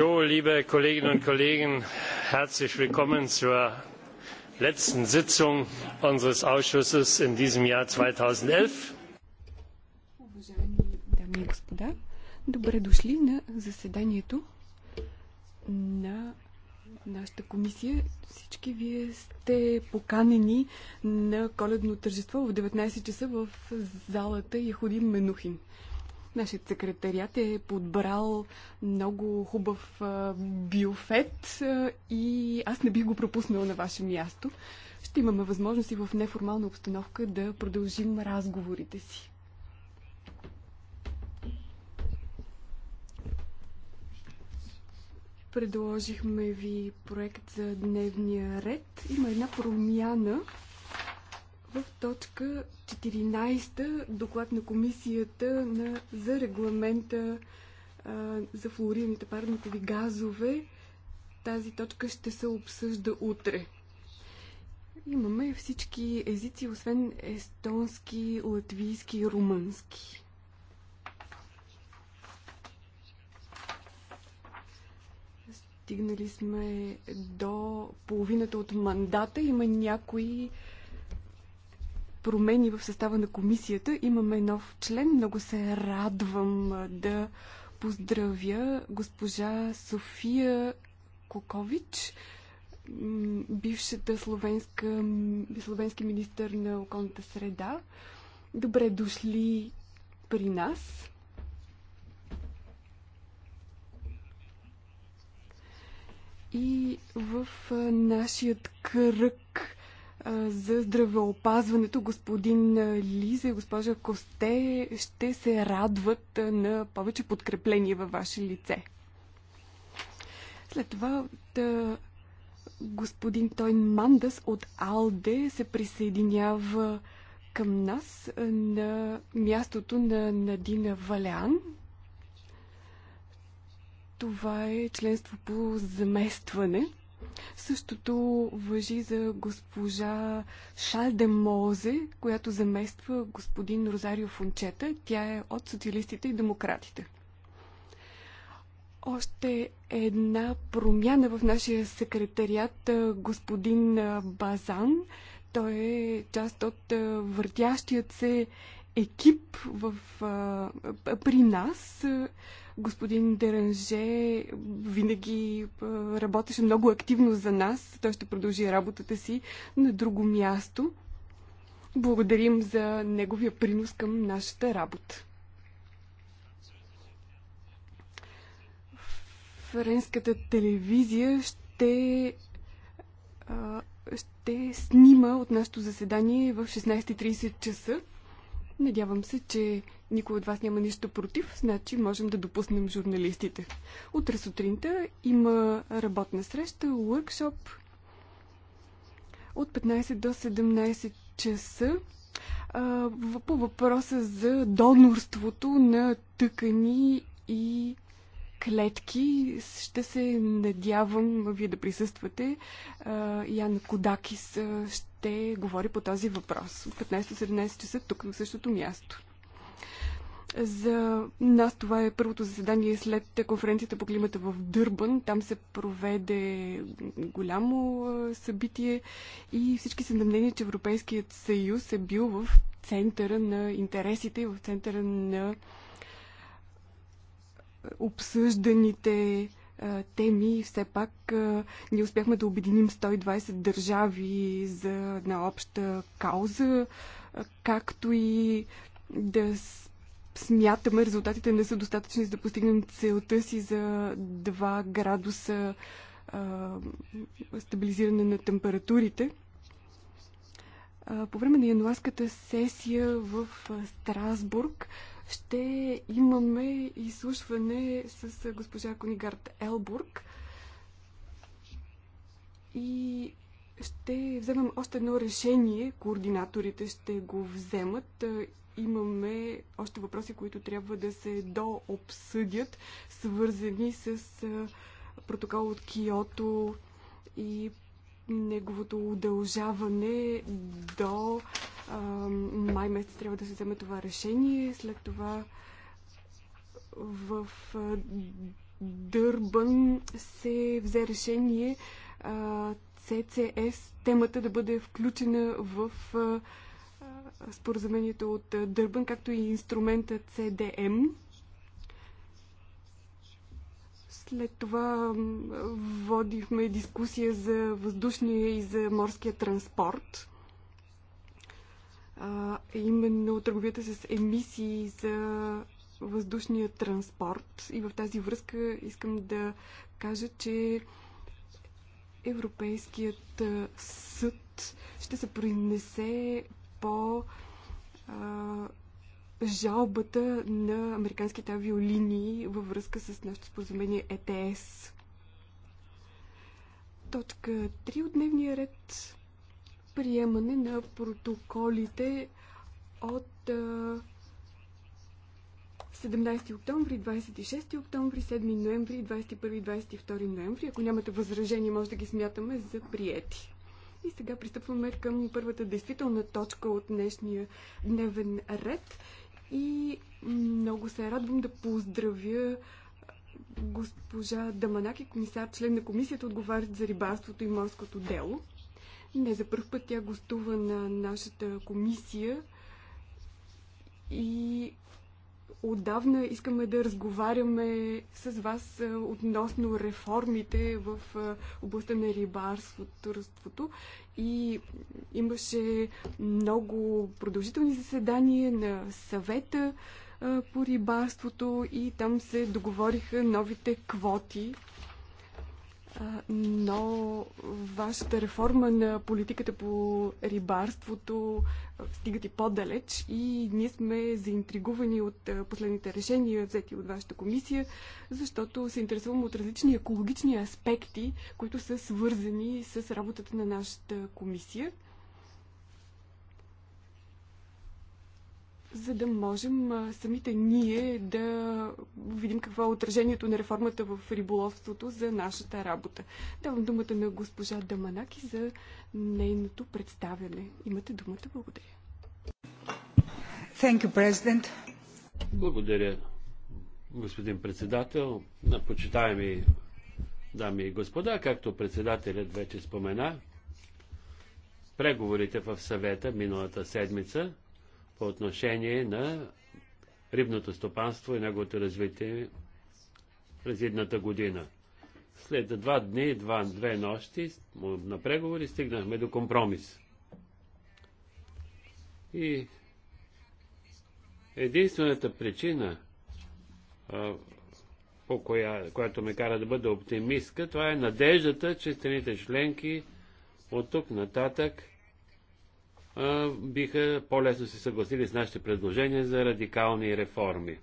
So, liebe Kolleginnen und Kollegen, herzlich willkommen zur letzten Sitzung unseres Ausschusses in diesem Jahr 2011. Добре дошли на заседанието на нашата комисия. Всички вие сте поканени на коледно тържество в 19 часа в залата Яходим Менухин. Нашият секретарият е подбрал много хубав биофет и аз не бих го пропуснала на ваше място. Ще имаме възможност и в неформална обстановка да продължим разговорите си. Предложихме ви проект за дневния ред. Има една промяна в точка 14 доклад на комисията на, за регламента а, за флуорираните парникови газове. Тази точка ще се обсъжда утре. Имаме всички езици, освен естонски, латвийски и румънски. Стигнали сме до половината от мандата. Има някои промени в състава на комисията. Имаме нов член. Много се радвам да поздравя госпожа София Кокович, бившата словенска, словенски министър на околната среда. Добре дошли при нас. И в нашият кръг за здравеопазването господин Лиза и госпожа Косте ще се радват на повече подкрепление във ваше лице. След това от господин Тойн Мандас от Алде се присъединява към нас на мястото на Надина Валян. Това е членство по заместване – Същото въжи за госпожа Шалде Мозе, която замества господин Розарио Фунчета. Тя е от социалистите и демократите. Още една промяна в нашия секретариат господин Базан. Той е част от въртящият се екип в, при нас Господин Деранже винаги работеше много активно за нас. Той ще продължи работата си на друго място. Благодарим за неговия принос към нашата работа. Френската телевизия ще, ще снима от нашето заседание в 16.30 часа. Надявам се, че никой от вас няма нищо против, значи можем да допуснем журналистите. Утре сутринта има работна среща, workshop от 15 до 17 часа по въпроса за донорството на тъкани и клетки. Ще се надявам вие да присъствате. Ян Кодакис ще говори по този въпрос. От 15-17 часа тук на същото място. За нас това е първото заседание след конференцията по климата в Дърбан. Там се проведе голямо събитие и всички са на мнение, че Европейският съюз е бил в центъра на интересите и в центъра на обсъжданите теми. Все пак ние успяхме да обединим 120 държави за една обща кауза, както и да смятаме резултатите не са достатъчни за да постигнем целта си за 2 градуса стабилизиране на температурите. по време на януарската сесия в Страсбург ще имаме изслушване с госпожа Конигард Елбург и ще вземем още едно решение. Координаторите ще го вземат. Имаме още въпроси, които трябва да се дообсъдят, свързани с протокол от Киото и неговото удължаване до май месец трябва да се вземе това решение. След това в Дърбън се взе решение ЦЦС темата да бъде включена в споразумението от Дърбън, както и инструмента CDM. След това водихме дискусия за въздушния и за морския транспорт а, именно търговията с емисии за въздушния транспорт. И в тази връзка искам да кажа, че Европейският съд ще се произнесе по а, жалбата на американските авиолинии във връзка с нашето споразумение ЕТС. Точка 3 от дневния ред приемане на протоколите от 17 октомври, 26 октомври, 7 ноември, 21 22 ноември. Ако нямате възражение, може да ги смятаме за приети. И сега пристъпваме към първата действителна точка от днешния дневен ред. И много се радвам да поздравя госпожа Даманаки, комисар, член на комисията, отговарящ за рибарството и морското дело. Не за първ път тя гостува на нашата комисия и отдавна искаме да разговаряме с вас относно реформите в областта на рибарството. И имаше много продължителни заседания на съвета по рибарството и там се договориха новите квоти но вашата реформа на политиката по рибарството стигат и по-далеч и ние сме заинтригувани от последните решения, взети от вашата комисия, защото се интересуваме от различни екологични аспекти, които са свързани с работата на нашата комисия. за да можем самите ние да видим какво е отражението на реформата в риболовството за нашата работа. Давам думата на госпожа Даманаки за нейното представяне. Имате думата. Благодаря. Thank you, President. Благодаря, господин председател. На почитаеми дами и господа, както председателят вече спомена, преговорите в съвета миналата седмица – по отношение на рибното стопанство и неговото развитие през едната година. След два дни, два, две нощи на преговори стигнахме до компромис. И единствената причина, по коя, която ме кара да бъда оптимистка, това е надеждата, че страните членки от тук нататък биха по-лесно се съгласили с нашите предложения за радикални реформи.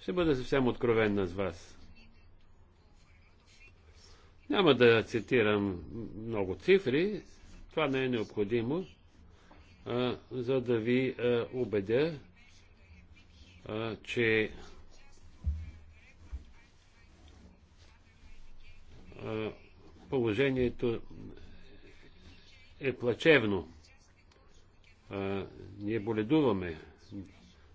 Ще бъда съвсем откровен с вас. Няма да цитирам много цифри, това не е необходимо, а, за да ви а, убедя, а, че а, положението е плачевно ние боледуваме.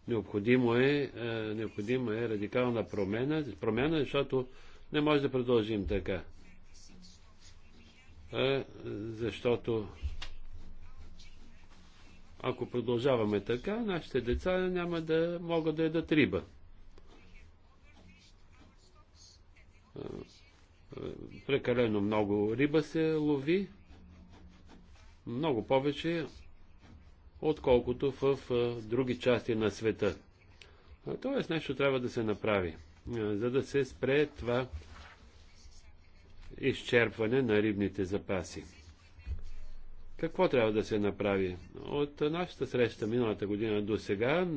Необходимо е, необходима е радикална промена, промена, защото не може да продължим така. Защото ако продължаваме така, нашите деца няма да могат да ядат риба. Прекалено много риба се лови, много повече отколкото в други части на света. Тоест нещо трябва да се направи, за да се спре това изчерпване на рибните запаси. Какво трябва да се направи? От нашата среща миналата година до сега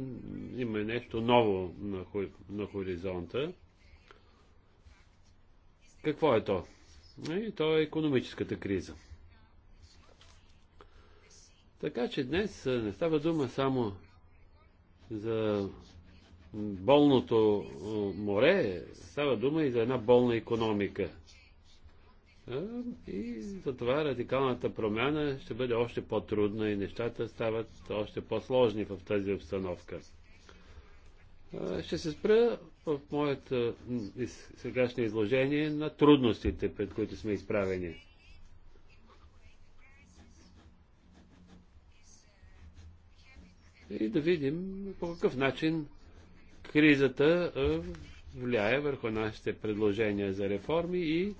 има нещо ново на, хоризонта. Какво е то? И то е економическата криза. Така че днес не става дума само за болното море, става дума и за една болна економика. И затова радикалната промяна ще бъде още по-трудна и нещата стават още по-сложни в тази обстановка. Ще се спра в моето сегашно изложение на трудностите, пред които сме изправени. и да видим по какъв начин кризата влияе върху нашите предложения за реформи и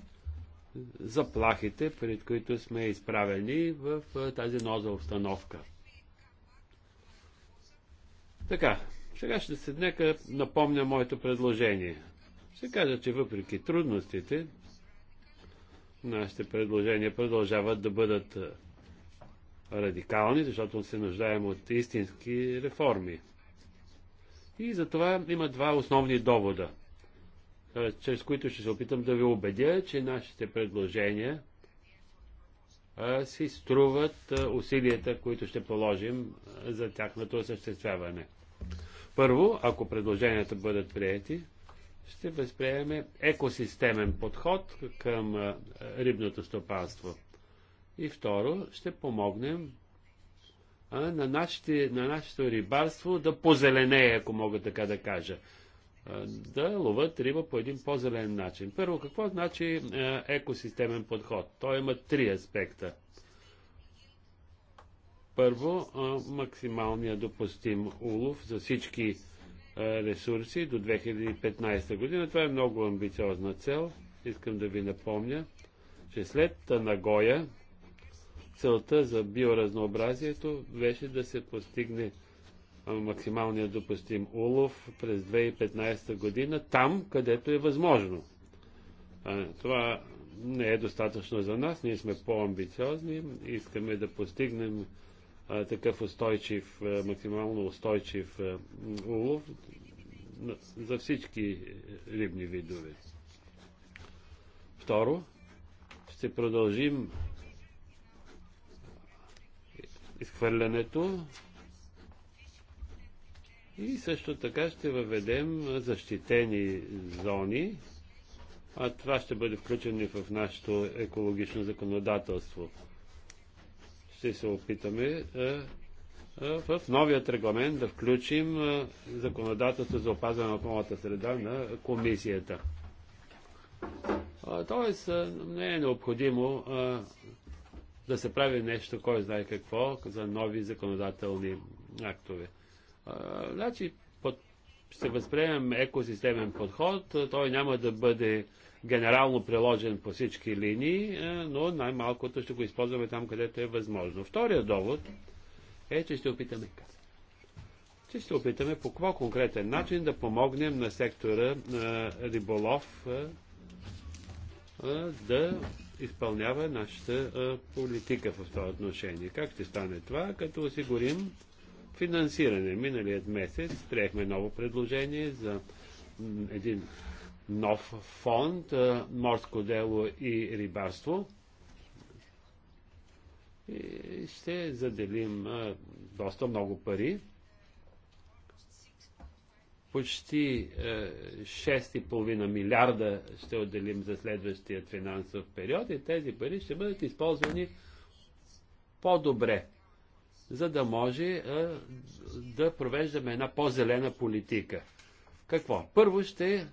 заплахите, пред които сме изправени в тази нова обстановка. Така, сега ще се нека напомня моето предложение. Ще кажа, че въпреки трудностите, нашите предложения продължават да бъдат радикални, защото се нуждаем от истински реформи. И за това има два основни довода, чрез които ще се опитам да ви убедя, че нашите предложения си струват усилията, които ще положим за тяхното осъществяване. Първо, ако предложенията бъдат приети, ще възприеме екосистемен подход към рибното стопанство – и второ, ще помогнем а, на, нашите, на нашето рибарство да позеленее, ако мога така да кажа. А, да ловат риба по един по-зелен начин. Първо, какво значи а, екосистемен подход? Той има три аспекта. Първо, а, максималния допустим улов за всички а, ресурси до 2015 година. Това е много амбициозна цел. Искам да ви напомня, че след Нагоя целта за биоразнообразието беше да се постигне максималния допустим улов през 2015 година, там където е възможно. Това не е достатъчно за нас, ние сме по-амбициозни, искаме да постигнем такъв устойчив, максимално устойчив улов за всички рибни видове. Второ, ще продължим изхвърлянето. И също така ще въведем защитени зони, а това ще бъде включено и в нашето екологично законодателство. Ще се опитаме в новият регламент да включим законодателство за опазване на околната среда на комисията. Тоест, не е необходимо да се прави нещо, кой знае какво, за нови законодателни актове. А, значи, под, ще възприемем екосистемен подход, той няма да бъде генерално приложен по всички линии, но най-малкото ще го използваме там, където е възможно. Втория довод е, че ще опитаме как. Че ще опитаме по какво конкретен начин да помогнем на сектора на риболов да изпълнява нашата политика в това отношение. Как ще стане това, като осигурим финансиране? Миналият месец приехме ново предложение за един нов фонд морско дело и рибарство. И ще заделим доста много пари почти 6,5 е, милиарда ще отделим за следващия финансов период и тези пари ще бъдат използвани по-добре, за да може е, да провеждаме една по-зелена политика. Какво? Първо ще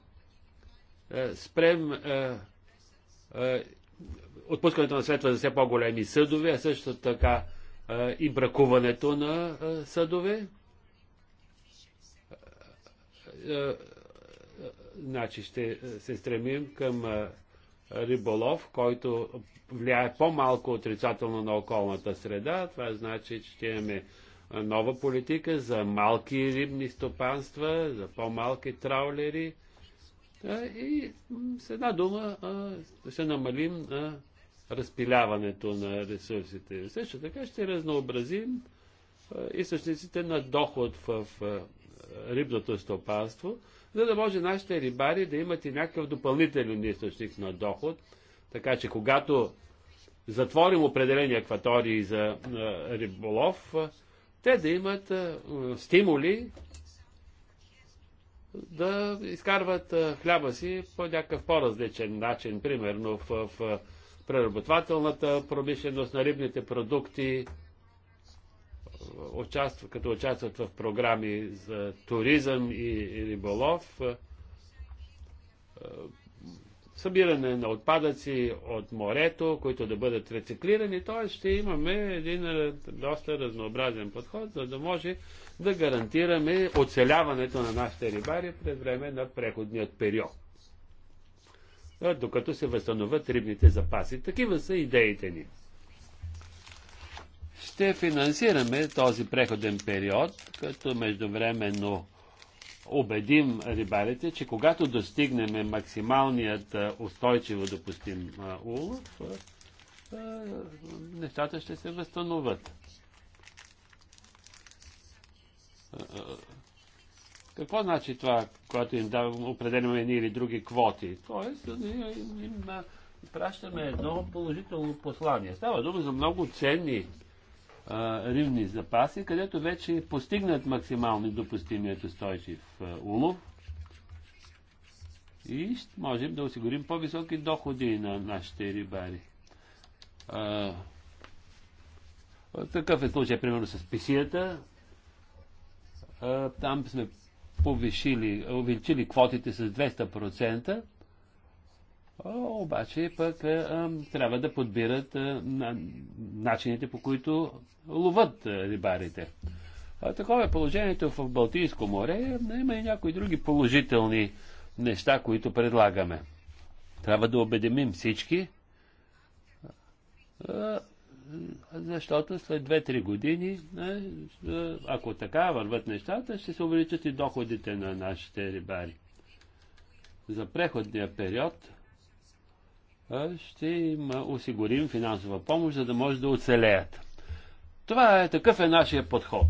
е, спрем отпускането на светла за все по-големи съдове, а също така и бракуването на съдове. Е, е, значи ще се стремим към е, риболов, който влияе по-малко отрицателно на околната среда. Това значи, че ще имаме нова политика за малки рибни стопанства, за по-малки траулери. И с една дума ще намалим разпиляването на ресурсите. Също така ще разнообразим източниците на доход в рибното стопанство, за да може нашите рибари да имат и някакъв допълнителен източник на доход, така че когато затворим определени акватории за риболов, те да имат стимули да изкарват хляба си по някакъв по-различен начин, примерно в, преработвателната промишленост на рибните продукти, участват, като участват в програми за туризъм и риболов, е, е, събиране на отпадъци от морето, които да бъдат рециклирани, т.е. ще имаме един е, доста разнообразен подход, за да може да гарантираме оцеляването на нашите рибари през време на преходният период. Докато се възстановят рибните запаси. Такива са идеите ни ще финансираме този преходен период, като междувременно убедим рибарите, че когато достигнем максималният устойчиво допустим улов, нещата ще се възстановят. Какво значи това, когато им давам, определяме едни или други квоти? Тоест, ние им пращаме едно положително послание. Става дума за много ценни рибни запаси, където вече е постигнат максимално допустимият устойчив улов и можем да осигурим по-високи доходи на нашите рибари. такъв е случай, примерно, с писията. там сме повишили, увеличили квотите с 200% обаче пък а, трябва да подбират а, на, начините по които ловат рибарите. А, такова е положението в Балтийско море. Има и някои други положителни неща, които предлагаме. Трябва да обедемим всички, защото след 2-3 години, ако така върват нещата, ще се увеличат и доходите на нашите рибари. За преходния период ще им осигурим финансова помощ, за да може да оцелеят. Това е такъв е нашия подход.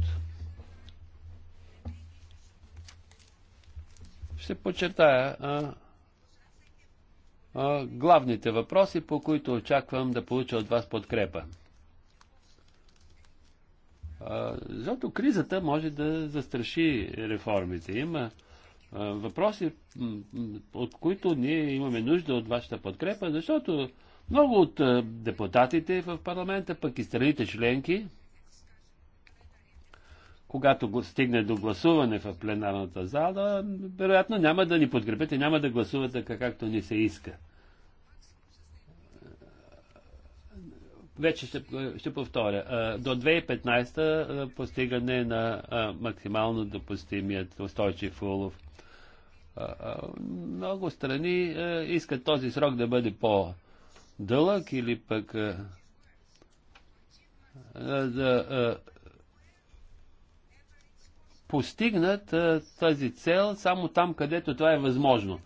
Ще подчертая а, а, главните въпроси, по които очаквам да получа от вас подкрепа. А, защото кризата може да застраши реформите. Има въпроси, от които ние имаме нужда от вашата подкрепа, защото много от депутатите в парламента, пък и страните членки, когато стигне до гласуване в пленарната зала, вероятно няма да ни подкрепите, няма да гласувате така, както ни се иска. Вече ще, ще повторя. До 2015 постигане на максимално допустимият устойчив улов. Много страни искат този срок да бъде по-дълъг или пък да постигнат тази цел само там, където това е възможно.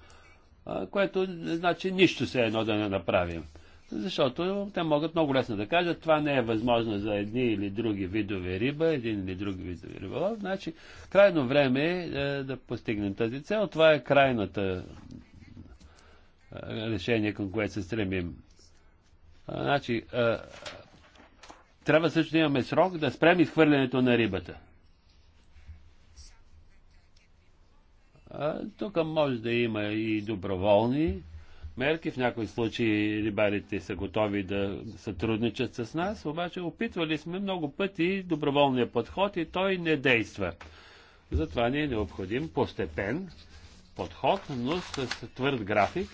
Което значи нищо се е едно да не направим. Защото те могат много лесно да кажат, това не е възможно за едни или други видове риба, един или друг видове риболов. Значи, крайно време е, е да постигнем тази цел. Това е крайната е, решение, към което се стремим. Значи, е, трябва също да имаме срок да спрем изхвърлянето на рибата. Тук може да има и доброволни мерки. В някои случаи рибарите са готови да сътрудничат с нас, обаче опитвали сме много пъти доброволния подход и той не действа. Затова ни е необходим постепен подход, но с твърд график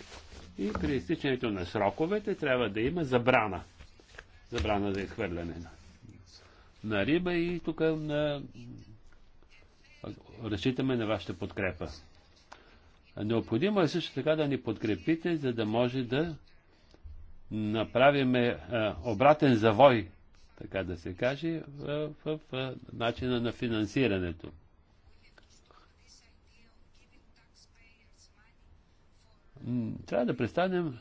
и при изтичането на сроковете трябва да има забрана. Забрана за изхвърляне на, на риба и тук на... разчитаме на вашата подкрепа. Необходимо е също така да ни подкрепите, за да може да направиме е, обратен завой, така да се каже, е, в, в, в е, начина на финансирането. Трябва да престанем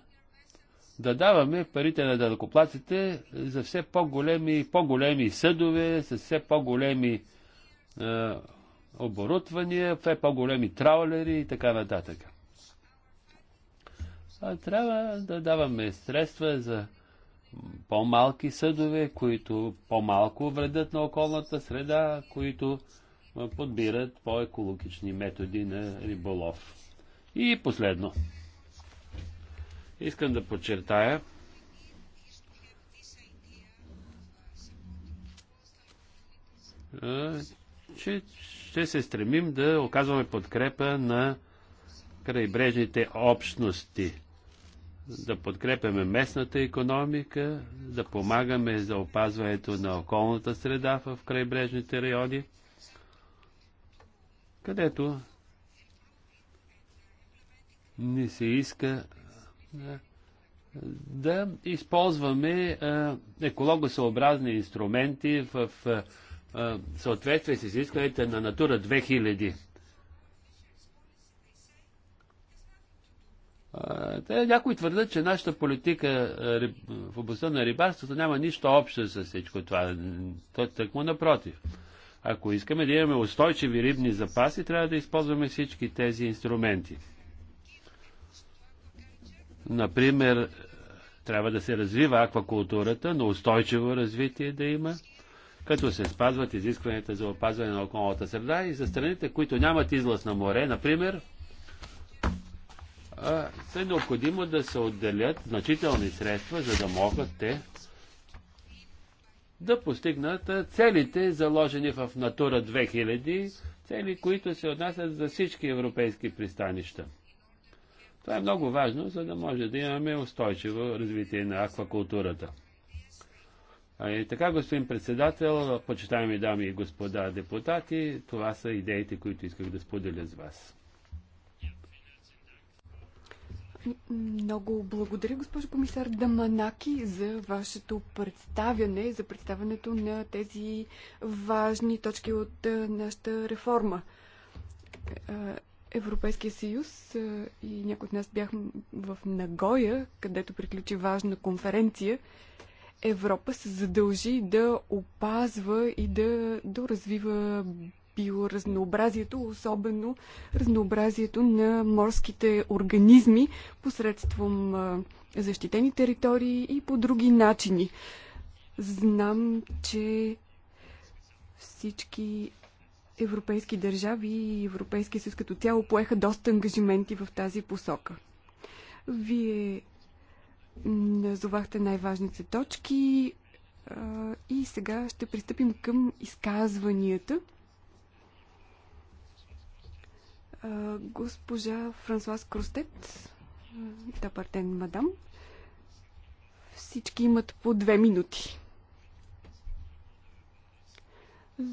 да даваме парите на дълкоплаците за все по-големи и по-големи съдове, с все по-големи оборудвания, все по-големи траулери и така нататък. А трябва да даваме средства за по-малки съдове, които по-малко вредят на околната среда, които подбират по-екологични методи на риболов. И последно. Искам да подчертая, че ще се стремим да оказваме подкрепа на крайбрежните общности, да подкрепяме местната економика, да помагаме за опазването на околната среда в крайбрежните райони, където ни се иска да, да използваме а, екологосъобразни инструменти в а, съответствие с изискването на Натура 2000. Те някои твърдят, че нашата политика в областта на рибарството няма нищо общо с всичко това. То тъкмо напротив. Ако искаме да имаме устойчиви рибни запаси, трябва да използваме всички тези инструменти. Например, трябва да се развива аквакултурата, но устойчиво развитие да има – като се спазват изискванията за опазване на околната среда и за страните, които нямат излъз на море, например, е необходимо да се отделят значителни средства, за да могат те да постигнат целите, заложени в Натура 2000, цели, които се отнасят за всички европейски пристанища. Това е много важно, за да може да имаме устойчиво развитие на аквакултурата. И така, господин председател, почитаеми дами и господа депутати, това са идеите, които исках да споделя с вас. Много благодаря, госпожо комисар Даманаки, за вашето представяне, за представянето на тези важни точки от нашата реформа. Европейския съюз и някои от нас бяхме в Нагоя, където приключи важна конференция Европа се задължи да опазва и да доразвива биоразнообразието, особено разнообразието на морските организми посредством защитени територии и по други начини. Знам, че всички европейски държави и Европейския съюз като цяло поеха доста ангажименти в тази посока. Вие Назовахте най-важните точки и сега ще пристъпим към изказванията. Госпожа Франсуаз Крустет, тапартен мадам. Всички имат по две минути.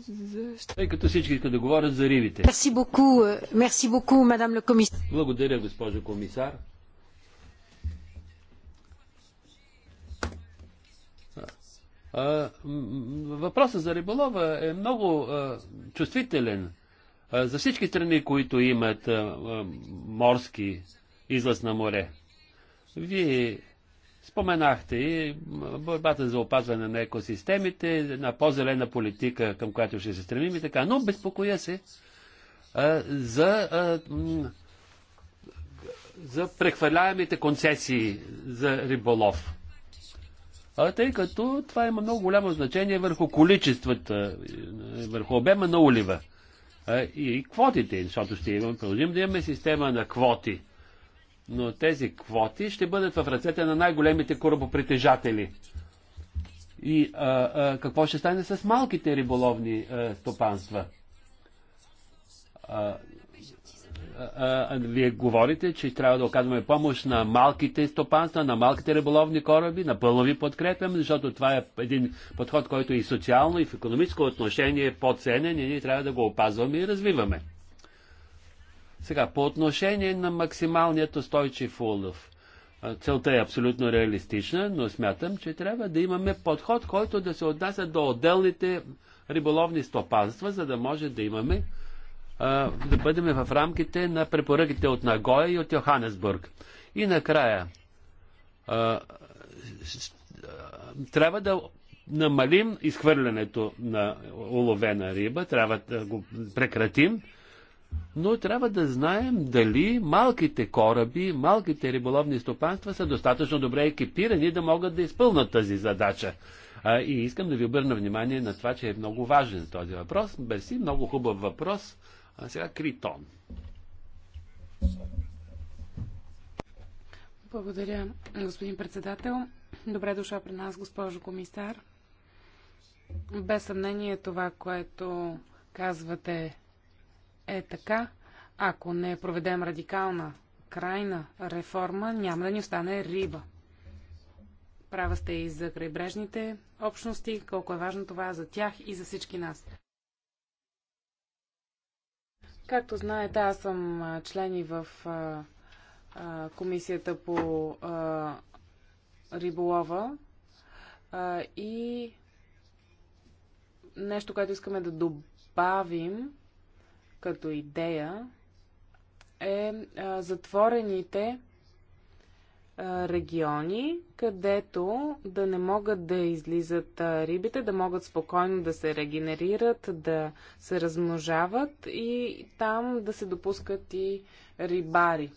Защо? Тъй като всички искат да говорят за рибите. Благодаря, госпожо комисар. Въпросът за риболова е много чувствителен за всички страни, които имат морски излъз на море. Вие споменахте и борбата за опазване на екосистемите, на по-зелена политика, към която ще се стремим и така. Но безпокоя се за, за прехвърляемите концесии за риболов а, тъй като това има много голямо значение върху количествата, е, върху обема на улива а, и квотите, защото ще имаме, продължим да имаме система на квоти. Но тези квоти ще бъдат в ръцете на най-големите корабопритежатели. И а, а, какво ще стане с малките риболовни а, стопанства? А, вие говорите, че трябва да оказваме помощ на малките стопанства, на малките риболовни кораби. Напълно ви подкрепям, защото това е един подход, който е и социално, и в економическо отношение е по-ценен и ние трябва да го опазваме и развиваме. Сега, по отношение на максималният устойчив улов. Целта е абсолютно реалистична, но смятам, че трябва да имаме подход, който да се отнася до отделните риболовни стопанства, за да може да имаме да бъдем в рамките на препоръките от Нагоя и от Йоханесбург. И накрая, трябва да намалим изхвърлянето на уловена риба, трябва да го прекратим, но трябва да знаем дали малките кораби, малките риболовни стопанства са достатъчно добре екипирани да могат да изпълнат тази задача. А, и искам да ви обърна внимание на това, че е много важен този въпрос. Берси, много хубав въпрос. А сега Критон. Благодаря, господин председател. Добре дошла при нас, госпожо комисар. Без съмнение това, което казвате е така. Ако не проведем радикална, крайна реформа, няма да ни остане риба. Права сте и за крайбрежните общности, колко е важно това за тях и за всички нас. Както знаете, аз съм член и в а, а, комисията по а, риболова а, и нещо, което искаме да добавим като идея е а, затворените региони, където да не могат да излизат рибите, да могат спокойно да се регенерират, да се размножават и там да се допускат и рибари.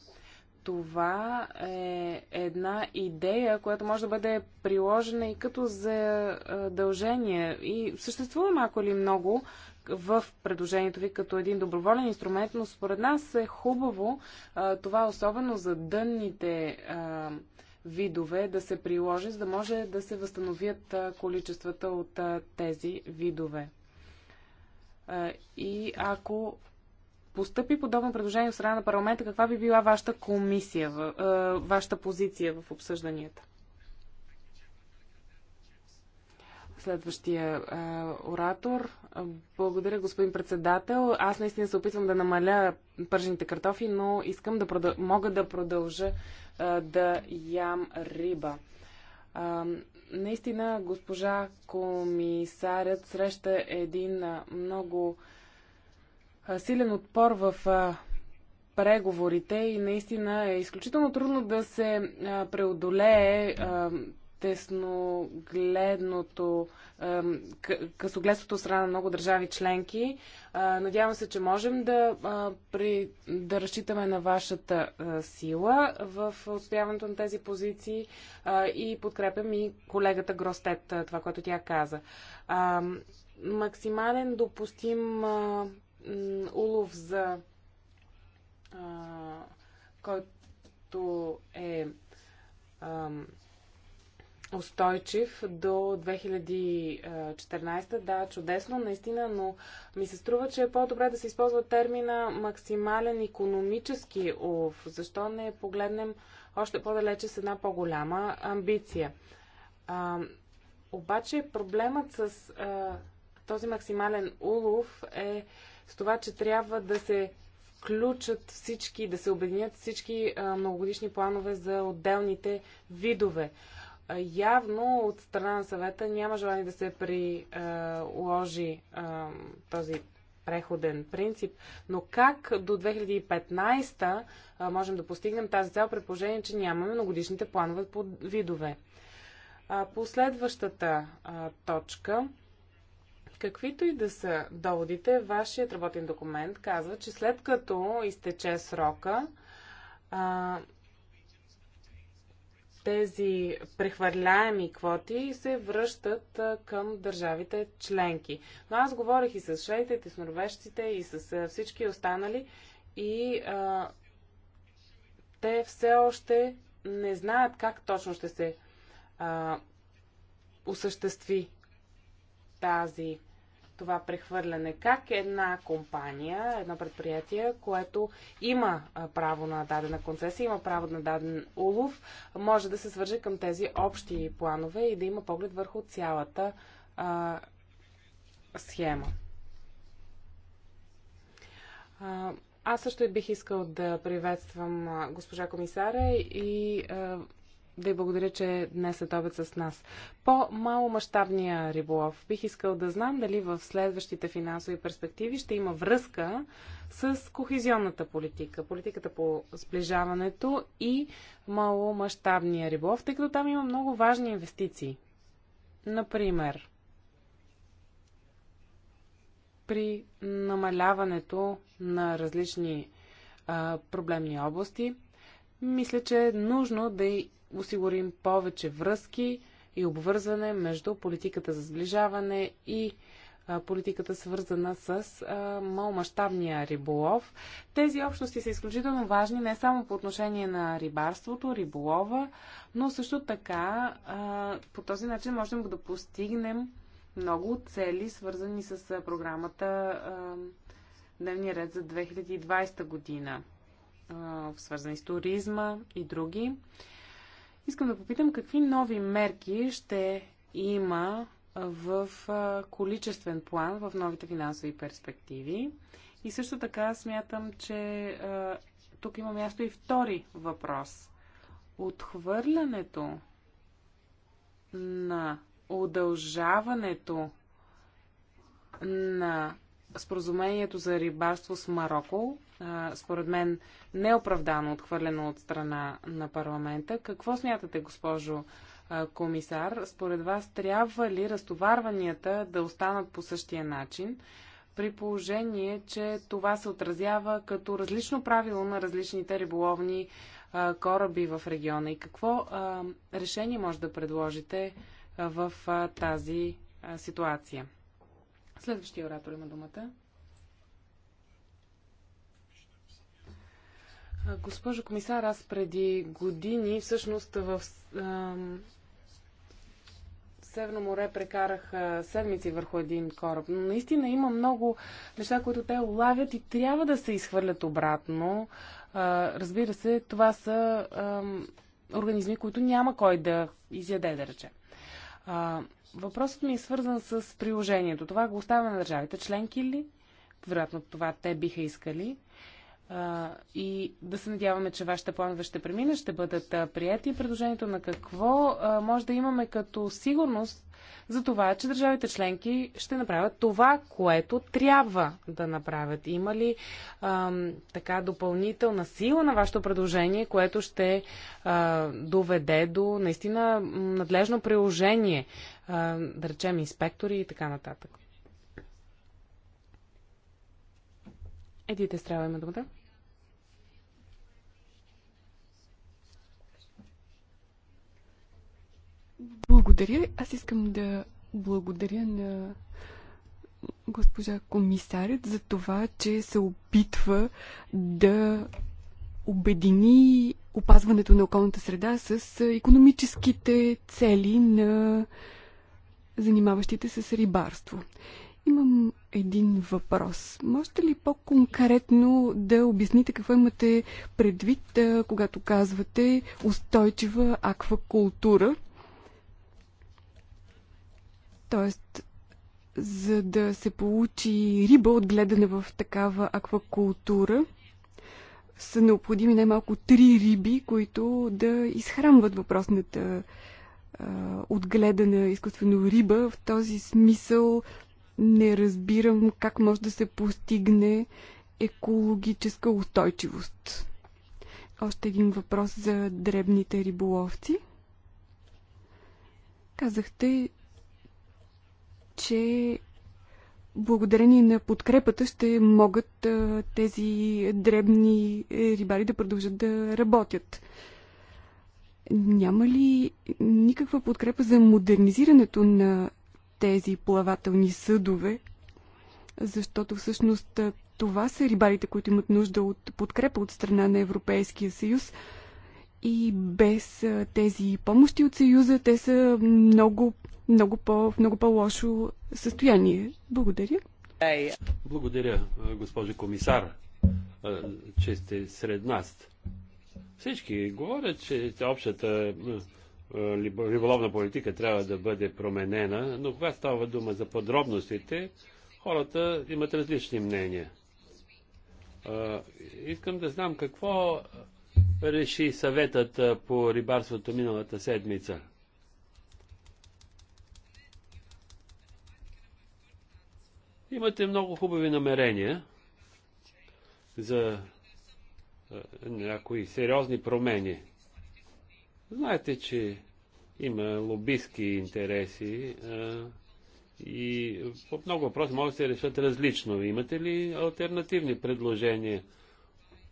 Това е една идея, която може да бъде приложена и като задължение. И съществува малко или много в предложението ви като един доброволен инструмент, но според нас е хубаво а, това, особено за дънните а, видове, да се приложи, за да може да се възстановят а, количествата от а, тези видове. А, и ако постъпи подобно предложение от страна на парламента, каква би била вашата комисия, вашата позиция в обсъжданията? Следващия а, оратор. Благодаря, господин председател. Аз наистина се опитвам да намаля пържените картофи, но искам да продъл... мога да продължа а, да ям риба. А, наистина, госпожа комисарят среща един а, много а, силен отпор в а, преговорите и наистина е изключително трудно да се а, преодолее. А, тесногледното, късогледството страна на много държави членки. Надявам се, че можем да, при, да разчитаме на вашата сила в отстояването на тези позиции и подкрепям и колегата Гростет, това, което тя каза. Максимален допустим улов за който е устойчив до 2014. Да, чудесно, наистина, но ми се струва, че е по-добре да се използва термина максимален економически улов. Защо не погледнем още по-далече с една по-голяма амбиция? А, обаче проблемът с а, този максимален улов е с това, че трябва да се включат всички, да се обединят всички а, многогодишни планове за отделните видове явно от страна на съвета няма желание да се приложи е, е, този преходен принцип. Но как до 2015 е, можем да постигнем тази цел, при положение, че нямаме многодишните планове по видове? Последващата точка. Каквито и да са доводите, вашият работен документ казва, че след като изтече срока, тези прехвърляеми квоти се връщат към държавите членки. Но аз говорих и с шведите, и с норвежците, и с всички останали и а, те все още не знаят как точно ще се а, осъществи тази това прехвърляне? Как една компания, едно предприятие, което има право на дадена концесия, има право на даден улов, може да се свърже към тези общи планове и да има поглед върху цялата а, схема? А, аз също бих искал да приветствам госпожа комисара и а, да и благодаря, че днес е обед с нас. по маломащабния мащабния риболов. Бих искал да знам дали в следващите финансови перспективи ще има връзка с кохезионната политика, политиката по сближаването и маломащабния риболов, тъй като там има много важни инвестиции. Например, при намаляването на различни а, проблемни области, мисля, че е нужно да осигурим повече връзки и обвързване между политиката за сближаване и политиката свързана с малмащабния риболов. Тези общности са изключително важни не само по отношение на рибарството, риболова, но също така по този начин можем да постигнем много цели, свързани с програмата Дневния ред за 2020 година, свързани с туризма и други. Искам да попитам какви нови мерки ще има в количествен план в новите финансови перспективи. И също така смятам, че тук има място и втори въпрос. Отхвърлянето на удължаването на споразумението за рибарство с Марокко според мен, неоправдано отхвърлено от страна на парламента. Какво смятате, госпожо комисар? Според вас трябва ли разтоварванията да останат по същия начин, при положение, че това се отразява като различно правило на различните риболовни кораби в региона? И какво решение може да предложите в тази ситуация? Следващия оратор има думата. Госпожо комисар, аз преди години всъщност в Северно море прекарах седмици върху един кораб. Но наистина има много неща, които те улавят и трябва да се изхвърлят обратно. разбира се, това са организми, които няма кой да изяде, да рече. въпросът ми е свързан с приложението. Това го оставя на държавите членки ли? Вероятно това те биха искали и да се надяваме, че вашите планове ще премине, ще бъдат прияти. Предложението на какво може да имаме като сигурност за това, че държавите членки ще направят това, което трябва да направят. Има ли а, така допълнителна сила на вашето предложение, което ще а, доведе до наистина надлежно приложение, а, да речем инспектори и така нататък? Едите страва има думата. Благодаря. Аз искам да благодаря на госпожа комисарят за това, че се опитва да обедини опазването на околната среда с економическите цели на занимаващите се с рибарство. Имам един въпрос. Можете ли по-конкретно да обясните какво имате предвид, когато казвате устойчива аквакултура? Тоест, за да се получи риба от гледане в такава аквакултура, са необходими най-малко три риби, които да изхранват въпросната отгледана изкуствено риба. В този смисъл не разбирам как може да се постигне екологическа устойчивост. Още един въпрос за дребните риболовци. Казахте, че благодарение на подкрепата ще могат а, тези дребни рибари да продължат да работят. Няма ли никаква подкрепа за модернизирането на тези плавателни съдове, защото всъщност това са рибарите, които имат нужда от подкрепа от страна на Европейския съюз. И без тези помощи от съюза те са много, много по, в много по-лошо състояние. Благодаря. Благодаря, госпожо комисар, че сте сред нас. Всички говорят, че общата е, риболовна политика трябва да бъде променена, но когато става дума за подробностите, хората имат различни мнения. Е, искам да знам какво реши съветът е, по рибарството миналата седмица. Имате много хубави намерения за някои сериозни промени. Знаете, че има лобистки интереси а, и по много въпроси могат да се решат различно. Имате ли альтернативни предложения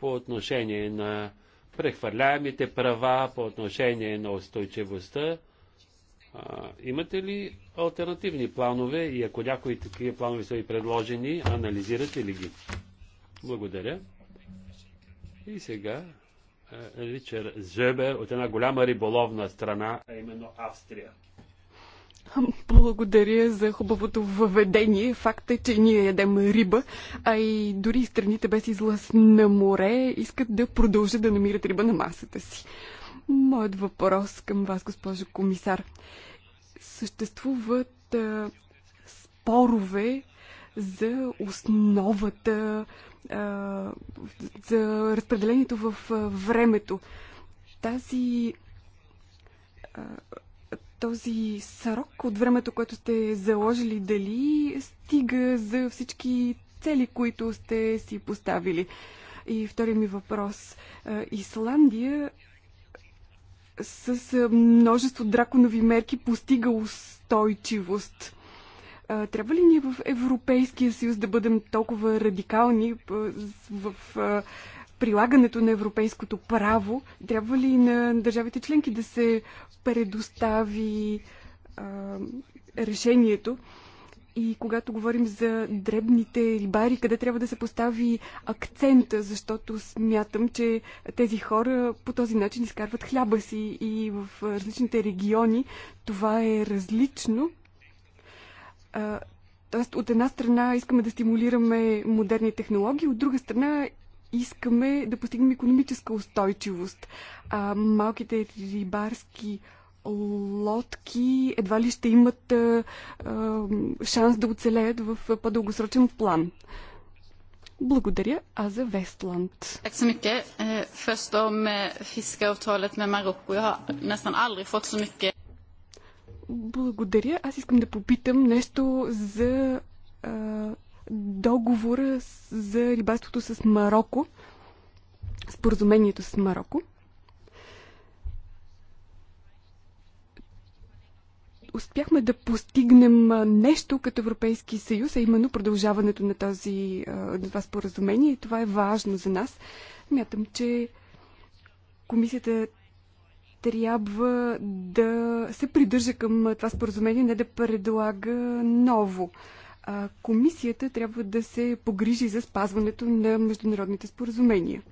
по отношение на прехвърляемите права, по отношение на устойчивостта? А, имате ли альтернативни планове и ако някои такива планове са ви предложени, анализирате ли ги? Благодаря. И сега Ричард Зебе от една голяма риболовна страна, а именно Австрия. Благодаря за хубавото въведение. Факт е, че ние ядем риба, а и дори страните без излъз на море искат да продължат да намират риба на масата си. Моят въпрос към вас, госпожо комисар. Съществуват а, спорове за основата за разпределението в времето. Тази този срок от времето, което сте заложили, дали стига за всички цели, които сте си поставили? И втори ми въпрос. Исландия с множество драконови мерки постига устойчивост. Трябва ли ние в Европейския съюз да бъдем толкова радикални в прилагането на европейското право? Трябва ли на държавите членки да се предостави решението? И когато говорим за дребните рибари, къде трябва да се постави акцента, защото смятам, че тези хора по този начин изкарват хляба си и в различните региони това е различно. Тоест, от една страна искаме да стимулираме модерни технологии, от друга страна искаме да постигнем економическа устойчивост. А, малките рибарски лодки едва ли ще имат а, а, шанс да оцелеят в по-дългосрочен план. Благодаря, а за Вестланд. Tack så mycket. Е, först om fiskeavtalet med Marocko. Jag har nästan aldrig fått så благодаря. Аз искам да попитам нещо за а, договора за рибарството с Марокко, споразумението с Марокко. успяхме да постигнем нещо като Европейски съюз, а именно продължаването на, този, на това споразумение. И това е важно за нас. Мятам, че комисията трябва да се придържа към това споразумение, не да предлага ново. А, комисията трябва да се погрижи за спазването на международните споразумения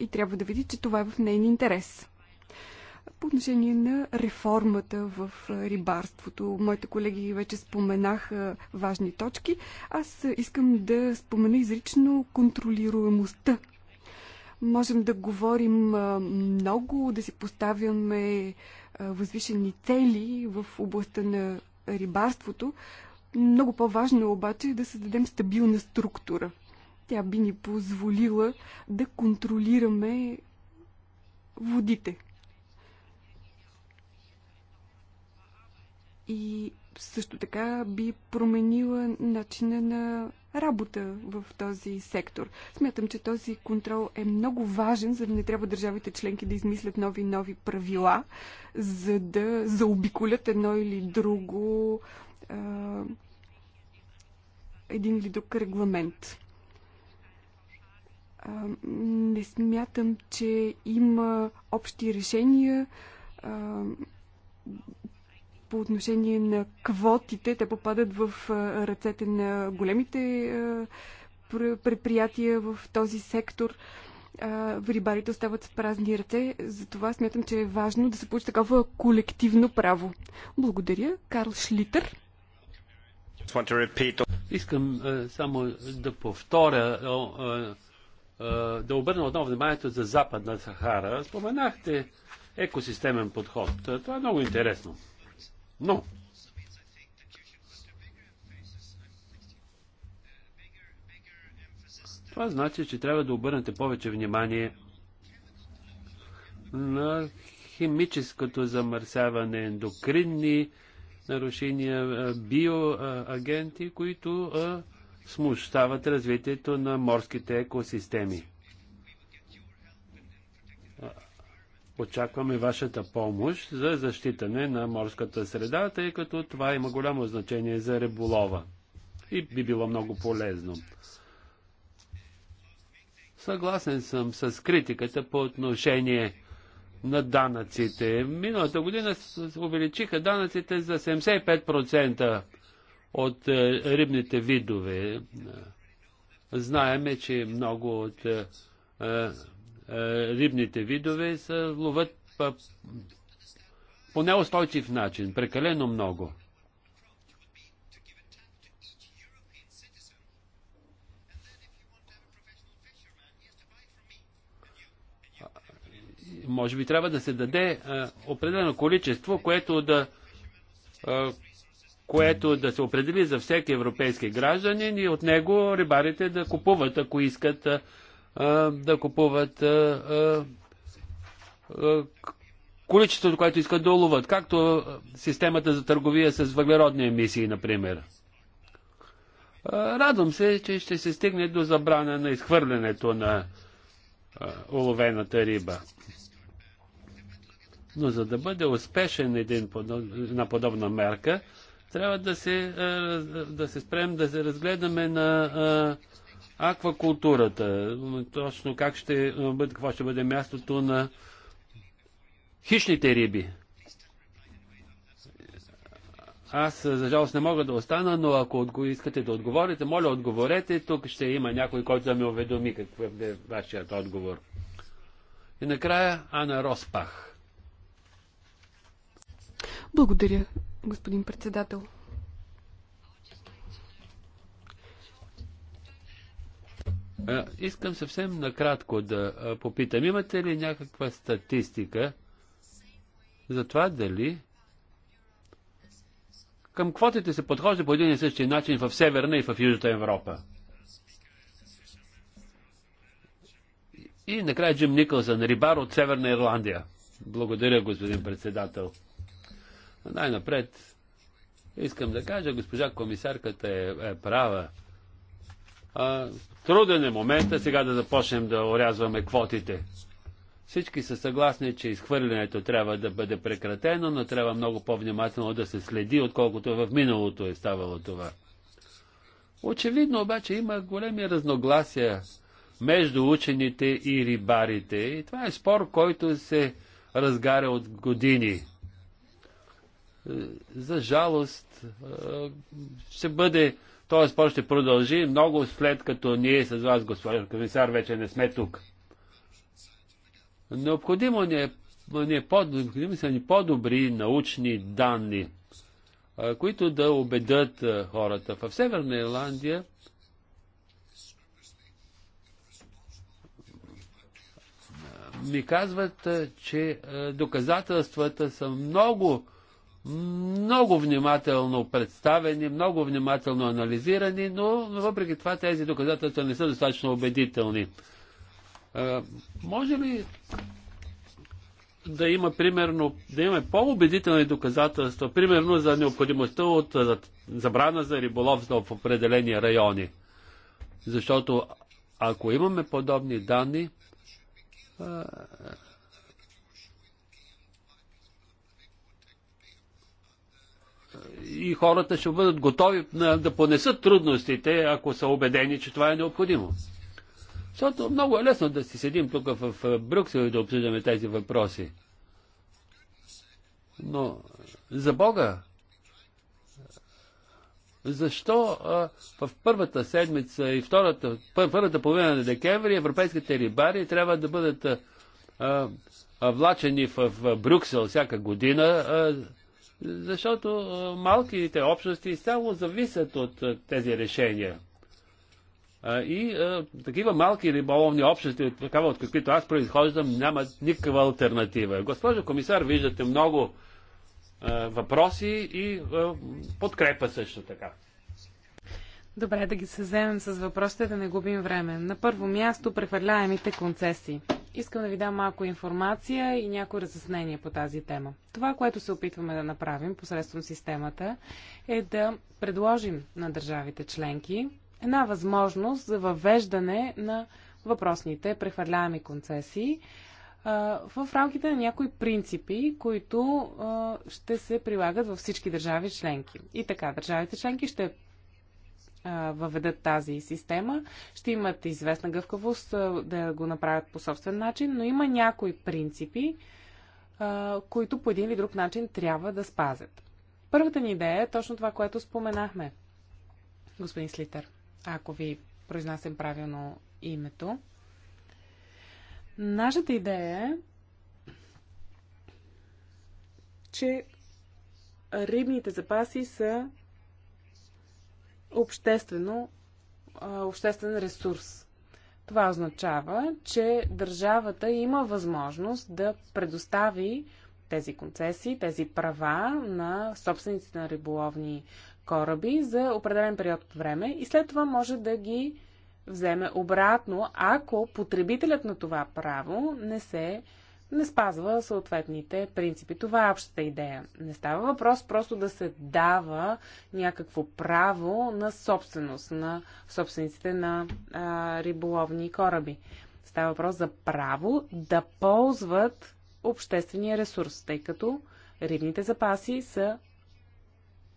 и трябва да види, че това е в нейния интерес. По отношение на реформата в рибарството, моите колеги вече споменаха важни точки. Аз искам да спомена изрично контролируемостта Можем да говорим много, да си поставяме възвишени цели в областта на рибарството. Много по-важно е обаче да създадем стабилна структура. Тя би ни позволила да контролираме водите. И също така би променила начина на работа в този сектор. Смятам, че този контрол е много важен, за да не трябва държавите членки да измислят нови нови правила, за да заобиколят едно или друго а, един или друг регламент. А, не смятам, че има общи решения. А, по отношение на квотите, те попадат в ръцете на големите предприятия в този сектор. Рибарите остават с празни ръце. Затова смятам, че е важно да се получи такова колективно право. Благодаря. Карл Шлитър. Искам само да повторя, да обърна отново вниманието за Западна Сахара. Споменахте екосистемен подход. Това е много интересно. Но това значи, че трябва да обърнете повече внимание на химическото замърсяване, ендокринни нарушения, биоагенти, които смущават развитието на морските екосистеми. Очакваме вашата помощ за защитане на морската среда, тъй като това има голямо значение за риболова и би било много полезно. Съгласен съм с критиката по отношение на данъците. Миналата година увеличиха данъците за 75% от е, рибните видове. Знаеме, че много от е, е, е, рибните видове са ловят по, по неустойчив начин, прекалено много. Може би трябва да се даде а, е, определено количество, което да, а, е, което да се определи за всеки европейски гражданин и от него рибарите да купуват, ако искат а, да купуват количеството, което искат да уловат, както системата за търговия с въглеродни емисии, например. Радвам се, че ще се стигне до забрана на изхвърлянето на уловената риба. Но за да бъде успешен един, на подобна мерка, трябва да се, да се спрем да се разгледаме на Аквакултурата, точно как ще бъде, какво ще бъде мястото на хищните риби. Аз, за жалост, не мога да остана, но ако искате да отговорите, моля, отговорете. Тук ще има някой, който да ме уведоми какъв е вашият отговор. И накрая Ана Роспах. Благодаря, господин председател. Искам съвсем накратко да попитам, имате ли някаква статистика за това дали към квотите се подхожда по един и същи начин в Северна и в Южната Европа? И накрая Джим Никълсън, рибар от Северна Ирландия. Благодаря, господин председател. Най-напред искам да кажа, госпожа комисарката е, е права труден е момента сега да започнем да орязваме квотите. Всички са съгласни, че изхвърлянето трябва да бъде прекратено, но трябва много по-внимателно да се следи, отколкото в миналото е ставало това. Очевидно обаче има големи разногласия между учените и рибарите. И това е спор, който се разгаря от години. Е, за жалост, е, ще бъде т.е. спор ще продължи много след като ние с вас, господин комисар, вече не сме тук. Необходимо ни е, ни е по, необходимо са ни по-добри научни данни, които да убедат хората. В Северна Ирландия ми казват, че доказателствата са много много внимателно представени, много внимателно анализирани, но въпреки това тези доказателства не са достатъчно убедителни. може ли да има примерно, да имаме по-убедителни доказателства, примерно за необходимостта от забрана за риболов в определени райони? Защото ако имаме подобни данни, и хората ще бъдат готови да понесат трудностите, ако са убедени, че това е необходимо. Защото много е лесно да си седим тук в Брюксел и да обсъждаме тези въпроси. Но за Бога, защо а, в първата седмица и втората, първата половина на декември европейските рибари трябва да бъдат а, а, влачени в, в Брюксел всяка година, а, защото малките общности изцяло зависят от тези решения. И такива малки риболовни общности, такава от каквито аз произхождам, нямат никаква альтернатива. Госпожо комисар, виждате много въпроси и подкрепа също така. Добре, да ги се вземем с въпросите, да не губим време. На първо място, прехвърляемите концесии. Искам да ви дам малко информация и някои разяснения по тази тема. Това, което се опитваме да направим посредством системата, е да предложим на държавите членки една възможност за въвеждане на въпросните прехвърляеми концесии в рамките на някои принципи, които ще се прилагат във всички държави членки. И така, държавите членки ще въведат тази система. Ще имат известна гъвкавост да го направят по собствен начин, но има някои принципи, които по един или друг начин трябва да спазят. Първата ни идея е точно това, което споменахме, господин Слитър, ако ви произнасям правилно името. Нашата идея е, че рибните запаси са обществено, обществен ресурс. Това означава, че държавата има възможност да предостави тези концесии, тези права на собствениците на риболовни кораби за определен период от време и след това може да ги вземе обратно, ако потребителят на това право не се не спазва съответните принципи. Това е общата идея. Не става въпрос просто да се дава някакво право на собственост на собствениците на а, риболовни кораби. Става въпрос за право да ползват обществения ресурс, тъй като рибните запаси са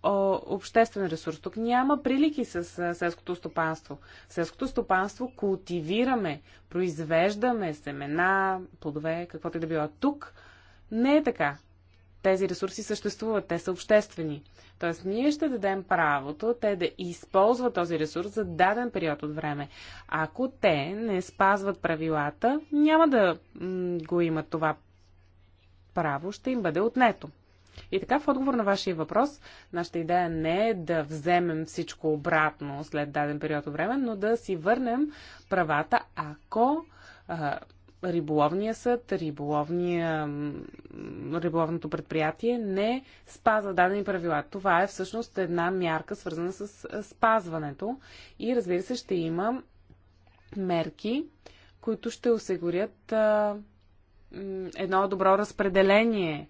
обществен ресурс. Тук няма прилики с селското стопанство. Селското стопанство култивираме, произвеждаме семена, плодове, каквото и е да било. Тук не е така. Тези ресурси съществуват, те са обществени. Тоест, ние ще дадем правото те да използват този ресурс за даден период от време. Ако те не спазват правилата, няма да го имат това право, ще им бъде отнето. И така, в отговор на вашия въпрос, нашата идея не е да вземем всичко обратно след даден период от време, но да си върнем правата, ако а, риболовния съд, риболовния, риболовното предприятие не спазва дадени правила. Това е всъщност една мярка, свързана с спазването. И разбира се, ще има мерки, които ще осигурят а, едно добро разпределение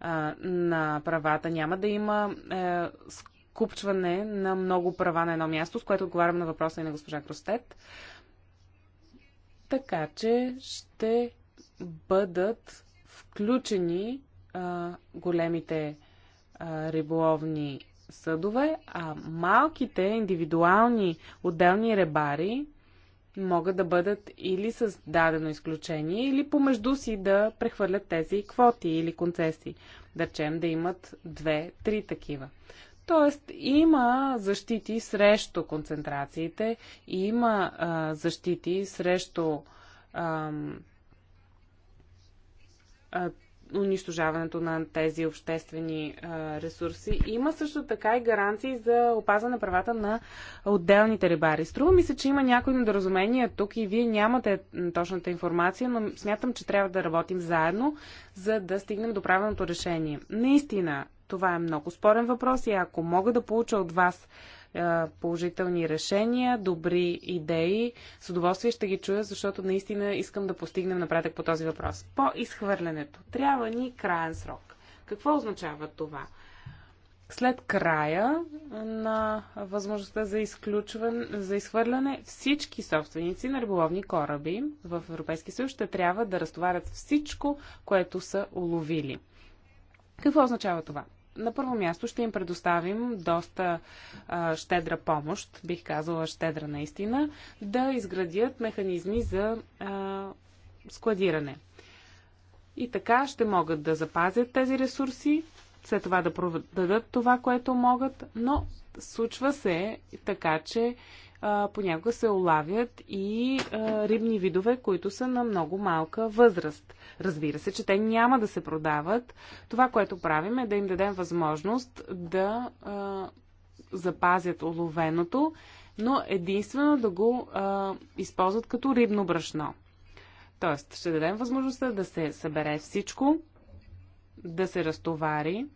на правата. Няма да има е, скупчване на много права на едно място, с което отговарям на въпроса и на госпожа Кростет. Така че ще бъдат включени големите риболовни съдове, а малките индивидуални отделни ребари могат да бъдат или с дадено изключение, или помежду си да прехвърлят тези квоти или концесии. Да речем да имат две-три такива. Тоест има защити срещу концентрациите, има а, защити срещу а, а, унищожаването на тези обществени а, ресурси. Има също така и гаранции за опазване на правата на отделните рибари. Струва ми се, че има някои недоразумения тук и вие нямате точната информация, но смятам, че трябва да работим заедно, за да стигнем до правилното решение. Наистина, това е много спорен въпрос и ако мога да получа от вас е, положителни решения, добри идеи. С удоволствие ще ги чуя, защото наистина искам да постигнем напредък по този въпрос. По изхвърлянето. Трябва ни краен срок. Какво означава това? След края на възможността за, за изхвърляне, всички собственици на риболовни кораби в Европейския съюз ще трябва да разтоварят всичко, което са уловили. Какво означава това? На първо място ще им предоставим доста а, щедра помощ, бих казала щедра наистина, да изградят механизми за а, складиране. И така ще могат да запазят тези ресурси, след това да продадат това, което могат, но случва се така, че а, понякога се улавят и а, рибни видове, които са на много малка възраст. Разбира се, че те няма да се продават. Това, което правим е да им дадем възможност да а, запазят оловеното, но единствено да го а, използват като рибно брашно. Тоест, ще дадем възможността да се събере всичко, да се разтовари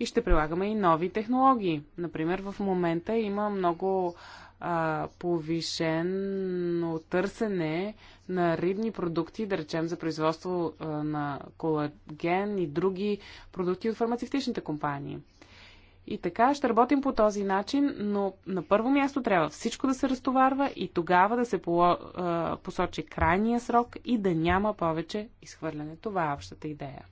и ще прилагаме и нови технологии. Например, в момента има много а, повишено търсене на рибни продукти, да речем за производство а, на колаген и други продукти от фармацевтичните компании. И така ще работим по този начин, но на първо място трябва всичко да се разтоварва и тогава да се посочи крайния срок и да няма повече изхвърляне. Това е общата идея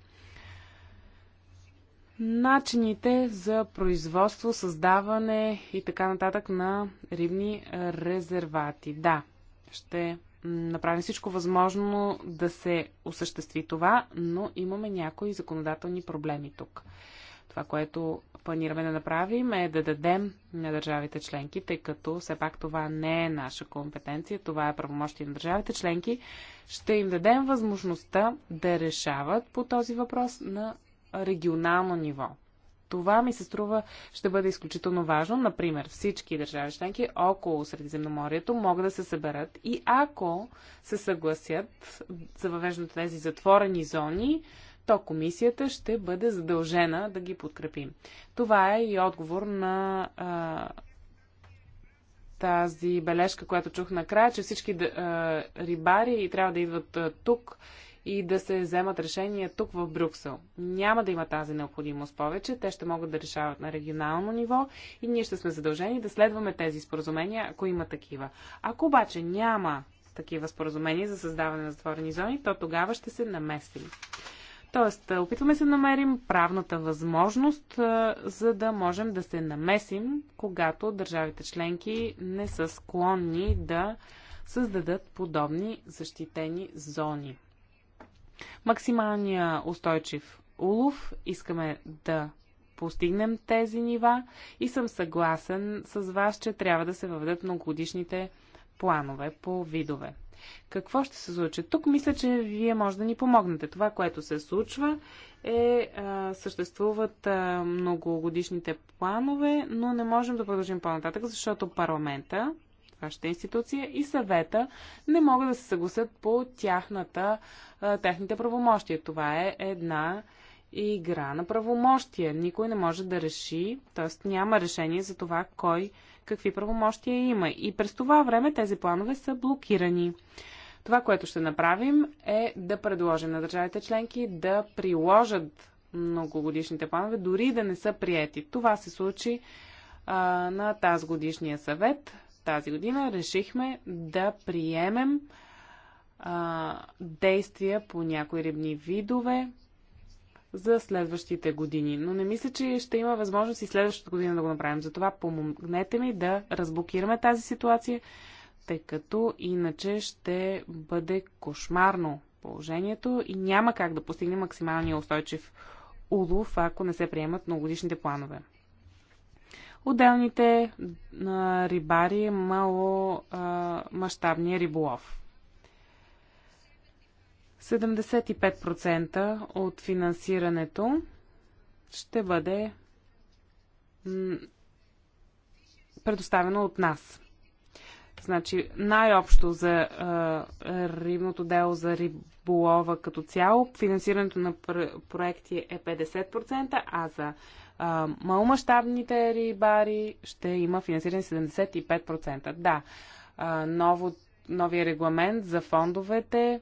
начините за производство, създаване и така нататък на рибни резервати. Да, ще направим всичко възможно да се осъществи това, но имаме някои законодателни проблеми тук. Това, което планираме да направим е да дадем на държавите членки, тъй като все пак това не е наша компетенция, това е правомощие на държавите членки, ще им дадем възможността да решават по този въпрос на регионално ниво. Това ми се струва ще бъде изключително важно. Например, всички държави членки около Средиземноморието могат да се съберат и ако се съгласят за въвеждането тези затворени зони, то комисията ще бъде задължена да ги подкрепим. Това е и отговор на а, тази бележка, която чух накрая, че всички а, рибари трябва да идват а, тук и да се вземат решения тук в Брюксел. Няма да има тази необходимост повече. Те ще могат да решават на регионално ниво и ние ще сме задължени да следваме тези споразумения, ако има такива. Ако обаче няма такива споразумения за създаване на затворени зони, то тогава ще се наместим. Тоест, е, опитваме се да намерим правната възможност, е, за да можем да се намесим, когато държавите членки не са склонни да създадат подобни защитени зони. Максималния устойчив улов искаме да постигнем тези нива и съм съгласен с вас, че трябва да се въведат многогодишните планове по видове. Какво ще се случи? Тук мисля, че вие може да ни помогнете. Това, което се случва е съществуват многогодишните планове, но не можем да продължим по-нататък, защото парламента нашата институция и съвета не могат да се съгласят по тяхната, техните правомощия. Това е една игра на правомощия. Никой не може да реши, т.е. няма решение за това кой какви правомощия има. И през това време тези планове са блокирани. Това, което ще направим е да предложим на държавите членки да приложат многогодишните планове, дори да не са приети. Това се случи а, на тази годишния съвет тази година решихме да приемем а, действия по някои рибни видове за следващите години. Но не мисля, че ще има възможност и следващата година да го направим. Затова помогнете ми да разблокираме тази ситуация, тъй като иначе ще бъде кошмарно положението и няма как да постигне максималния устойчив улов, ако не се приемат многогодишните планове отделните а, рибари мало а, мащабния риболов. 75% от финансирането ще бъде предоставено от нас. Значи най-общо за а, рибното дело за риболова като цяло, финансирането на пр- проекти е 50%, а за маломащабните рибари ще има финансиране 75%. Да, а, ново, новия регламент за фондовете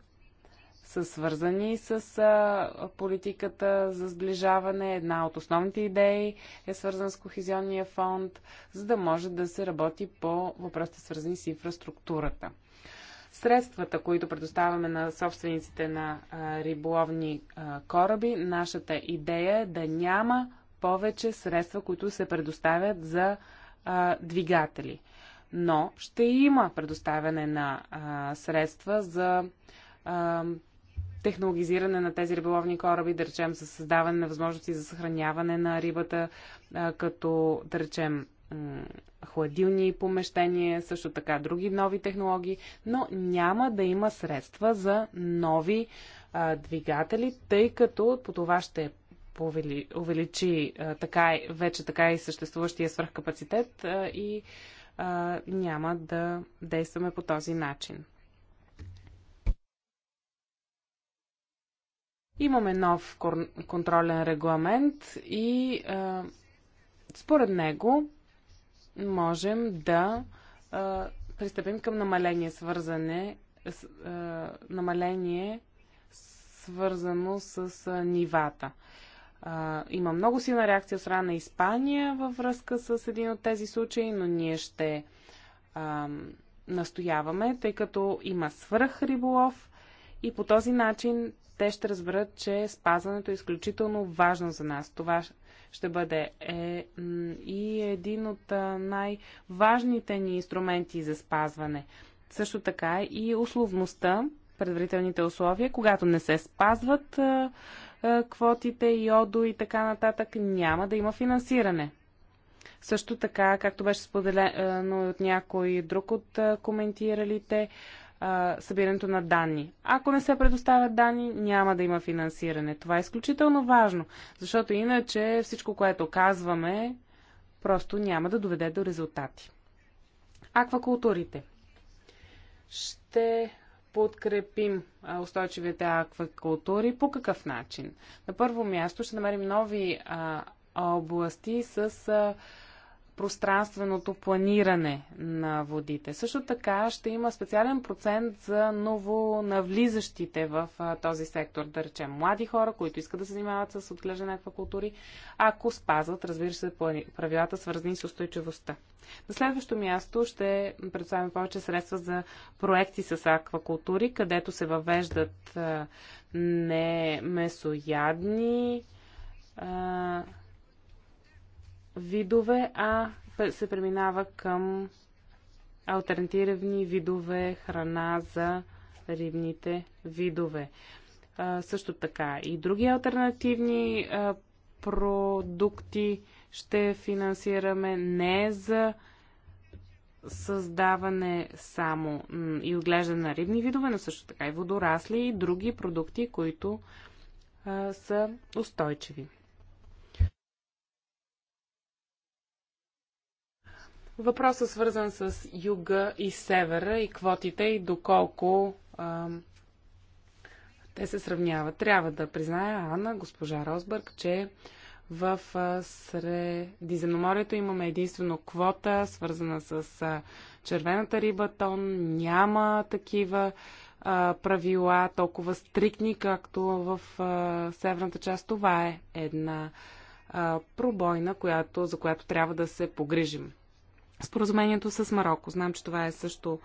са свързани с а, политиката за сближаване. Една от основните идеи е свързана с Кохизионния фонд, за да може да се работи по въпросите свързани с инфраструктурата. Средствата, които предоставяме на собствениците на а, риболовни а, кораби, нашата идея е да няма повече средства, които се предоставят за а, двигатели. Но ще има предоставяне на а, средства за а, технологизиране на тези риболовни кораби, да речем, за създаване на възможности за съхраняване на рибата, а, като, да речем, хладилни помещения, също така други нови технологии, но няма да има средства за нови а, двигатели, тъй като по това ще е повели, увеличи а, така, вече така и съществуващия свръхкапацитет а, и а, няма да действаме по този начин. Имаме нов контролен регламент и а, според него можем да а, пристъпим към намаление свързане, с, а, намаление свързано с а, нивата а, има много силна реакция от страна на Испания във връзка с един от тези случаи, но ние ще а, настояваме, тъй като има свръх риболов и по този начин те ще разберат, че спазването е изключително важно за нас. Това ще бъде е, и един от най-важните ни инструменти за спазване. Също така и условността, предварителните условия, когато не се спазват е, квотите, йодо и така нататък, няма да има финансиране. Също така, както беше споделено и от някой друг от е, коментиралите, е, събирането на данни. Ако не се предоставят данни, няма да има финансиране. Това е изключително важно, защото иначе всичко, което казваме, просто няма да доведе до резултати. Аквакултурите. Ще подкрепим устойчивите аквакултури по какъв начин? На първо място ще намерим нови а, области с а, пространственото планиране на водите. Също така ще има специален процент за ново навлизащите в този сектор, да речем млади хора, които искат да се занимават с отглеждане на аквакултури, ако спазват, разбира се, правилата свързани с устойчивостта. На следващо място ще представим повече средства за проекти с аквакултури, където се въвеждат не месоядни видове, а се преминава към альтернативни видове храна за рибните видове. А, също така и други альтернативни а, продукти ще финансираме не за създаване само и отглеждане на рибни видове, но също така и водорасли и други продукти, които а, са устойчиви. Въпросът е свързан с юга и севера и квотите и доколко а, те се сравняват. Трябва да призная, Анна, госпожа Росбърг, че в Средиземноморието имаме единствено квота, свързана с червената риба, тон. Няма такива а, правила, толкова стрикни, както в а, северната част. Това е една а, пробойна, която, за която трябва да се погрижим споразумението с Марокко. Знам, че това е също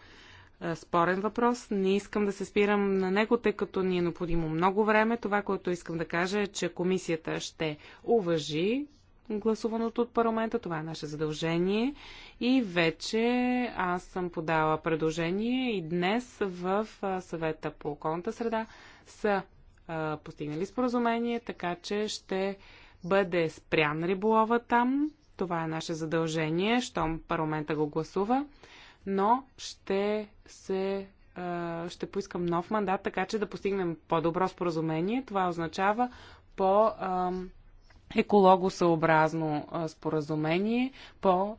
е, спорен въпрос. Не искам да се спирам на него, тъй като ни е необходимо много време. Това, което искам да кажа е, че комисията ще уважи гласуваното от парламента. Това е наше задължение. И вече аз съм подала предложение и днес в е, съвета по околната среда са е, постигнали споразумение, така че ще бъде спрян риболова там това е наше задължение, щом парламента го гласува, но ще се ще поискам нов мандат, така че да постигнем по-добро споразумение. Това означава по екологосъобразно споразумение, по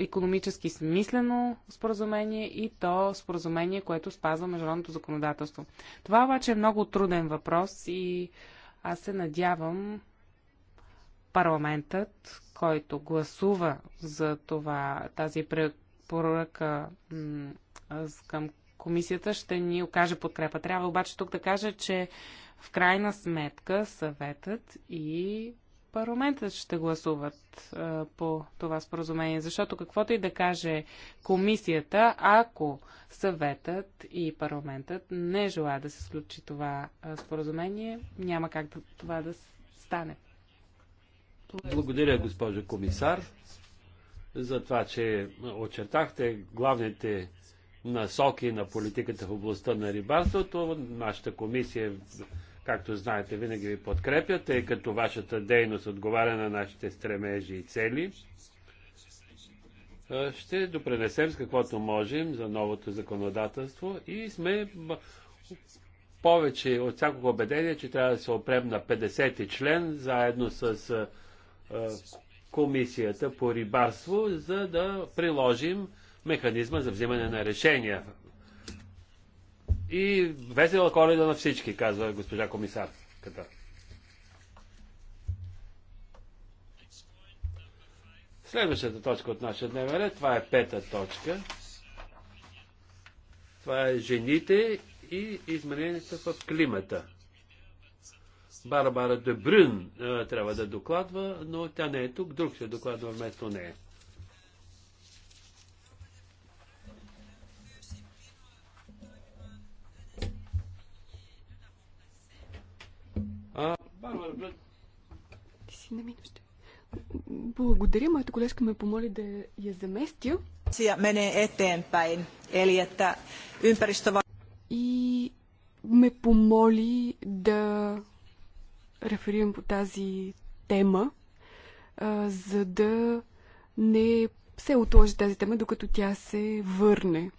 економически смислено споразумение и то споразумение, което спазва международното законодателство. Това обаче е много труден въпрос и аз се надявам парламентът, който гласува за това, тази препоръка към комисията, ще ни окаже подкрепа. Трябва обаче тук да кажа, че в крайна сметка съветът и парламентът ще гласуват а, по това споразумение. Защото каквото и да каже комисията, ако съветът и парламентът не желаят да се случи това а, споразумение, няма как да, това да стане. Благодаря, госпожо комисар, за това, че очертахте главните насоки на политиката в областта на рибарството. Нашата комисия, както знаете, винаги ви подкрепя, тъй като вашата дейност отговаря на нашите стремежи и цели. Е, ще допренесем с каквото можем за новото законодателство и сме повече от всяко убедение, че трябва да се опрем на 50 член, заедно с е, е, комисията по рибарство, за да приложим механизма за взимане на решения. И весела коледа на всички, казва госпожа комисарката. Следващата точка от нашия дневен ред, това е пета точка. Това е жените и измененията в климата. Барбара де Брюн е, трябва да докладва, но тя не е тук. Друг ще докладва вместо нея. А, Барбара Ти си на минуще. Благодаря. Моята колежка ме помоли да я заместя. И ме помоли да реферирам по тази тема, а, за да не се отложи тази тема, докато тя се върне.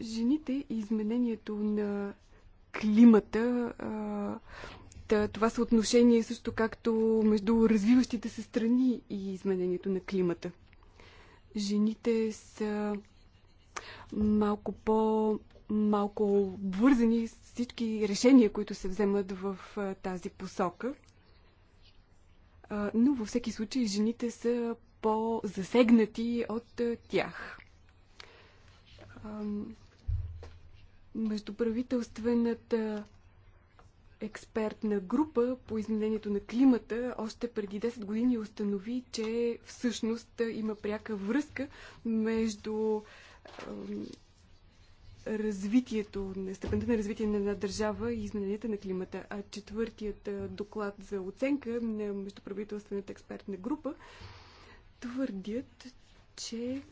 Жените и изменението на климата, а, това съотношение също както между развиващите се страни и изменението на климата. Жените са малко по малко обвързани всички решения, които се вземат в тази посока. Но във всеки случай жените са по-засегнати от тях. Междуправителствената експертна група по изменението на климата още преди 10 години установи, че всъщност има пряка връзка между развитието, степента на развитие на една държава и измененията на климата. А четвъртият доклад за оценка на Междуправителствената експертна група твърдят, че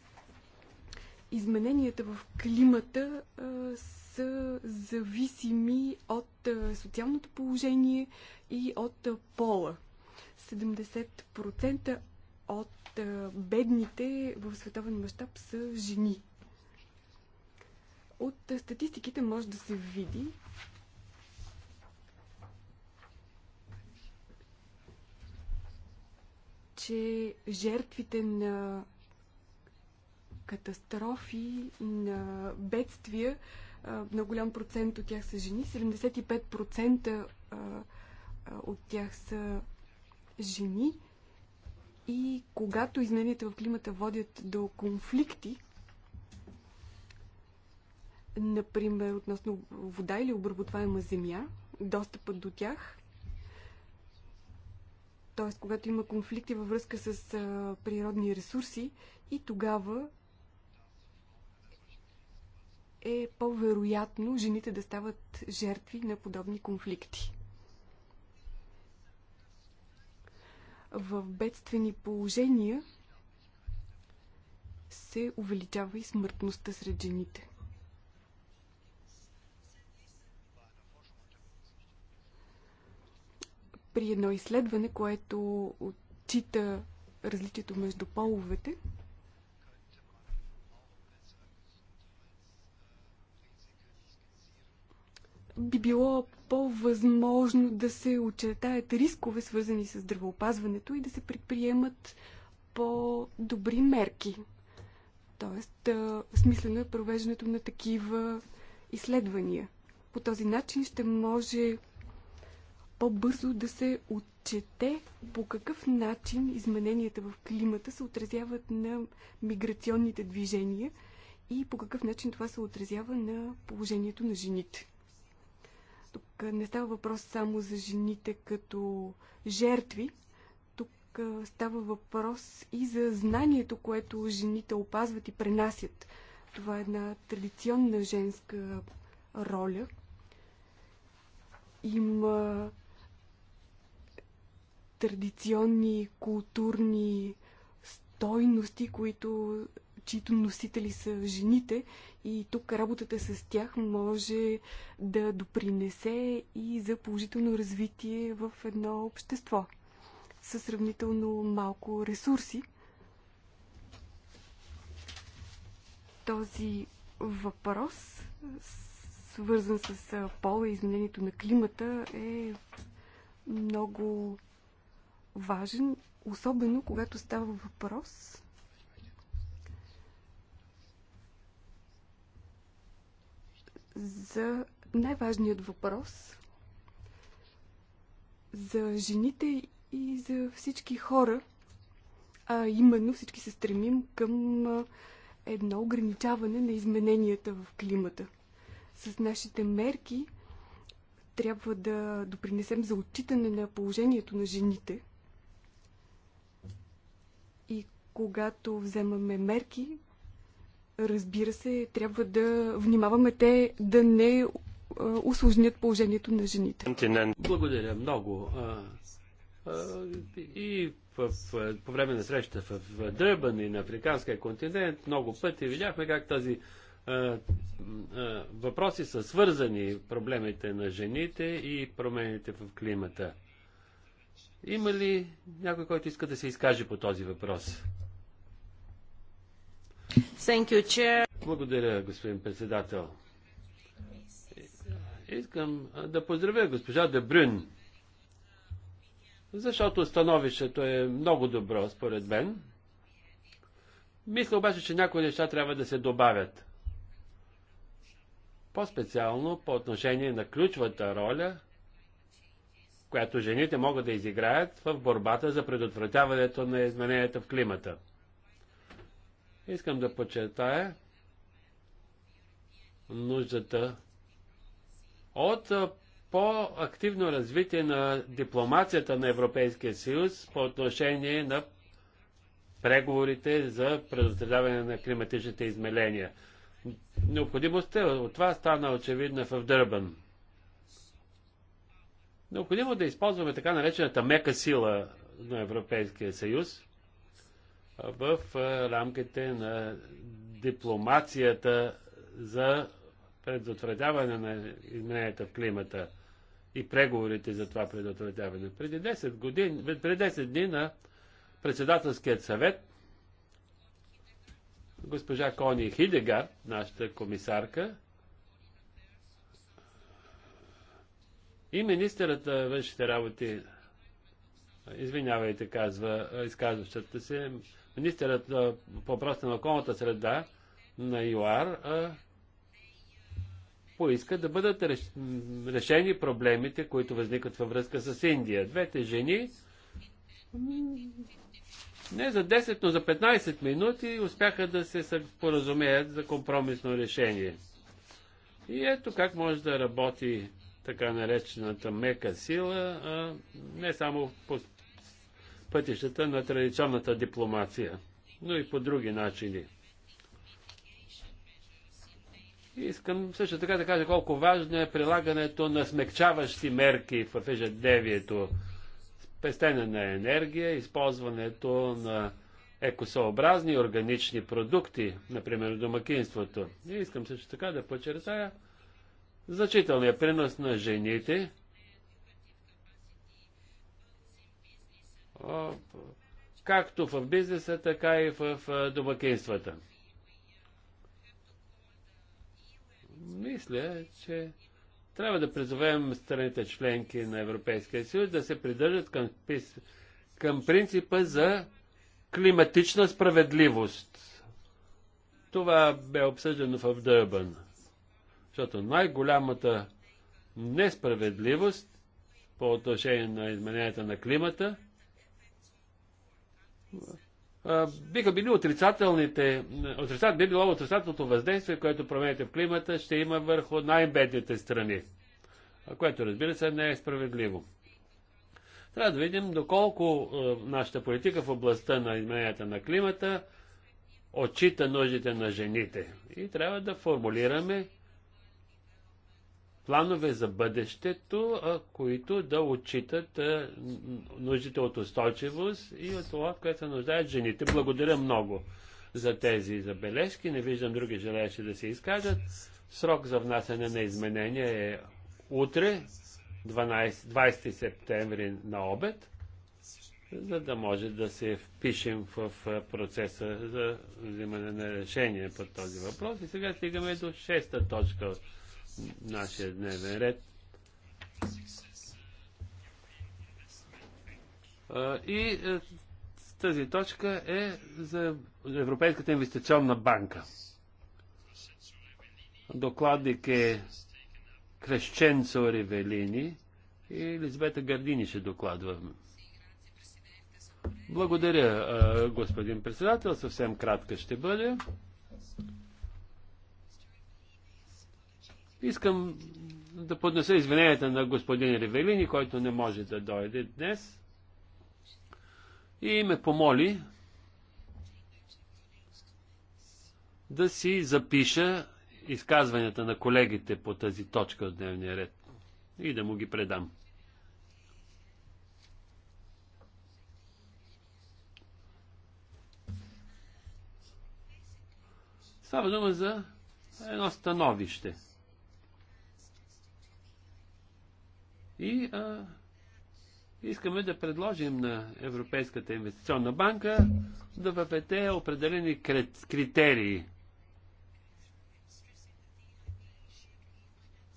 измененията в климата а, са зависими от а, социалното положение и от а, пола. 70% от а, бедните в световен мащаб са жени. От статистиките може да се види, че жертвите на катастрофи, на бедствия, на голям процент от тях са жени, 75% от тях са жени. И когато измените в климата водят до конфликти, например, относно вода или обработваема земя, достъпът до тях. Т.е. когато има конфликти във връзка с а, природни ресурси и тогава е по-вероятно жените да стават жертви на подобни конфликти. В бедствени положения се увеличава и смъртността сред жените. при едно изследване, което отчита различието между половете. Би било по-възможно да се очертаят рискове, свързани с здравеопазването и да се предприемат по-добри мерки. Тоест, смислено е провеждането на такива изследвания. По този начин ще може по-бързо да се отчете по какъв начин измененията в климата се отразяват на миграционните движения и по какъв начин това се отразява на положението на жените. Тук не става въпрос само за жените като жертви, тук става въпрос и за знанието, което жените опазват и пренасят. Това е една традиционна женска роля. Има традиционни културни стойности, които, чието носители са жените и тук работата с тях може да допринесе и за положително развитие в едно общество с сравнително малко ресурси. Този въпрос, свързан с пола и изменението на климата, е много важен, особено когато става въпрос за най-важният въпрос за жените и за всички хора, а именно всички се стремим към едно ограничаване на измененията в климата. С нашите мерки трябва да допринесем за отчитане на положението на жените когато вземаме мерки, разбира се, трябва да внимаваме те да не усложнят положението на жените. Благодаря много. И в, по време на среща в Дърбан и на африканския континент много пъти видяхме как тази въпроси са свързани проблемите на жените и промените в климата. Има ли някой, който иска да се изкаже по този въпрос? Thank you, chair. Благодаря, господин председател. Искам да поздравя госпожа Дебрюн, защото становището е много добро, според мен. Мисля обаче, че някои неща трябва да се добавят. По-специално по отношение на ключвата роля – която жените могат да изиграят в борбата за предотвратяването на измененията в климата. Искам да подчертая нуждата от по-активно развитие на дипломацията на Европейския съюз по отношение на преговорите за предотвратяване на климатичните измеления. Необходимостта от това стана очевидна в Дърбан. Необходимо да използваме така наречената мека сила на Европейския съюз в рамките на дипломацията за предотвратяване на изменението в климата и преговорите за това предотвратяване. Преди 10, години, преди 10 дни на председателският съвет госпожа Кони Хидегар, нашата комисарка, И министърът на външните работи, извинявайте, казва изказващата се, министърът по въпроса на околната среда на ЮАР а, поиска да бъдат решени проблемите, които възникват във връзка с Индия. Двете жени не за 10, но за 15 минути успяха да се поразумеят за компромисно решение. И ето как може да работи така наречената мека сила, а не само по пътищата на традиционната дипломация, но и по други начини. Искам също така да кажа колко важно е прилагането на смекчаващи мерки в ежедневието. Пестене на енергия, използването на екосъобразни органични продукти, например домакинството. И искам също така да подчертая, значителният принос на жените както в бизнеса, така и в домакинствата. Мисля, че трябва да призовем страните членки на Европейския съюз да се придържат към, към принципа за климатична справедливост. Това бе обсъждано в Дърбан. Защото най-голямата несправедливост по отношение на измененията на климата биха били отрицателните, отрицател, би било отрицателното въздействие, което промените в климата ще има върху най-бедните страни, което разбира се не е справедливо. Трябва да видим доколко нашата политика в областта на измененията на климата отчита нуждите на жените. И трябва да формулираме планове за бъдещето, които да отчитат нуждите от устойчивост и от това, което се нуждаят жените. Благодаря много за тези забележки. Не виждам други желаящи да се изкажат. Срок за внасяне на изменения е утре, 12, 20 септември на обед, за да може да се впишем в процеса за взимане на решение по този въпрос. И сега стигаме до шеста точка нашия дневен ред. И е, тази точка е за Европейската инвестиционна банка. Докладник е Крещенцо Ривелини и Лизбета Гардини ще докладва. Благодаря, е, господин председател. Съвсем кратка ще бъде. Искам да поднеса извиненията на господин Ревелини, който не може да дойде днес. И ме помоли да си запиша изказванията на колегите по тази точка от дневния ред и да му ги предам. Става дума за едно становище – И а, искаме да предложим на Европейската инвестиционна банка да въведе определени критерии.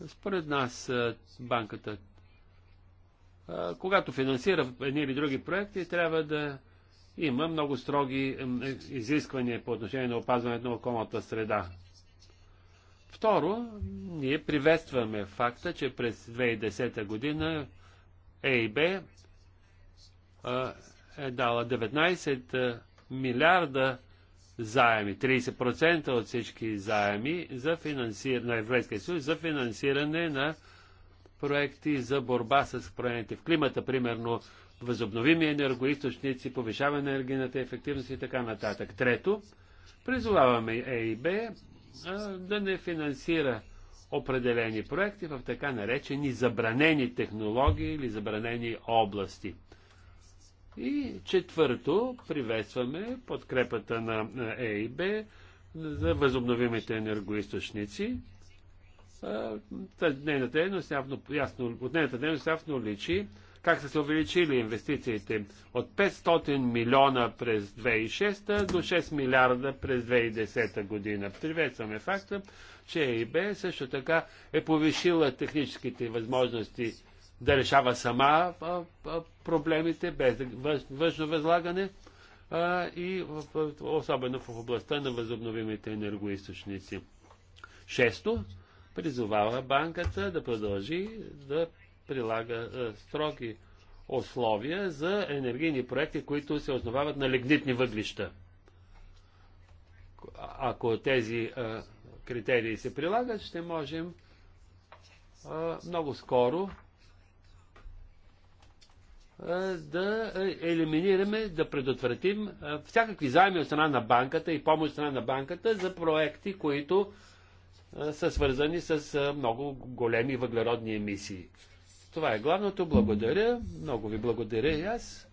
Според нас банката, когато финансира едни или други проекти, трябва да има много строги е, изисквания по отношение на опазването на околната среда. Второ, ние приветстваме факта, че през 2010 година ЕИБ е дала 19 милиарда заеми, 30% от всички заеми за на Европейския съюз за финансиране на проекти за борба с промените в климата, примерно възобновими енергоисточници, повишаване на енергийната ефективност и така нататък. Трето, призоваваме ЕИБ да не финансира определени проекти в така наречени забранени технологии или забранени области. И четвърто, приветстваме подкрепата на ЕИБ за възобновимите енергоисточници. Нейната дейност явно, ясно, от нейната дейност явно личи как са се увеличили инвестициите от 500 милиона през 2006 до 6 милиарда през 2010 година. Приветстваме факта, че ЕИБ също така е повишила техническите възможности да решава сама проблемите без външно възлагане и особено в областта на възобновимите енергоисточници. Шесто, призовава банката да продължи да прилага е, строги условия за енергийни проекти, които се основават на лигнитни въглища. Ако тези е, критерии се прилагат, ще можем е, много скоро да елиминираме, да предотвратим всякакви заеми от страна на банката и помощ от страна на банката за проекти, които са свързани с много големи въглеродни емисии. Това е главното. Благодаря. Много ви благодаря и аз.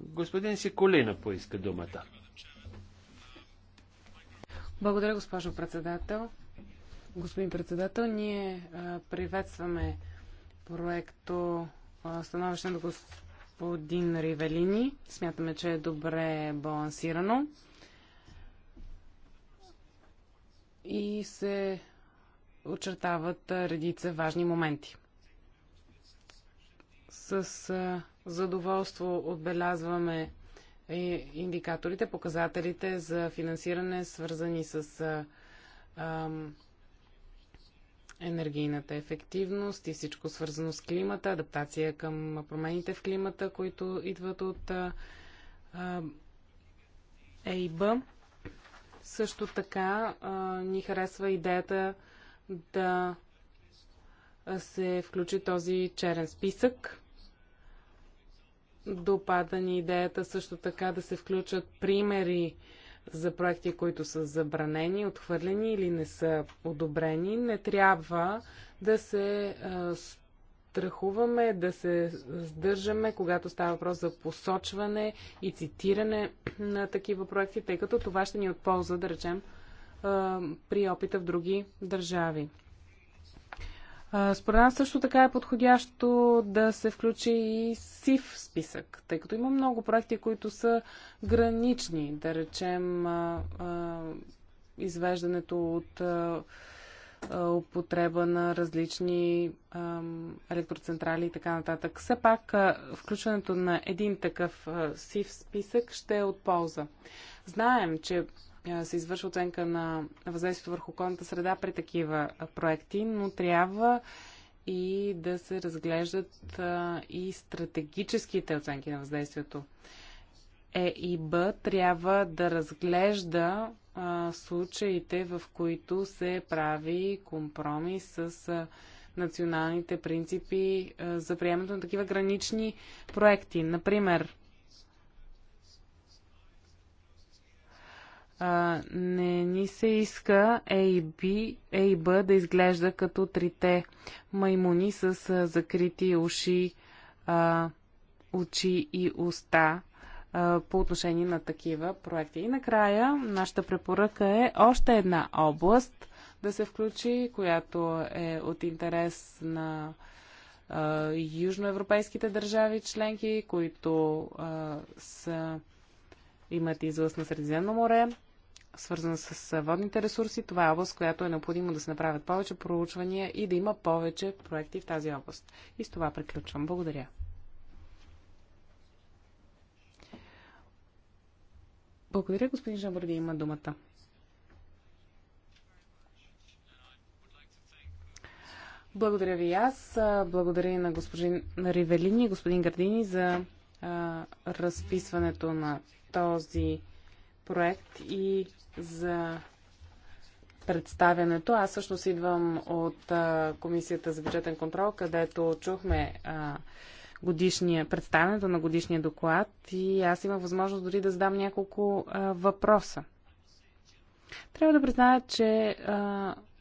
Господин Сиколина поиска думата. Благодаря, госпожо председател. Господин председател, ние приветстваме проекто становище на господин Ривелини. Смятаме, че е добре балансирано и се очертават редица важни моменти. С задоволство отбелязваме индикаторите, показателите за финансиране, свързани с енергийната ефективност и всичко свързано с климата, адаптация към промените в климата, които идват от ЕИБ. Също така ни харесва идеята да се включи този черен списък. Допада ни идеята също така да се включат примери за проекти, които са забранени, отхвърлени или не са одобрени. Не трябва да се страхуваме, да се сдържаме, когато става въпрос за посочване и цитиране на такива проекти, тъй като това ще ни е от полза да речем, при опита в други държави. Според нас също така е подходящо да се включи и сив списък, тъй като има много проекти, които са гранични, да речем извеждането от употреба на различни електроцентрали и така нататък. Все пак включването на един такъв сив списък ще е от полза. Знаем, че се извършва оценка на въздействието върху околната среда при такива проекти, но трябва и да се разглеждат и стратегическите оценки на въздействието. Е Б трябва да разглежда а, случаите, в които се прави компромис с а, националните принципи а, за приемането на такива гранични проекти. Например, а, не ни се иска AIB, B да изглежда като трите маймуни с а, закрити уши, а, очи и уста а, по отношение на такива проекти. И накрая нашата препоръка е още една област да се включи, която е от интерес на а, южноевропейските държави членки, които а, са имат излъз на Средиземно море свързана с водните ресурси. Това е област, която е необходимо да се направят повече проучвания и да има повече проекти в тази област. И с това приключвам. Благодаря. Благодаря, господин Жабърди, има думата. Благодаря ви аз. Благодаря и на господин Ривелини и господин Гардини за а, разписването на този проект и за представянето. Аз всъщност идвам от а, Комисията за бюджетен контрол, където чухме а, годишния, представянето на годишния доклад и аз имах възможност дори да задам няколко а, въпроса. Трябва да призная, че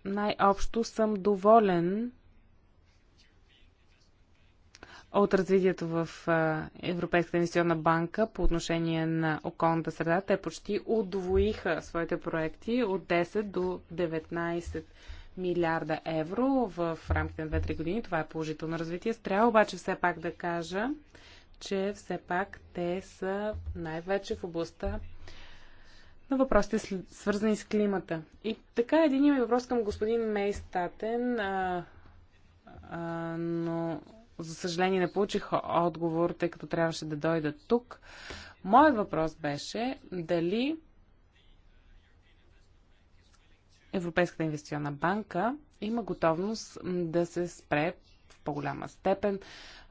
най-общо съм доволен от развитието в Европейската инвестиционна банка по отношение на околната среда. Те почти удвоиха своите проекти от 10 до 19 милиарда евро в рамките на 2-3 години. Това е положително развитие. Трябва обаче все пак да кажа, че все пак те са най-вече в областта на въпросите свързани с климата. И така един ми въпрос към господин Мейстатен, а, а, но за съжаление, не получих отговор, тъй като трябваше да дойда тук. Моят въпрос беше дали Европейската инвестиционна банка има готовност да се спре в по-голяма степен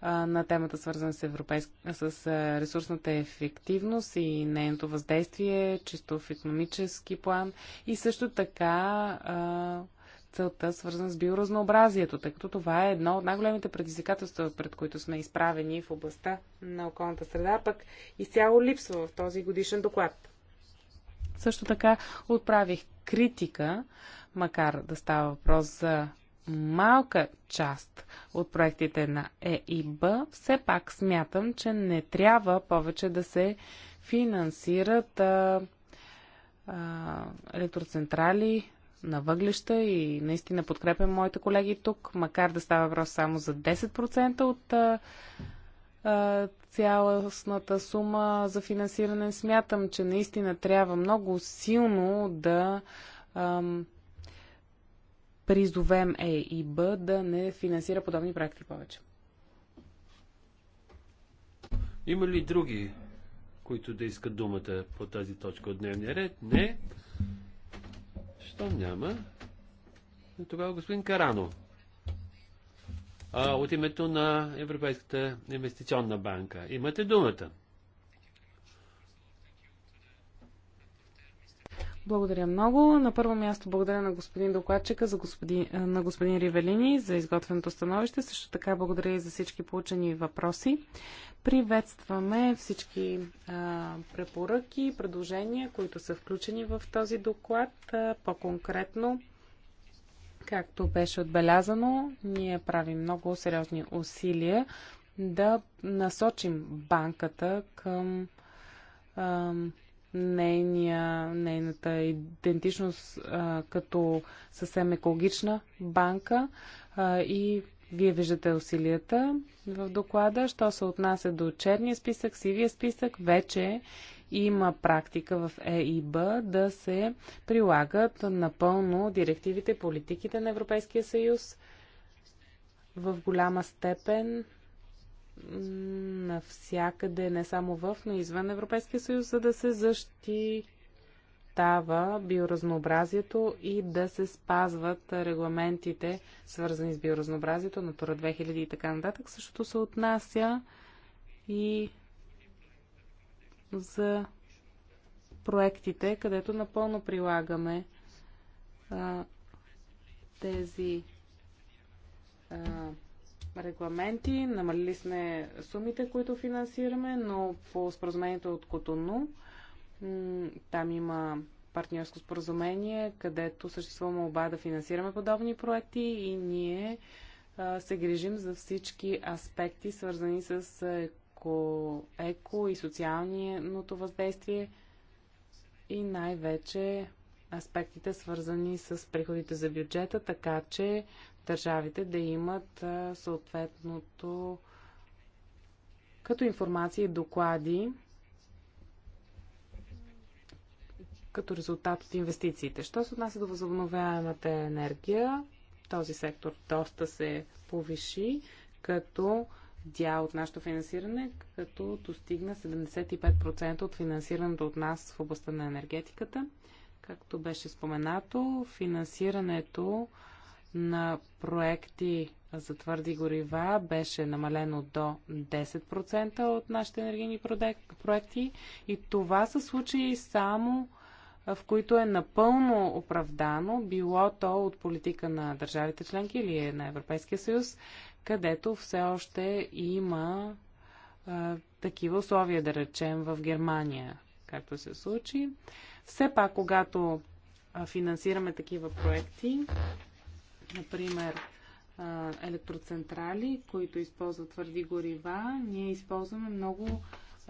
на темата, свързана с, европейск... с ресурсната ефективност и нейното въздействие, чисто в економически план. И също така целта, свързана с биоразнообразието, тъй като това е едно от най-големите предизвикателства, пред които сме изправени в областта на околната среда, пък изцяло липсва в този годишен доклад. Също така отправих критика, макар да става въпрос за малка част от проектите на ЕИБ, все пак смятам, че не трябва повече да се финансират а, а, електроцентрали, на въглища и наистина подкрепям моите колеги тук, макар да става въпрос само за 10% от а, а, цялостната сума за финансиране. Смятам, че наистина трябва много силно да ам, призовем Е и Б да не финансира подобни практики повече. Има ли други, които да искат думата по тази точка от дневния ред? Не. Щом няма, тогава господин Карано. от името на Европейската инвестиционна банка. Имате думата. Благодаря много. На първо място благодаря на господин докладчика, за господин, на господин Ривелини за изготвеното становище. Също така благодаря и за всички получени въпроси. Приветстваме всички а, препоръки, предложения, които са включени в този доклад. по-конкретно, както беше отбелязано, ние правим много сериозни усилия да насочим банката към нейния, нейната идентичност а, като съвсем екологична банка а, и вие виждате усилията в доклада. Що се отнася до черния списък, сивия списък, вече има практика в ЕИБ да се прилагат напълно директивите, политиките на Европейския съюз в голяма степен навсякъде, не само в, но и извън Европейския съюз, за да се защитава биоразнообразието и да се спазват регламентите, свързани с биоразнообразието, Натура 2000 и така нататък. Същото се отнася и за проектите, където напълно прилагаме а, тези а, регламенти, намалили сме сумите, които финансираме, но по споразумението от Котону там има партньорско споразумение, където съществува молба да финансираме подобни проекти и ние се грижим за всички аспекти, свързани с еко, еко и социалното въздействие и най-вече аспектите, свързани с приходите за бюджета, така че държавите да имат съответното като информация и доклади като резултат от инвестициите. Що се отнася до възобновяемата енергия, този сектор доста се повиши като дял от нашето финансиране, като достигна 75% от финансирането от нас в областта на енергетиката. Както беше споменато, финансирането на проекти за твърди горива беше намалено до 10% от нашите енергийни проекти и това са случаи само в които е напълно оправдано, било то от политика на държавите членки или е на Европейския съюз, където все още има а, такива условия, да речем, в Германия, както се случи. Все пак, когато финансираме такива проекти, Например, електроцентрали, които използват твърди горива, ние използваме много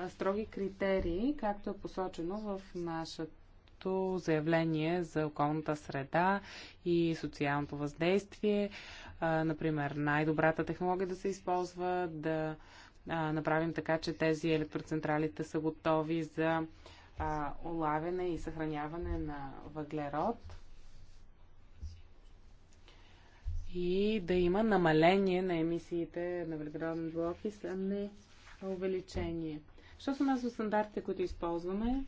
строги критерии, както е посочено в нашето заявление за околната среда и социалното въздействие. Например, най-добрата технология да се използва, да направим така, че тези електроцентралите са готови за улавяне и съхраняване на въглерод и да има намаление на емисиите на въглероден двуокис, а не увеличение. Що са нас за стандартите, които използваме?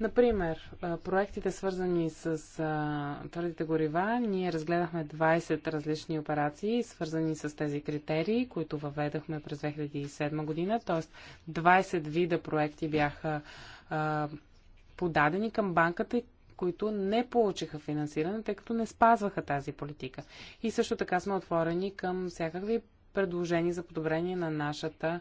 Например, проектите свързани с твърдите горива, ние разгледахме 20 различни операции, свързани с тези критерии, които въведахме през 2007 година, т.е. 20 вида проекти бяха подадени към банката които не получиха финансиране, тъй като не спазваха тази политика. И също така сме отворени към всякакви предложения за подобрение на нашата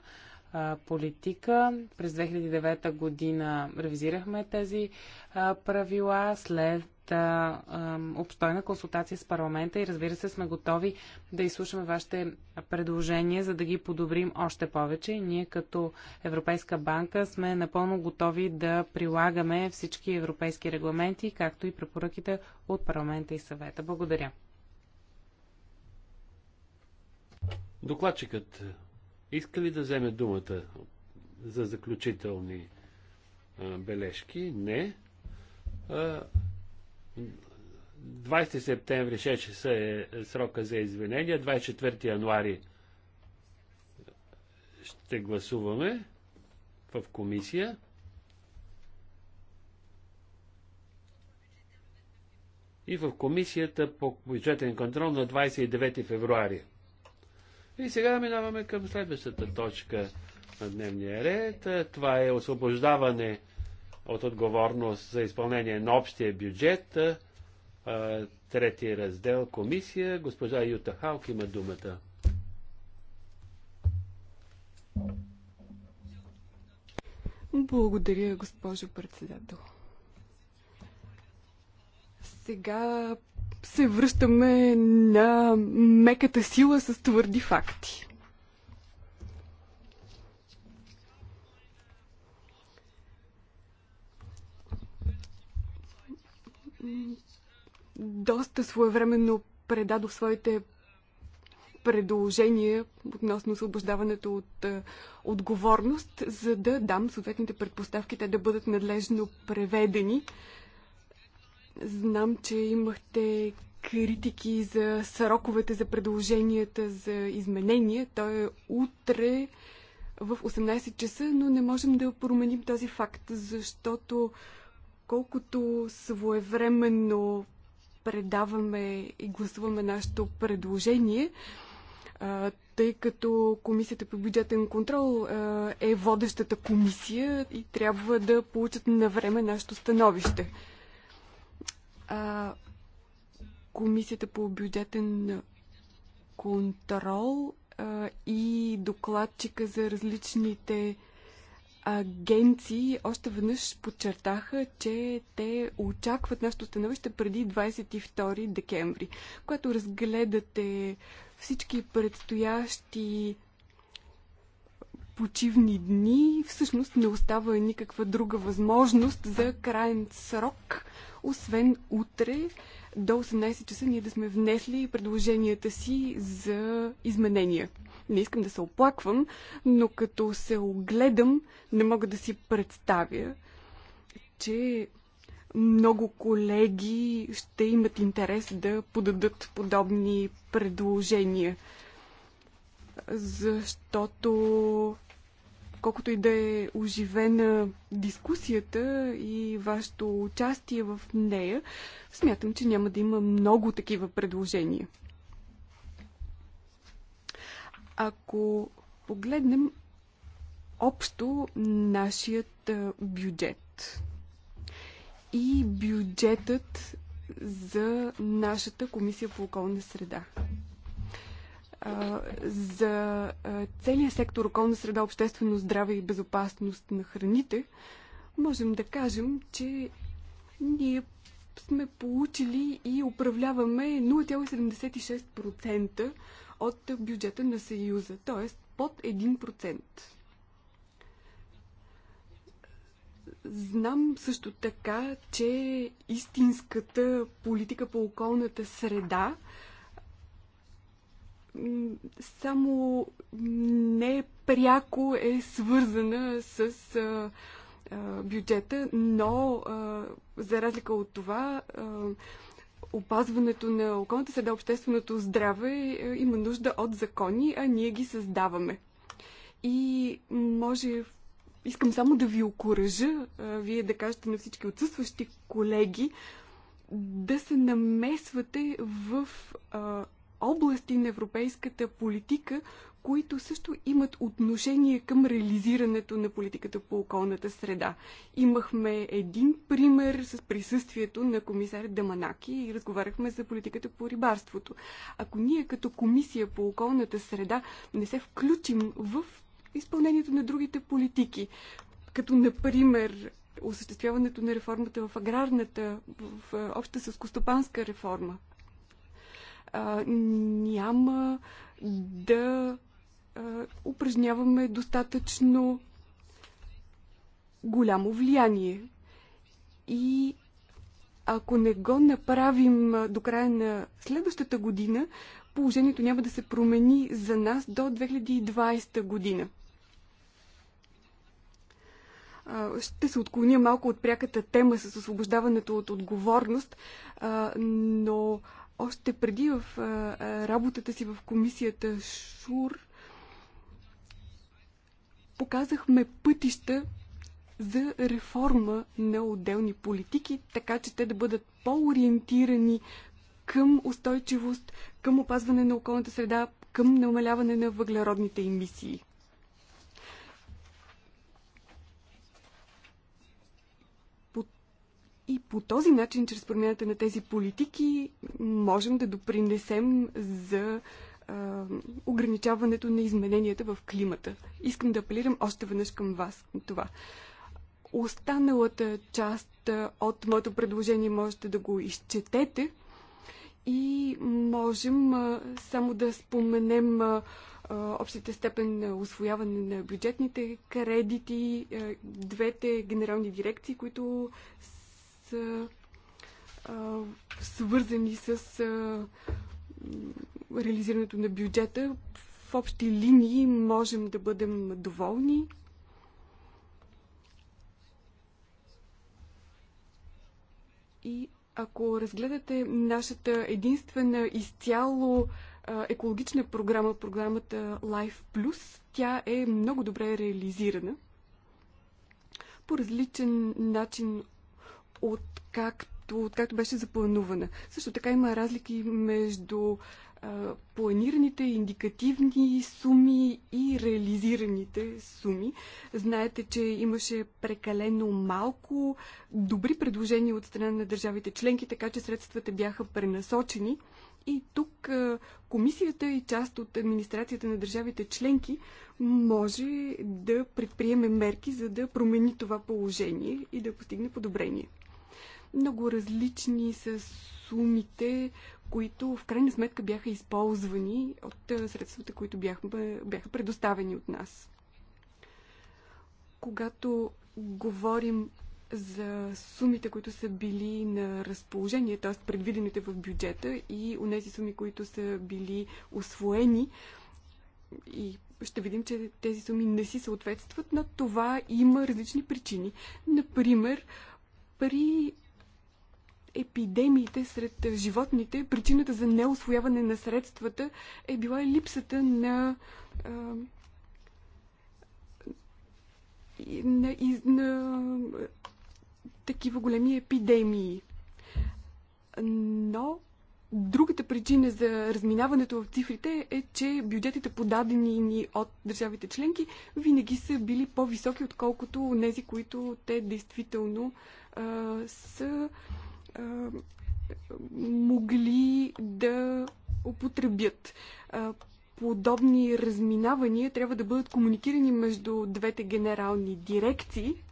а, политика. През 2009 година ревизирахме тези а, правила след а, обстойна консултация с парламента и разбира се сме готови да изслушаме вашите предложения, за да ги подобрим още повече. Ние като Европейска банка сме напълно готови да прилагаме всички европейски регламенти, както и препоръките от парламента и съвета. Благодаря. Докладчикът иска ли да вземе думата за заключителни бележки? Не. 20 септември 6 часа е срока за извинения, 24 януари ще гласуваме в комисия. И в комисията по бюджетен контрол на 29 февруари. И сега минаваме към следващата точка на дневния ред. Това е освобождаване от отговорност за изпълнение на общия бюджет. Трети раздел комисия. Госпожа Юта Халк има думата. Благодаря, госпожо председател. Сега се връщаме на меката сила с твърди факти. доста своевременно предадох своите предложения относно освобождаването от а, е, отговорност, за да дам съответните предпоставки те да бъдат надлежно преведени. Знам, че имахте критики за сроковете за предложенията за изменения. То е утре в 18 часа, но не можем да променим този факт, защото колкото своевременно предаваме и гласуваме нашето предложение, тъй като Комисията по бюджетен контрол е водещата комисия и трябва да получат на време нашето становище. Комисията по бюджетен контрол и докладчика за различните агенции още веднъж подчертаха, че те очакват нашето становище преди 22 декември. Когато разгледате всички предстоящи почивни дни, всъщност не остава никаква друга възможност за крайен срок освен утре до 18 часа ние да сме внесли предложенията си за изменения. Не искам да се оплаквам, но като се огледам, не мога да си представя, че много колеги ще имат интерес да подадат подобни предложения. Защото колкото и да е оживена дискусията и вашето участие в нея, смятам, че няма да има много такива предложения. Ако погледнем общо нашият бюджет и бюджетът за нашата комисия по околна среда за целия сектор околна среда, обществено здраве и безопасност на храните, можем да кажем, че ние сме получили и управляваме 0,76% от бюджета на Съюза, т.е. под 1%. Знам също така, че истинската политика по околната среда само не пряко е свързана с бюджета, но за разлика от това опазването на околната среда, общественото здраве има нужда от закони, а ние ги създаваме. И може искам само да ви окоръжа, вие да кажете на всички отсъстващи колеги, да се намесвате в а, области на европейската политика, които също имат отношение към реализирането на политиката по околната среда. Имахме един пример с присъствието на комисар Даманаки и разговаряхме за политиката по рибарството. Ако ние като комисия по околната среда не се включим в изпълнението на другите политики, като например осъществяването на реформата в аграрната, в обща сълскостопанска реформа, а, няма да а, упражняваме достатъчно голямо влияние. И ако не го направим до края на следващата година, положението няма да се промени за нас до 2020 година. Ще се отклоня малко от пряката тема с освобождаването от отговорност, но още преди в работата си в комисията ШУР показахме пътища за реформа на отделни политики, така че те да бъдат по-ориентирани към устойчивост, към опазване на околната среда, към намаляване на въглеродните емисии. И по този начин, чрез промяната на тези политики, можем да допринесем за а, ограничаването на измененията в климата. Искам да апелирам още веднъж към вас на това. Останалата част от моето предложение можете да го изчетете и можем а, само да споменем а, общата степен на освояване на бюджетните кредити, двете генерални дирекции, които са а, свързани с а, реализирането на бюджета. В общи линии можем да бъдем доволни. И ако разгледате нашата единствена изцяло екологична програма, програмата Life Plus, тя е много добре реализирана. По различен начин от както, от както беше запланувана. Също така има разлики между а, планираните индикативни суми и реализираните суми. Знаете, че имаше прекалено малко добри предложения от страна на държавите членки, така че средствата бяха пренасочени. И тук комисията и част от администрацията на държавите членки може да предприеме мерки, за да промени това положение и да постигне подобрение. Много различни са сумите, които в крайна сметка бяха използвани от средствата, които бяха предоставени от нас. Когато говорим за сумите, които са били на разположение, т.е. предвидените в бюджета и онези суми, които са били освоени и ще видим, че тези суми не си съответстват, но това има различни причини. Например, при епидемиите сред животните, причината за неосвояване на средствата е била липсата на, а, на, из, на такива големи епидемии. Но другата причина за разминаването в цифрите е, че бюджетите подадени ни от държавите членки винаги са били по-високи, отколкото тези, които те действително а, са могли да употребят. Подобни разминавания трябва да бъдат комуникирани между двете генерални дирекции,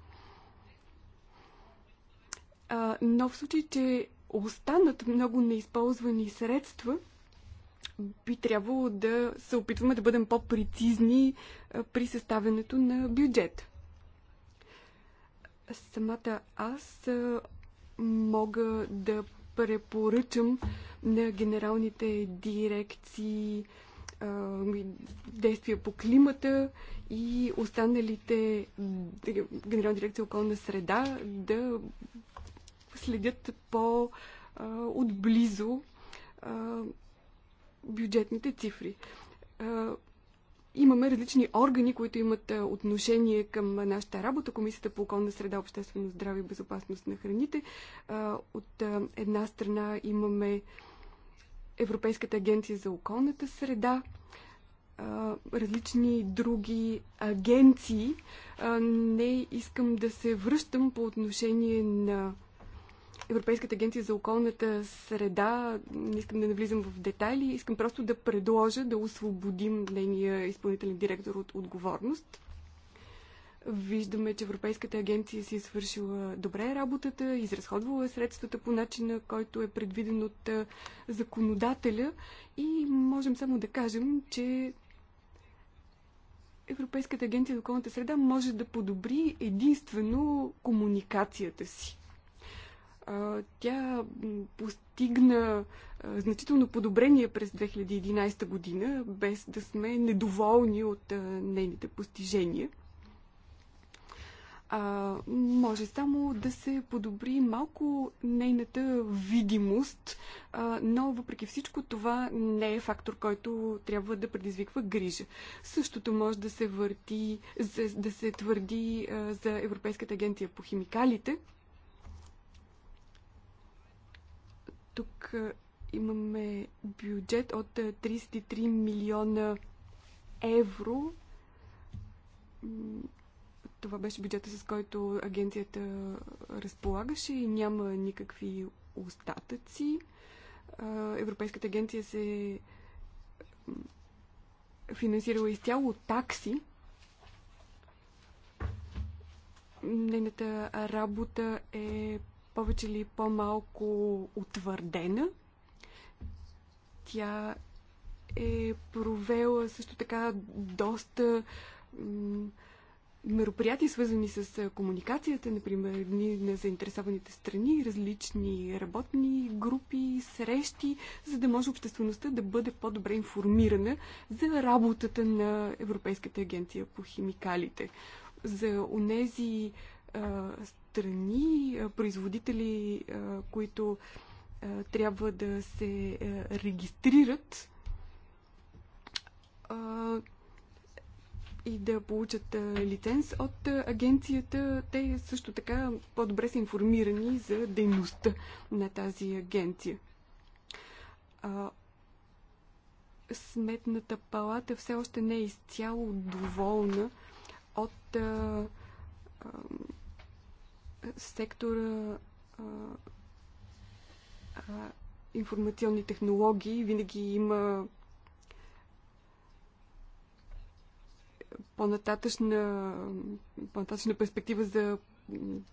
но в случай, че останат много неизползвани средства, би трябвало да се опитваме да бъдем по-прецизни при съставянето на бюджет. Самата аз мога да препоръчам на генералните дирекции действия по климата и останалите Генерална дирекция околна среда да следят по отблизо бюджетните цифри. Имаме различни органи, които имат отношение към нашата работа. Комисията по околна среда, обществено здраве и безопасност на храните. От една страна имаме Европейската агенция за околната среда, различни други агенции. Не искам да се връщам по отношение на Европейската агенция за околната среда, не искам да навлизам в детайли, искам просто да предложа да освободим нейния изпълнителен директор от отговорност. Виждаме, че Европейската агенция си е свършила добре работата, изразходвала е средствата по начина, който е предвиден от законодателя и можем само да кажем, че Европейската агенция за околната среда може да подобри единствено комуникацията си тя постигна значително подобрение през 2011 година, без да сме недоволни от нейните постижения. А, може само да се подобри малко нейната видимост, а, но въпреки всичко това не е фактор, който трябва да предизвиква грижа. Същото може да се върти, да се твърди а, за Европейската агенция по химикалите, Тук имаме бюджет от 33 милиона евро. Това беше бюджета, с който агенцията разполагаше и няма никакви остатъци. Европейската агенция се финансирала изцяло от такси. Нейната работа е повече или по-малко утвърдена. Тя е провела също така доста мероприятия, свързани с комуникацията, например, дни на заинтересованите страни, различни работни групи, срещи, за да може обществеността да бъде по-добре информирана за работата на Европейската агенция по химикалите, за онези а, страни, производители, които трябва да се регистрират и да получат лиценз от агенцията. Те също така по-добре са информирани за дейността на тази агенция. Сметната палата все още не е изцяло доволна от сектора а, а, информационни технологии винаги има по-нататъчна, по-нататъчна перспектива за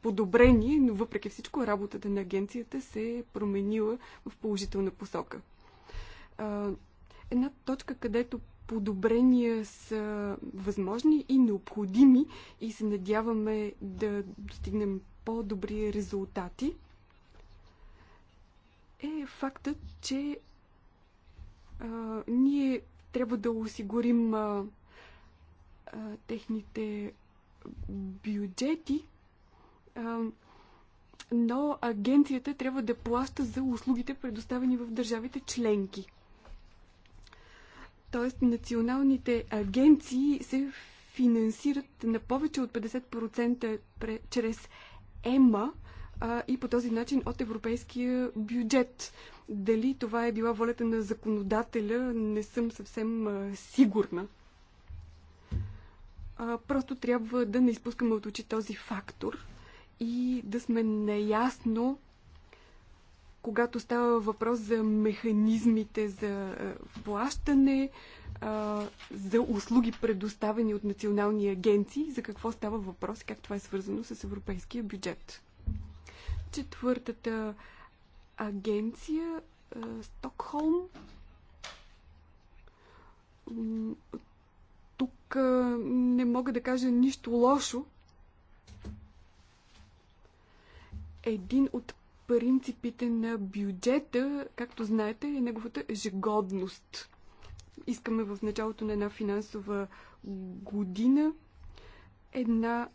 подобрение, но въпреки всичко работата на агенцията се е променила в положителна посока. Една точка, където подобрения са възможни и необходими и се надяваме да достигнем по-добри резултати, е фактът, че а, ние трябва да осигурим а, а, техните бюджети, а, но агенцията трябва да плаща за услугите, предоставени в държавите членки. Тоест, националните агенции се финансират на повече от 50% чрез ЕМА а, и по този начин от европейския бюджет. Дали това е била волята на законодателя, не съм съвсем а, сигурна. А, просто трябва да не изпускаме от очи този фактор и да сме наясно, когато става въпрос за механизмите за плащане, а, а, за услуги предоставени от национални агенции, за какво става въпрос и как това е свързано с европейския бюджет. Четвъртата агенция а, Стокхолм. Тук а, не мога да кажа нищо лошо. Един от принципите на бюджета, както знаете, е неговата ежегодност искаме в началото на една финансова година една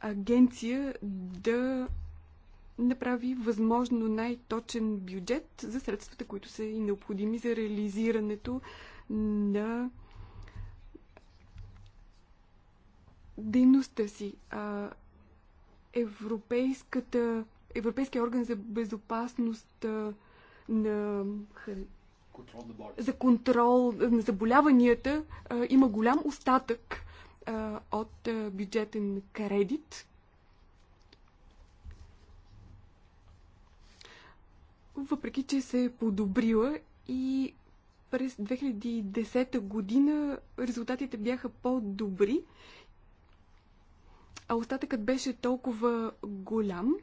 агенция да направи възможно най-точен бюджет за средствата, които са и необходими за реализирането на дейността си. европейската, Европейския орган за безопасност на за контрол на заболяванията има голям остатък от бюджетен кредит. Въпреки, че се е подобрила и през 2010 година резултатите бяха по-добри, а остатъкът беше толкова голям,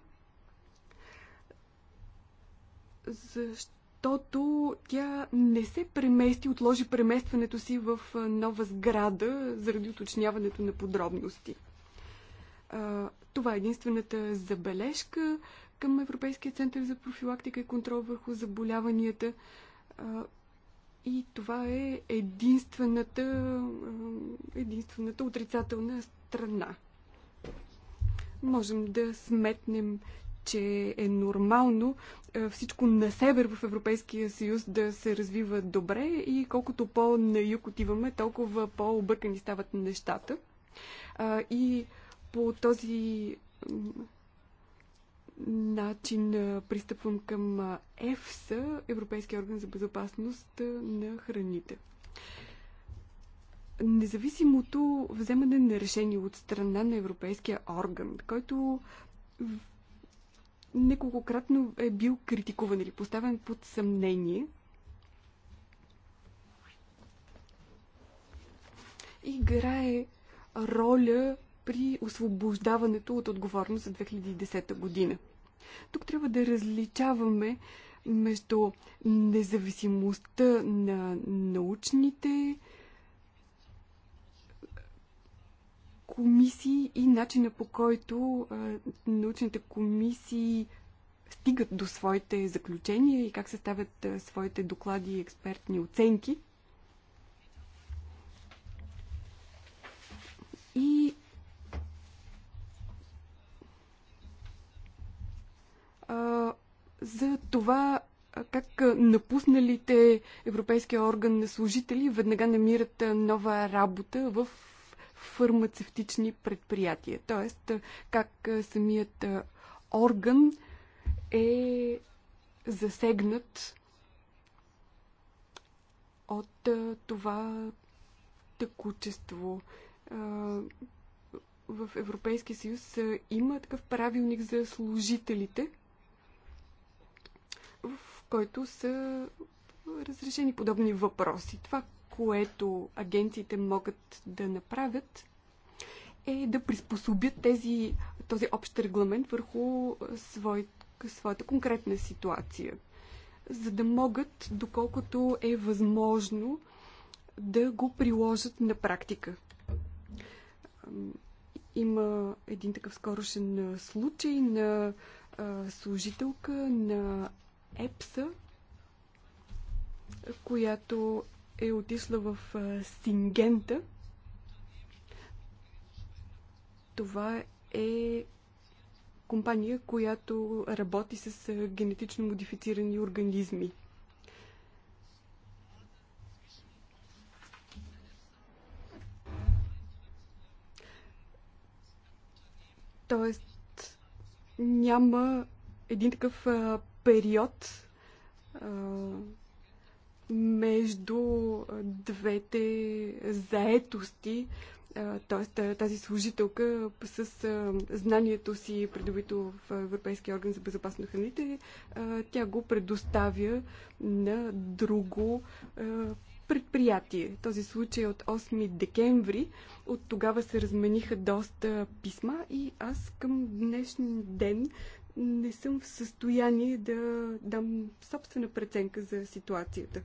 защото защото тя не се премести, отложи преместването си в нова сграда заради уточняването на подробности. Това е единствената забележка към Европейския център за профилактика и контрол върху заболяванията. И това е единствената, единствената отрицателна страна. Можем да сметнем, че е нормално е, всичко на север в Европейския съюз да се развива добре и колкото по-на юг отиваме, толкова по-объркани стават нещата. И по този начин пристъпвам към ЕФСА, Европейския орган за безопасност на храните. Независимото вземане на решение от страна на Европейския орган, който неколкократно е бил критикуван или поставен под съмнение. Играе роля при освобождаването от отговорност за 2010 година. Тук трябва да различаваме между независимостта на научните комисии и начина по който научните комисии стигат до своите заключения и как се ставят своите доклади и експертни оценки. И а, за това как напусналите Европейския орган на служители веднага намират нова работа в фармацевтични предприятия. Тоест, как самият орган е засегнат от това текучество. В Европейския съюз има такъв правилник за служителите, в който са разрешени подобни въпроси. Това, което агенциите могат да направят, е да приспособят тези, този общ регламент върху свой, своята конкретна ситуация, за да могат, доколкото е възможно, да го приложат на практика. Има един такъв скорошен случай на служителка на ЕПСА, която е отишла в Сингента. Това е компания, която работи с генетично модифицирани организми. Тоест, няма един такъв а, период, а, между двете заетости, т.е. тази служителка с знанието си, придобито в Европейския орган за безопасно храните, тя го предоставя на друго предприятие. Този случай е от 8 декември. От тогава се размениха доста писма и аз към днешния ден не съм в състояние да дам собствена преценка за ситуацията.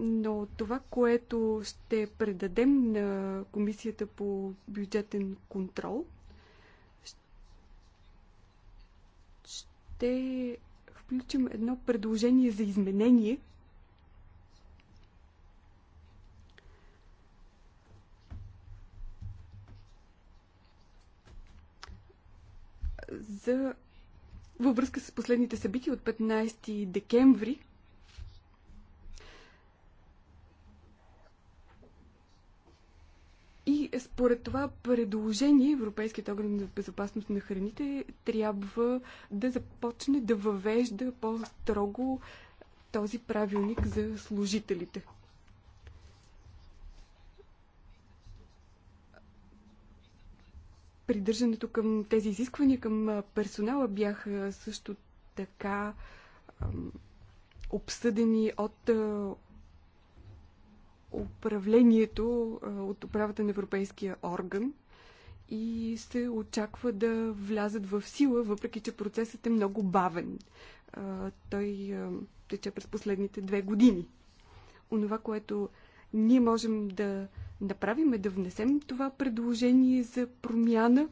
Но това, което ще предадем на Комисията по бюджетен контрол, ще включим едно предложение за изменение, за във връзка с последните събития от 15 декември според това предложение Европейският орган за безопасност на храните трябва да започне да въвежда по-строго този правилник за служителите. Придържането към тези изисквания към персонала бяха също така обсъдени от управлението от управата на Европейския орган и се очаква да влязат в сила, въпреки че процесът е много бавен. Той тече през последните две години. Онова, което ние можем да направим е да внесем това предложение за промяна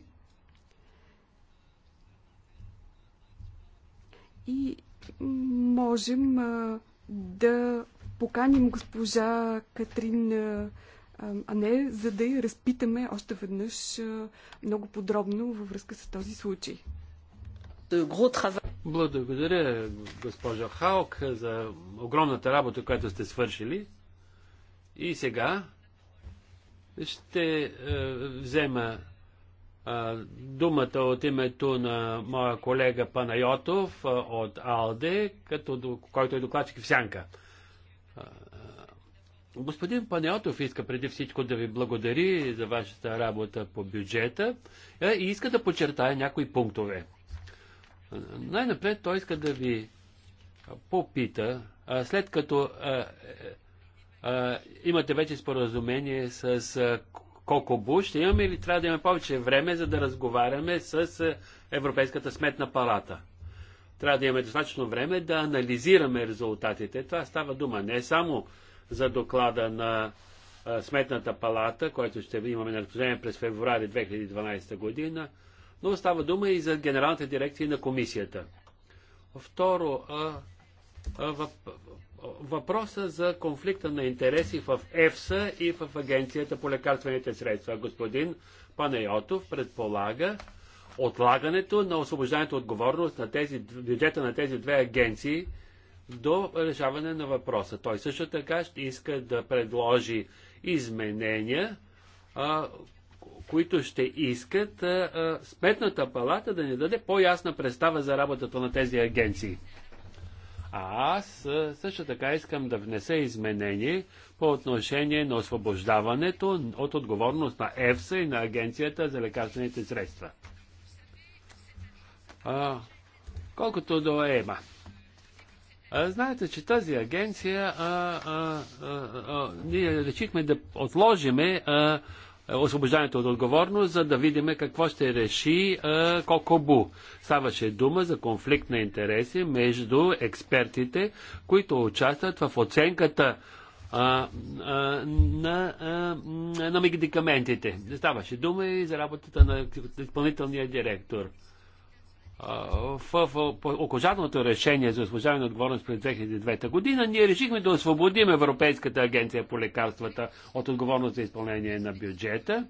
и можем да поканим госпожа Катрин Ане, за да я разпитаме още веднъж много подробно във връзка с този случай. Е Благодаря, госпожа Халк, за огромната работа, която сте свършили. И сега ще е, взема е, думата от името на моя колега Панайотов от АЛДЕ, който е докладчик в Сянка. Господин Панеотов иска преди всичко да ви благодари за вашата работа по бюджета е, и иска да подчертая някои пунктове. Най-напред той иска да ви попита, след като имате вече споразумение с Буш, ще имаме или трябва да имаме повече време, за да разговаряме с Европейската сметна палата? Трябва да имаме достатъчно време да анализираме резултатите. Това става дума не само за доклада на Сметната палата, който ще имаме на разположение през февруари 2012 година, но става дума и за генералните дирекции на комисията. Второ, въпроса за конфликта на интереси в ЕФСА и в Агенцията по лекарствените средства. Господин Панайотов предполага, отлагането на освобождането отговорност на тези, бюджета на тези две агенции до решаване на въпроса. Той също така ще иска да предложи изменения, а, които ще искат а, а, Сметната палата да ни даде по-ясна представа за работата на тези агенции. А аз също така искам да внеса изменение по отношение на освобождаването от отговорност на ЕФСА и на Агенцията за лекарствените средства. А, колкото до ЕМА. А, знаете, че тази агенция а, а, а, а, ние решихме да отложиме а, освобождането от отговорност, за да видим какво ще реши а, Кокобу. Ставаше дума за конфликт на интереси между експертите, които участват в оценката а, а, на, а, на медикаментите. Ставаше дума и за работата на изпълнителния директор в, в окончателното решение за освобождаване на отговорност през 2009 година, ние решихме да освободим Европейската агенция по лекарствата от отговорност за изпълнение на бюджета,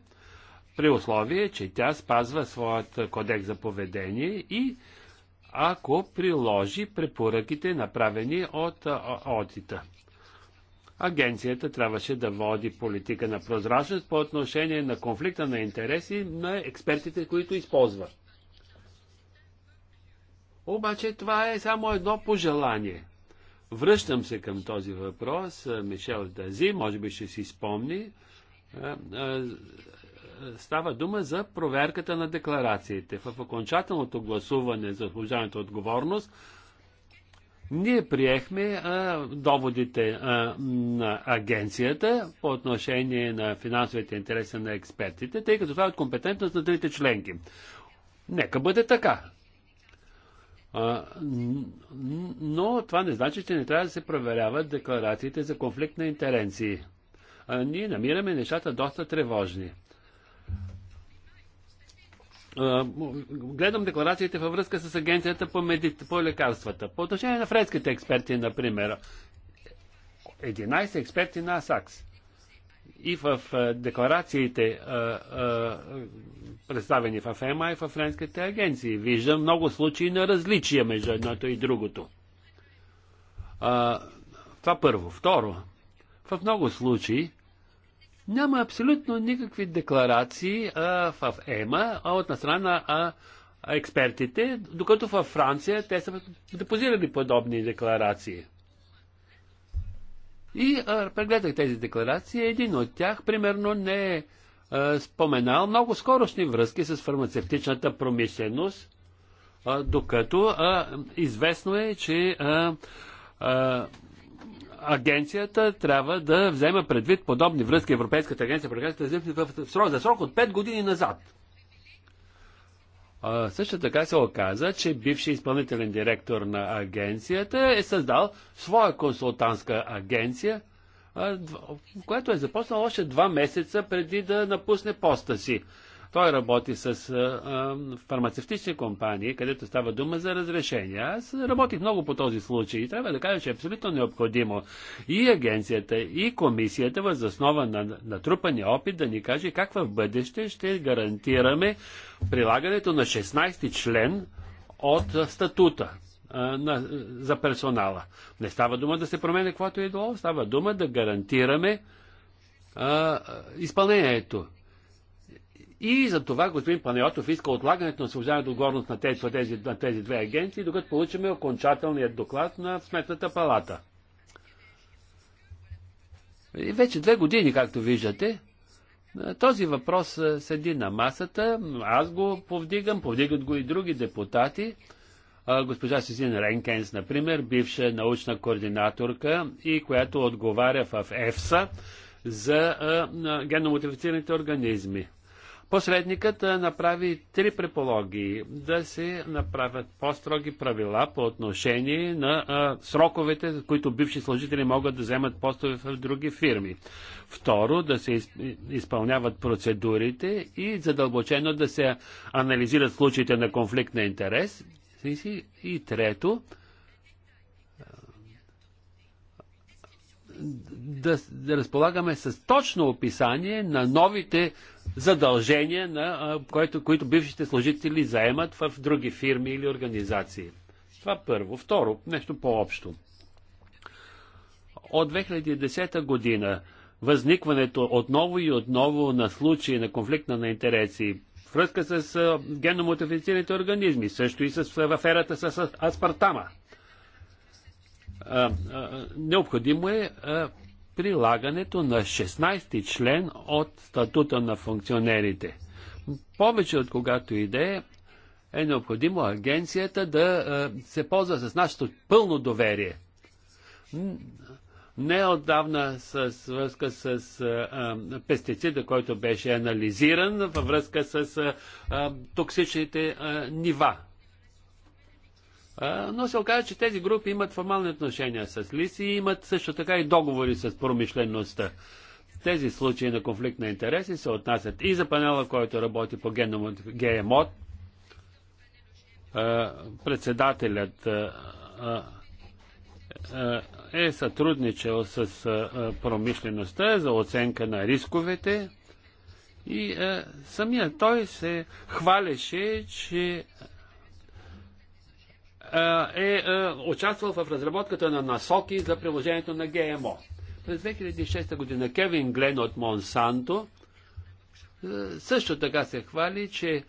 при условие, че тя спазва своят кодекс за поведение и ако приложи препоръките, направени от одита. Агенцията трябваше да води политика на прозрачност по отношение на конфликта на интереси на експертите, които използват. Обаче това е само едно пожелание. Връщам се към този въпрос. Е, Мишел Дази, може би ще си спомни, е, е, става дума за проверката на декларациите. В окончателното гласуване за служаването отговорност ние приехме а, доводите а, на агенцията по отношение на финансовите интереси на експертите, тъй като това е от компетентност на трите членки. Нека бъде така но това не значи, че не трябва да се проверяват декларациите за конфликт на интеренции. Ние намираме нещата доста тревожни. Гледам декларациите във връзка с агенцията по, медит, по лекарствата. По отношение на френските експерти, например, 11 експерти на АСАКС и в декларациите, представени в ЕМА и в френските агенции. Виждам много случаи на различия между едното и другото. Това първо. Второ, в много случаи няма абсолютно никакви декларации а, в ЕМА, а от на страна на експертите, докато във Франция те са депозирали подобни декларации. И а, прегледах тези декларации. Един от тях, примерно, не е а, споменал много скорошни връзки с фармацевтичната промишленост, а, докато а, известно е, че а, а, агенцията трябва да взема предвид подобни връзки, Европейската агенция, по в срок, за срок от 5 години назад. А, също така се оказа, че бивши изпълнителен директор на агенцията е създал своя консултантска агенция, а, която е започнала още два месеца преди да напусне поста си. Той работи с а, фармацевтични компании, където става дума за разрешение. Аз работих много по този случай и трябва да кажа, че е абсолютно необходимо и агенцията, и комисията, възоснова на натрупания опит, да ни каже как в бъдеще ще гарантираме прилагането на 16 ти член от статута на, за персонала. Не става дума да се променя каквото е било, става дума да гарантираме а, изпълнението. И за това господин Панайотов иска отлагането на освобождаването отговорност на тези, тези, на тези две агенции, докато получиме окончателният доклад на Сметната палата. И вече две години, както виждате, този въпрос седи на масата. Аз го повдигам, повдигат го и други депутати. Госпожа Сизин Ренкенс, например, бивша научна координаторка и която отговаря в ЕФСА за генномотифицираните организми. Посредникът направи три препологии да се направят по-строги правила по отношение на а, сроковете, за които бивши служители могат да вземат постове в други фирми. Второ, да се изпълняват процедурите и задълбочено да се анализират случаите на конфликт на интерес. И, и трето, да, да разполагаме с точно описание на новите задължения, на, което, които бившите служители заемат в други фирми или организации. Това първо. Второ, нещо по-общо. От 2010 година възникването отново и отново на случаи на конфликта на интереси, връзка с генномодифицираните организми, също и с, в аферата с аспартама – необходимо е прилагането на 16-ти член от статута на функционерите. Повече от когато идея е необходимо агенцията да се ползва с нашето пълно доверие. Не отдавна с връзка с а, пестицида, който беше анализиран във връзка с а, токсичните а, нива но се оказа, че тези групи имат формални отношения с лиси и имат също така и договори с промишлеността. Тези случаи на конфликт на интереси се отнасят и за панела, който работи по ГМО. Председателят е сътрудничал с промишлеността за оценка на рисковете и самият той се хвалеше, че е участвал в разработката на насоки за приложението на ГМО. През 2006 година Кевин Глен от Монсанто също така се хвали, че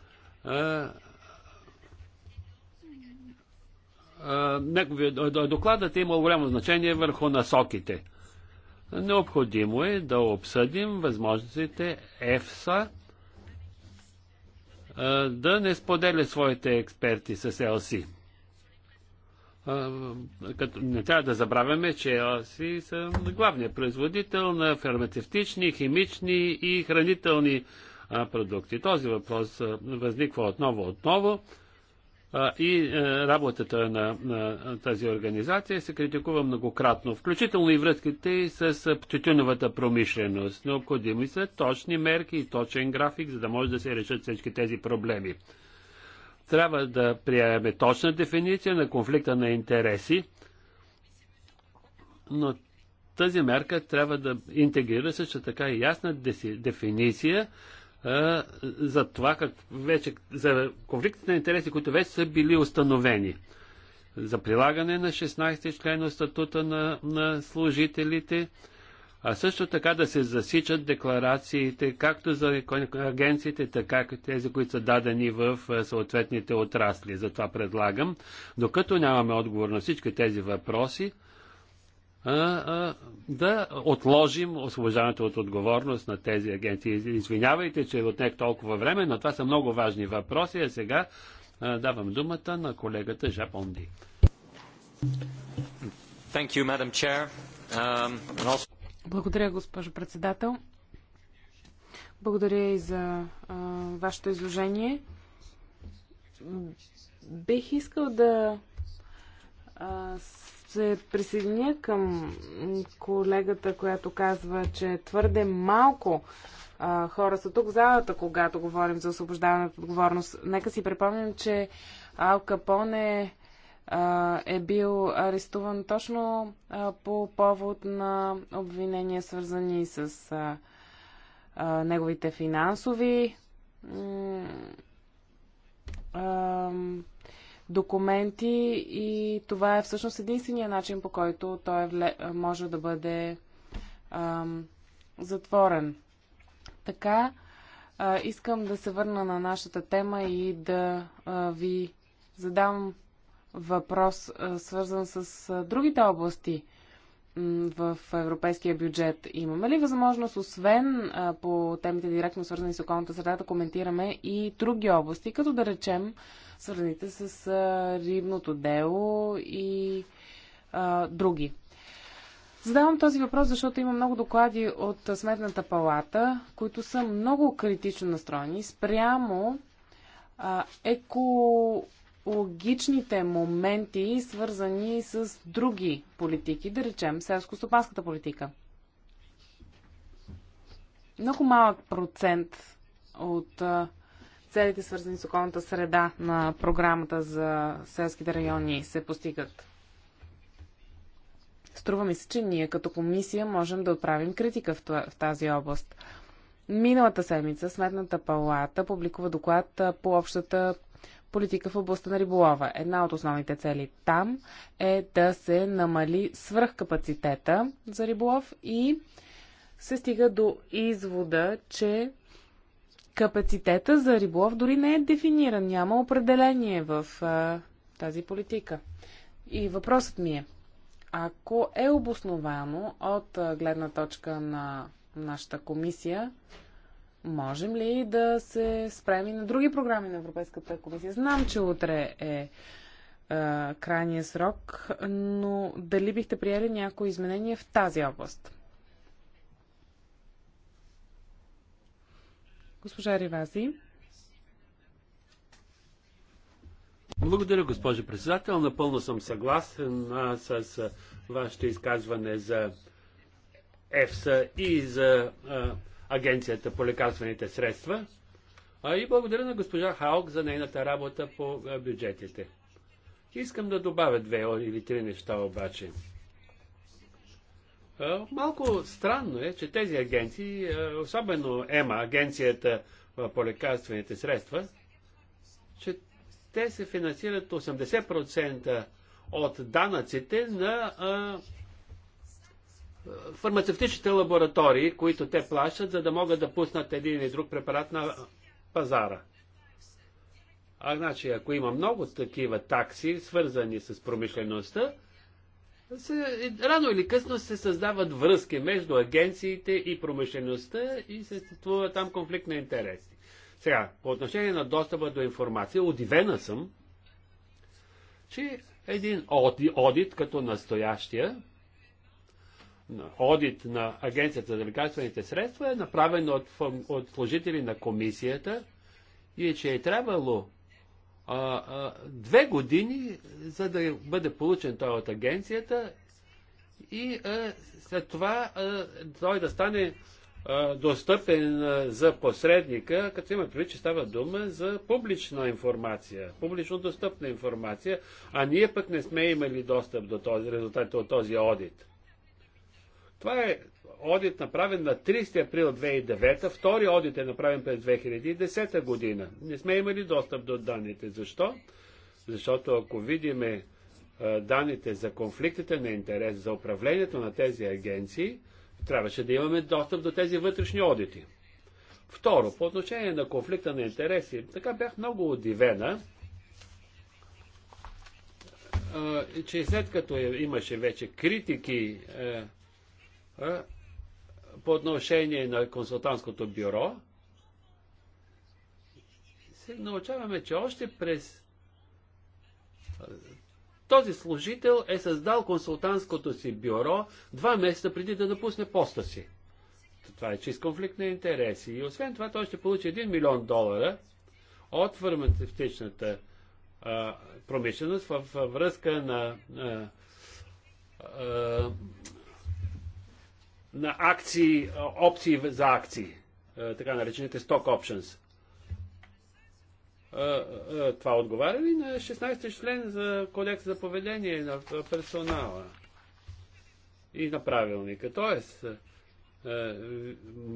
докладът е имал голямо значение върху насоките. Необходимо е да обсъдим възможностите ЕФСА да не споделя своите експерти с ЕЛСИ като не трябва да забравяме, че и съм главният производител на фармацевтични, химични и хранителни продукти. Този въпрос възниква отново-отново и работата на, на тази организация се критикува многократно, включително и връзките с птитюновата промишленост. Необходими са точни мерки и точен график, за да може да се решат всички тези проблеми. Трябва да приемем точна дефиниция на конфликта на интереси, но тази мерка трябва да интегрира също така и ясна дефиниция а, за това, как вече, за конфликтите на интереси, които вече са били установени. За прилагане на 16 ти член от статута на, на служителите, а също така да се засичат декларациите, както за агенциите, така и тези, които са дадени в съответните отрасли. Затова предлагам, докато нямаме отговор на всички тези въпроси, да отложим освобождаването от отговорност на тези агенции. Извинявайте, че отнех толкова време, но това са много важни въпроси. А сега давам думата на колегата Жапонди. Thank you, Madam Chair. Um, and also... Благодаря, госпожо председател. Благодаря и за а, вашето изложение. Бих искал да а, се присъединя към колегата, която казва, че твърде малко а, хора са тук в залата, когато говорим за освобождаване от отговорност. Нека си припомним, че Ал Капоне е бил арестуван точно по повод на обвинения, свързани с неговите финансови документи и това е всъщност единствения начин по който той е може да бъде затворен. Така, искам да се върна на нашата тема и да ви задам въпрос, свързан с другите области в европейския бюджет. Имаме ли възможност, освен по темите директно свързани с околната среда, да коментираме и други области, като да речем свързаните с рибното дело и а, други? Задавам този въпрос, защото има много доклади от Сметната палата, които са много критично настроени спрямо а, еко логичните моменти, свързани с други политики, да речем селско-стопанската политика. Много малък процент от целите, свързани с околната среда на програмата за селските райони, се постигат. Струва ми се, че ние като комисия можем да отправим критика в тази област. Миналата седмица Сметната палата публикува доклад по общата политика в областта на риболова. Една от основните цели там е да се намали свръхкапацитета за риболов и се стига до извода, че капацитета за риболов дори не е дефиниран, няма определение в а, тази политика. И въпросът ми е, ако е обосновано от а, гледна точка на нашата комисия, можем ли да се спрем и на други програми на Европейската комисия? Знам, че утре е а, е, крайния срок, но дали бихте приели някои изменения в тази област? Госпожа Ривази. Благодаря, госпожо председател. Напълно съм съгласен с вашето изказване за ЕФСА и за а, Агенцията по лекарствените средства. А и благодаря на госпожа Хаук за нейната работа по бюджетите. Искам да добавя две или три неща обаче. Малко странно е, че тези агенции, особено ЕМА, агенцията по лекарствените средства, че те се финансират 80% от данъците на фармацевтичните лаборатории, които те плащат, за да могат да пуснат един или друг препарат на пазара. А значи, ако има много такива такси, свързани с промишлеността, се, рано или късно се създават връзки между агенциите и промишлеността и се съществува там конфликт на интереси. Сега, по отношение на достъпа до информация, удивена съм, че един одит, одит като настоящия одит на Агенцията за лекарствените средства е направен от, от служители на комисията и че е трябвало а, а, две години, за да бъде получен той от агенцията и а, след това а, той да стане а, достъпен а, за посредника, като има предвид, че става дума за публична информация, публично достъпна информация, а ние пък не сме имали достъп до този резултат от този одит. Това е одит направен на 30 април 2009, втори одит е направен през 2010 година. Не сме имали достъп до данните. Защо? Защото ако видиме данните за конфликтите на интерес за управлението на тези агенции, трябваше да имаме достъп до тези вътрешни одити. Второ, по отношение на конфликта на интереси, така бях много удивена, е, че след като е, имаше вече критики е, по отношение на консултантското бюро, се научаваме, че още през този служител е създал консултантското си бюро два месеца преди да напусне поста си. Това е чист конфликт на интереси. И освен това, той ще получи 1 милион долара от фармацевтичната промишленост във връзка на а, а, на акции, опции за акции, така наречените stock options. Това отговаря ли на 16-ти член за кодекс за поведение на персонала и на правилника? Тоест,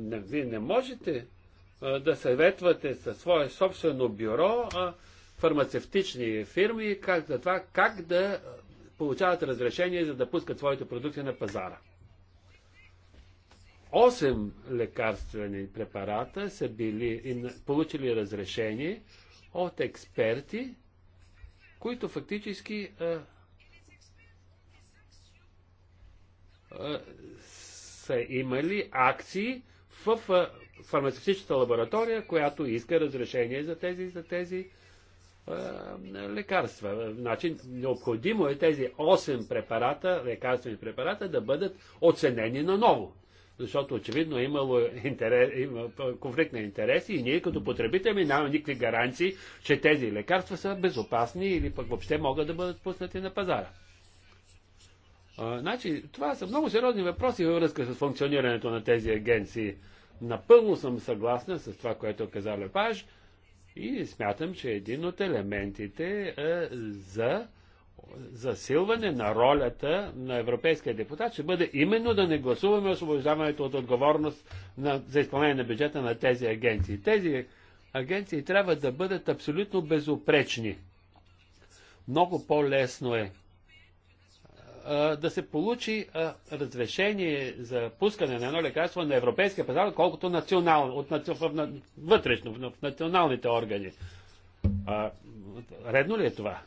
вие не можете да съветвате със свое собствено бюро фармацевтични фирми как, за това как да получават разрешение за да пускат своите продукти на пазара. 8 лекарствени препарата са били, получили разрешение от експерти, които фактически а, а, са имали акции в а, фармацевтичната лаборатория, която иска разрешение за тези за тези а, лекарства. Значи, необходимо е тези 8 препарата, лекарствени препарата, да бъдат оценени наново защото очевидно е имало интерес, има конфликт на интереси и ние като потребители нямаме никакви гаранции, че тези лекарства са безопасни или пък въобще могат да бъдат пуснати на пазара. А, значи, това са много сериозни въпроси във връзка с функционирането на тези агенции. Напълно съм съгласна с това, което е каза Лепаж и смятам, че един от елементите е за засилване на ролята на европейския депутат ще бъде именно да не гласуваме освобождаването от отговорност на, за изпълнение на бюджета на тези агенции. Тези агенции трябва да бъдат абсолютно безупречни. Много по-лесно е а, да се получи а, разрешение за пускане на едно лекарство на европейския пазар, отколкото национал, от, наци... вътрешно, в националните органи. А, редно ли е това?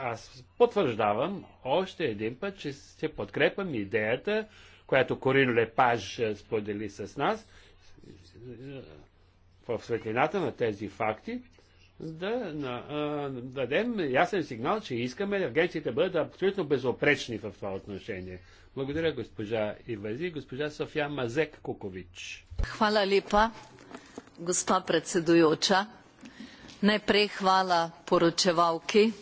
Аз потвърждавам още един път, че ще подкрепям идеята, която Корин Лепаж сподели с нас, в светлината на тези факти, да, на, а, дадем ясен сигнал, че искаме агенциите да бъдат абсолютно безопречни в това отношение. Благодаря госпожа Ивази. Госпожа София Мазек Кукович. Хвала липа, госпа председуюча. Най-пре хвала поручевалки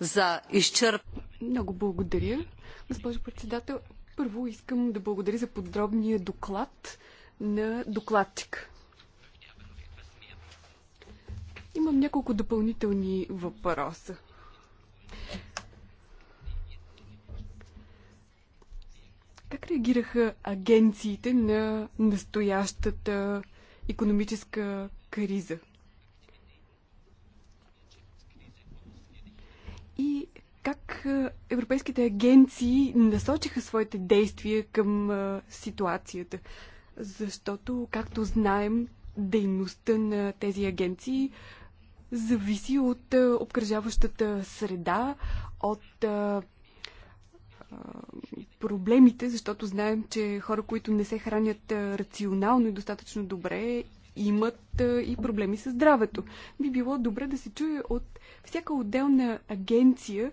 за изчерп... Много благодаря, госпожо председател. Първо искам да благодаря за подробния доклад на докладчик. Имам няколко допълнителни въпроса. Как реагираха агенциите на настоящата економическа криза? и как европейските агенции насочиха своите действия към ситуацията. Защото, както знаем, дейността на тези агенции зависи от обкръжаващата среда, от проблемите, защото знаем, че хора, които не се хранят рационално и достатъчно добре имат и проблеми с здравето. Би било добре да се чуе от всяка отделна агенция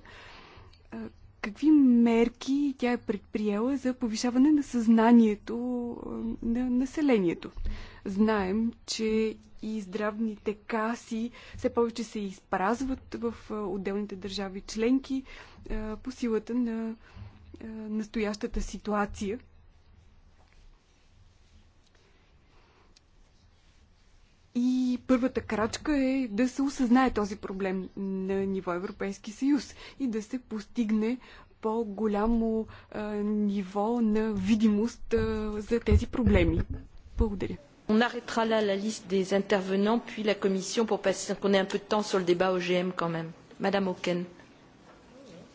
какви мерки тя е предприела за повишаване на съзнанието на населението. Знаем, че и здравните каси все повече се изпразват в отделните държави членки по силата на настоящата ситуация – И първата крачка е да се осъзнае този проблем на ниво Европейски съюз и да се постигне по-голямо ниво на видимост а, за тези проблеми. Благодаря. On arrêtera là la liste des intervenants, puis la commission pour passer, qu'on ait un peu de temps sur le débat OGM quand même. Madame Oken.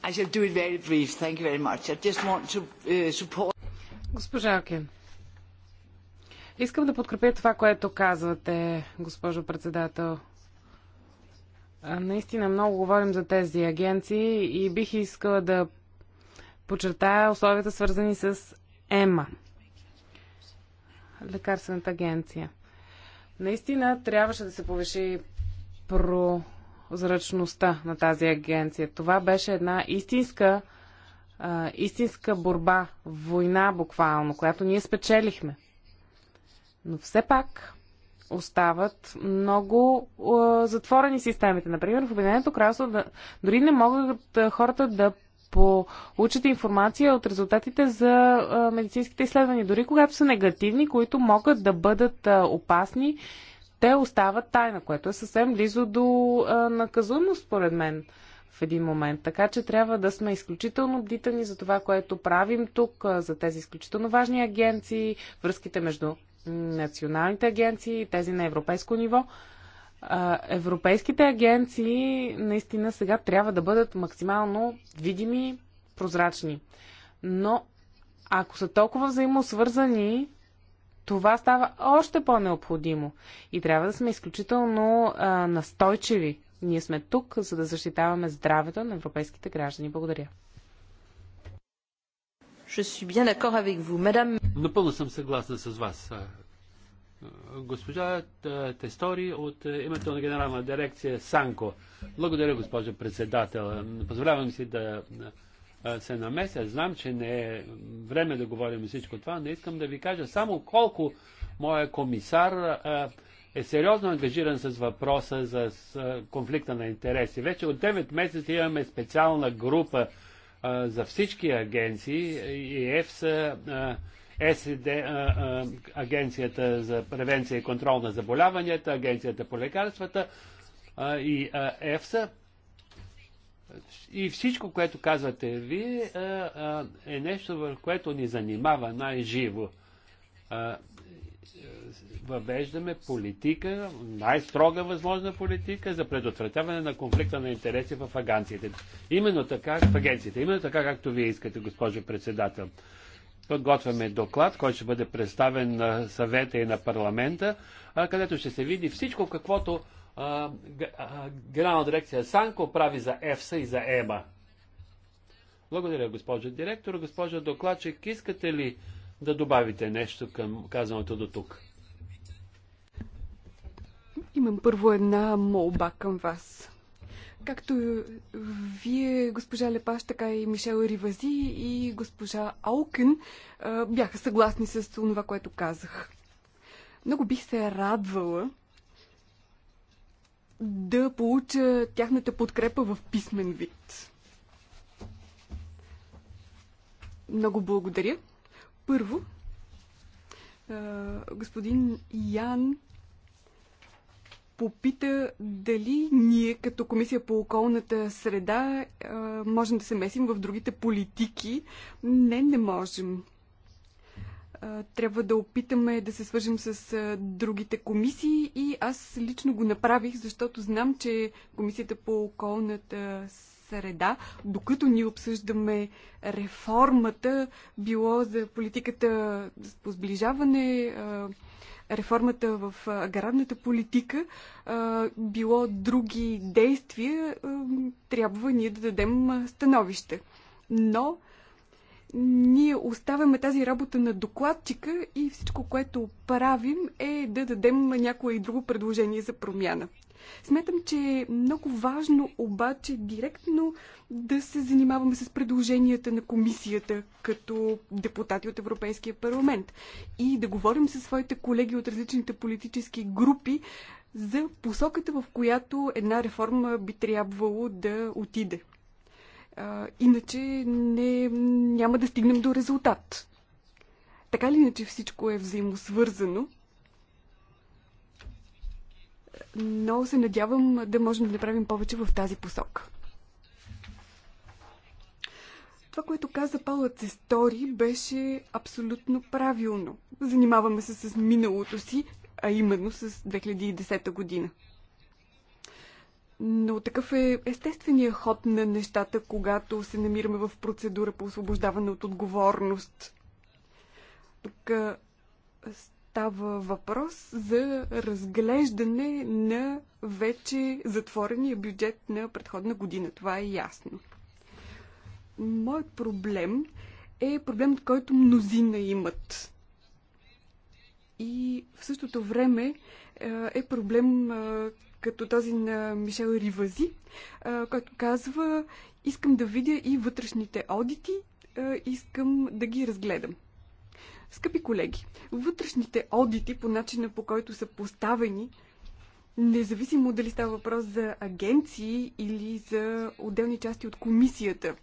I shall do it very brief. Thank you very much. I just want to uh, support. Госпожа Окен, Искам да подкрепя това, което казвате, госпожо председател. Наистина много говорим за тези агенции и бих искала да подчертая условията свързани с ЕМА, лекарствената агенция. Наистина трябваше да се повиши прозрачността на тази агенция. Това беше една истинска, истинска борба, война буквално, която ние спечелихме. Но все пак остават много е, затворени системите. Например, в Обединеното кралство да, дори не могат хората да получат информация от резултатите за е, медицинските изследвания. Дори когато са негативни, които могат да бъдат е, опасни, те остават тайна, което е съвсем близо до е, наказуемост, според мен в един момент. Така че трябва да сме изключително бдителни за това, което правим тук, за тези изключително важни агенции, връзките между националните агенции и тези на европейско ниво. Европейските агенции наистина сега трябва да бъдат максимално видими, прозрачни. Но ако са толкова взаимосвързани, това става още по-необходимо. И трябва да сме изключително а, настойчиви. Ние сме тук, за да защитаваме здравето на европейските граждани. Благодаря. Je suis bien d'accord avec vous. Madame... Напълно съм съгласна с вас. Госпожа Тестори от името на генерална дирекция Санко. Благодаря, госпожа председател. Позволявам си да се намеся. Знам, че не е време да говорим всичко това, но искам да ви кажа само колко моя комисар е сериозно ангажиран с въпроса за конфликта на интереси. Вече от 9 месеца имаме специална група за всички агенции и ЕФСА, СД, Агенцията за превенция и контрол на заболяванията, Агенцията по лекарствата и ЕФСА. И всичко, което казвате вие, е нещо, което ни занимава най-живо въвеждаме политика, най-строга възможна политика за предотвратяване на конфликта на интереси в агенциите. Именно така, в агенциите, именно така както вие искате, госпожо председател. Подготвяме доклад, който ще бъде представен на съвета и на парламента, където ще се види всичко, каквото Генерална дирекция Санко прави за ЕФСА и за ЕМА. Благодаря, госпожо директор. Госпожо докладчик, искате ли да добавите нещо към казаното до тук. Имам първо една молба към вас. Както вие, госпожа Лепаш, така и Мишел Ривази и госпожа Аукен бяха съгласни с това, което казах. Много бих се радвала да получа тяхната подкрепа в писмен вид. Много благодаря. Първо, господин Ян попита дали ние като Комисия по околната среда можем да се месим в другите политики. Не, не можем. Трябва да опитаме да се свържим с другите комисии и аз лично го направих, защото знам, че Комисията по околната среда среда, докато ни обсъждаме реформата, било за политиката по сближаване, реформата в аграрната политика, било други действия, трябва ние да дадем становище. Но ние оставяме тази работа на докладчика и всичко, което правим е да дадем някое и друго предложение за промяна. Смятам, че е много важно обаче директно да се занимаваме с предложенията на комисията като депутати от Европейския парламент и да говорим със своите колеги от различните политически групи за посоката, в която една реформа би трябвало да отиде. А, иначе не, няма да стигнем до резултат. Така ли иначе всичко е взаимосвързано? но се надявам да можем да направим повече в тази посока. Това, което каза Паула Цестори, беше абсолютно правилно. Занимаваме се с миналото си, а именно с 2010 година. Но такъв е естествения ход на нещата, когато се намираме в процедура по освобождаване от отговорност. Тук Става въпрос за разглеждане на вече затворения бюджет на предходна година. Това е ясно. Моят проблем е проблемът, който мнозина имат. И в същото време е, е проблем е, като този на Мишел Ривази, е, който казва искам да видя и вътрешните одити, искам да ги разгледам. Скъпи колеги, вътрешните одити по начина по който са поставени, независимо дали става въпрос за агенции или за отделни части от комисията,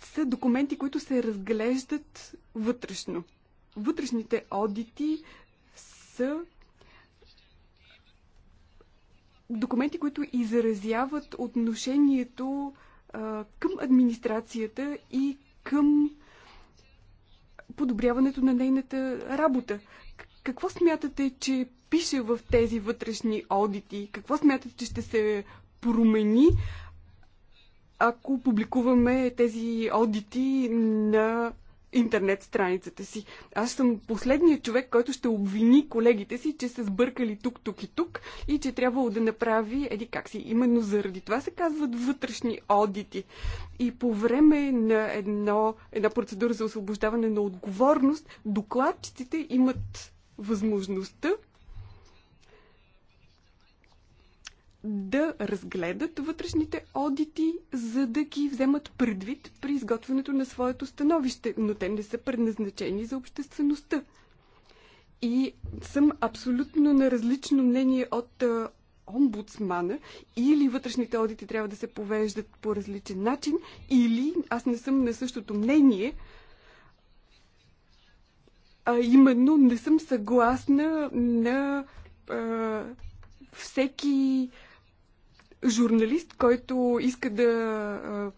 са документи, които се разглеждат вътрешно. Вътрешните одити са документи, които изразяват отношението а, към администрацията и към подобряването на нейната работа. Какво смятате, че пише в тези вътрешни одити? Какво смятате, че ще се промени, ако публикуваме тези аудити на интернет страницата си. Аз съм последният човек, който ще обвини колегите си, че са сбъркали тук, тук и тук и че трябвало да направи еди как си. Именно заради това се казват вътрешни одити. И по време на едно, една процедура за освобождаване на отговорност, докладчиците имат възможността да разгледат вътрешните одити, за да ги вземат предвид при изготвянето на своето становище, но те не са предназначени за обществеността. И съм абсолютно на различно мнение от а, омбудсмана или вътрешните одити трябва да се повеждат по различен начин, или аз не съм на същото мнение, а именно не съм съгласна на а, всеки журналист, който иска да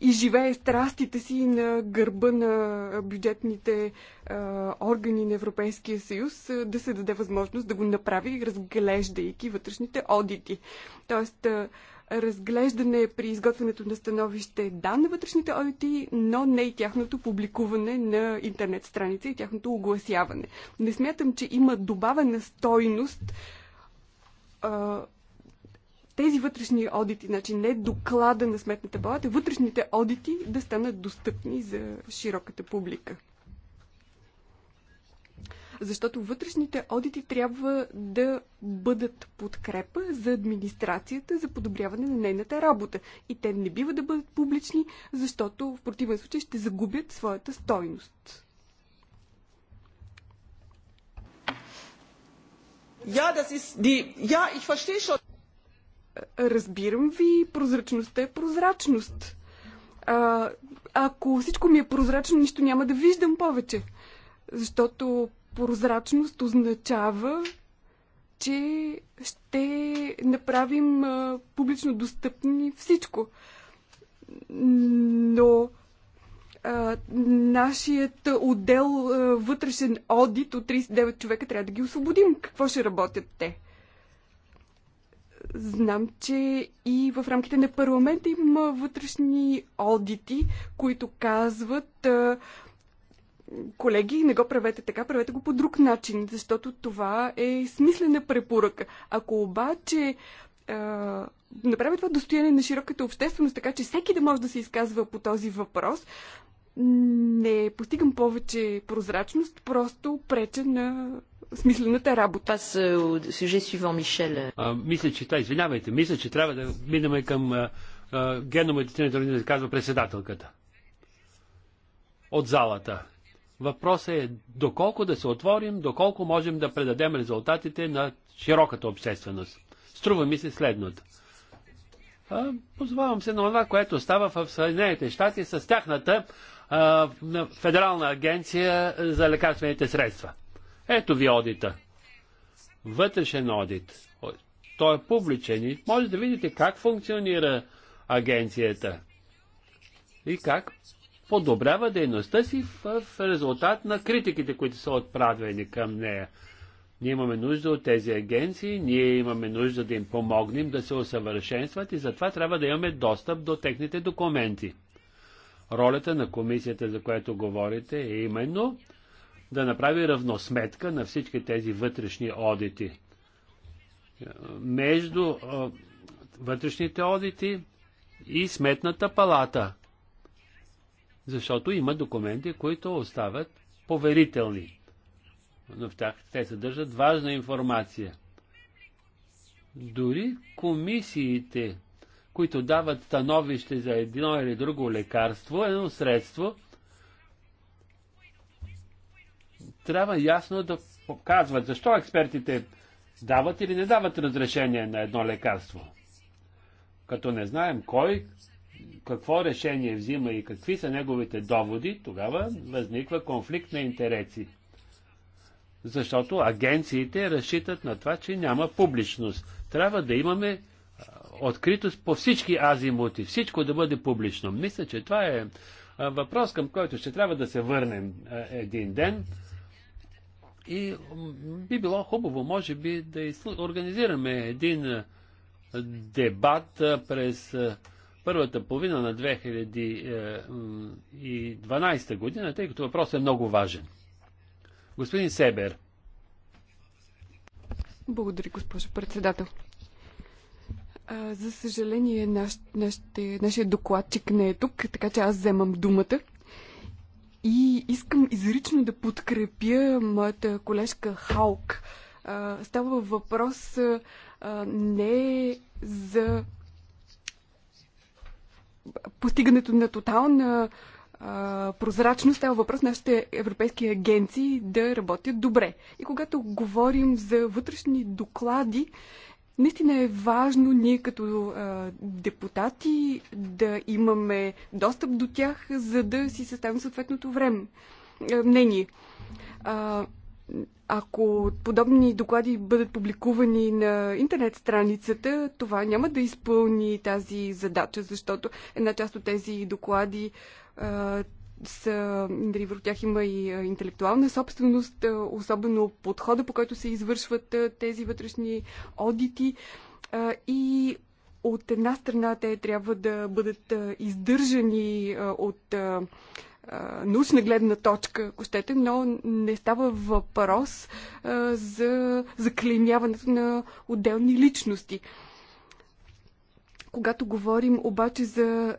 изживее страстите си на гърба на бюджетните а, органи на Европейския съюз, а, да се даде възможност да го направи, разглеждайки вътрешните одити. Тоест, а, разглеждане при изготвянето на становище да на вътрешните одити, но не и тяхното публикуване на интернет страница и тяхното огласяване. Не смятам, че има добавена стойност а, тези вътрешни одити, значи не доклада на Сметната палата, вътрешните одити да станат достъпни за широката публика. Защото вътрешните одити трябва да бъдат подкрепа за администрацията за подобряване на нейната работа. И те не бива да бъдат публични, защото в противен случай ще загубят своята стойност. Ja, das ist die, ja, ich verstehe schon разбирам ви, прозрачността е прозрачност. А, ако всичко ми е прозрачно, нищо няма да виждам повече. Защото прозрачност означава, че ще направим а, публично достъпни всичко. Но а, нашият отдел а, вътрешен одит от 39 човека трябва да ги освободим. Какво ще работят те? Знам, че и в рамките на парламента има вътрешни одити, които казват колеги, не го правете така, правете го по друг начин, защото това е смислена препоръка. Ако обаче направя това достояние на широката общественост, така че всеки да може да се изказва по този въпрос, не постигам повече прозрачност, просто преча на смислената работа. Е, а, мисля, че, това, извинявайте, мисля, че трябва да минем към да се казва председателката. От залата. Въпросът е доколко да се отворим, доколко можем да предадем резултатите на широката общественост. Струва ми се следното. А, позвавам се на това, което става в Съединените щати с тяхната а, федерална агенция за лекарствените средства. Ето ви одита. Вътрешен одит. Той е публичен и може да видите как функционира агенцията и как подобрява дейността си в, в резултат на критиките, които са отправени към нея. Ние имаме нужда от тези агенции, ние имаме нужда да им помогнем да се усъвършенстват и затова трябва да имаме достъп до техните документи. Ролята на комисията, за която говорите, е именно да направи равносметка на всички тези вътрешни одити. Между вътрешните одити и сметната палата. Защото има документи, които остават поверителни. Но в тях те съдържат важна информация. Дори комисиите, които дават становище за едно или друго лекарство, едно средство, трябва ясно да показват защо експертите дават или не дават разрешение на едно лекарство. Като не знаем кой, какво решение взима и какви са неговите доводи, тогава възниква конфликт на интереси. Защото агенциите разчитат на това, че няма публичност. Трябва да имаме откритост по всички азимути, всичко да бъде публично. Мисля, че това е въпрос, към който ще трябва да се върнем един ден и би било хубаво, може би, да организираме един дебат през първата половина на 2012 е, година, тъй като въпросът е много важен. Господин Себер. Благодаря, госпожо председател. за съжаление, наш, нашите, нашия докладчик не е тук, така че аз вземам думата. И искам изрично да подкрепя моята колежка Халк. Става въпрос не за постигането на тотална прозрачност, става въпрос нашите европейски агенции да работят добре. И когато говорим за вътрешни доклади, Наистина е важно ние като а, депутати да имаме достъп до тях, за да си съставим съответното време, а, мнение. А, ако подобни доклади бъдат публикувани на интернет страницата, това няма да изпълни тази задача, защото една част от тези доклади а, са, нали, върху тях има и интелектуална собственост, особено подхода, по който се извършват тези вътрешни одити. И от една страна те трябва да бъдат издържани от научна гледна точка, ако щете, но не става въпрос за заклеймяването на отделни личности. Когато говорим обаче за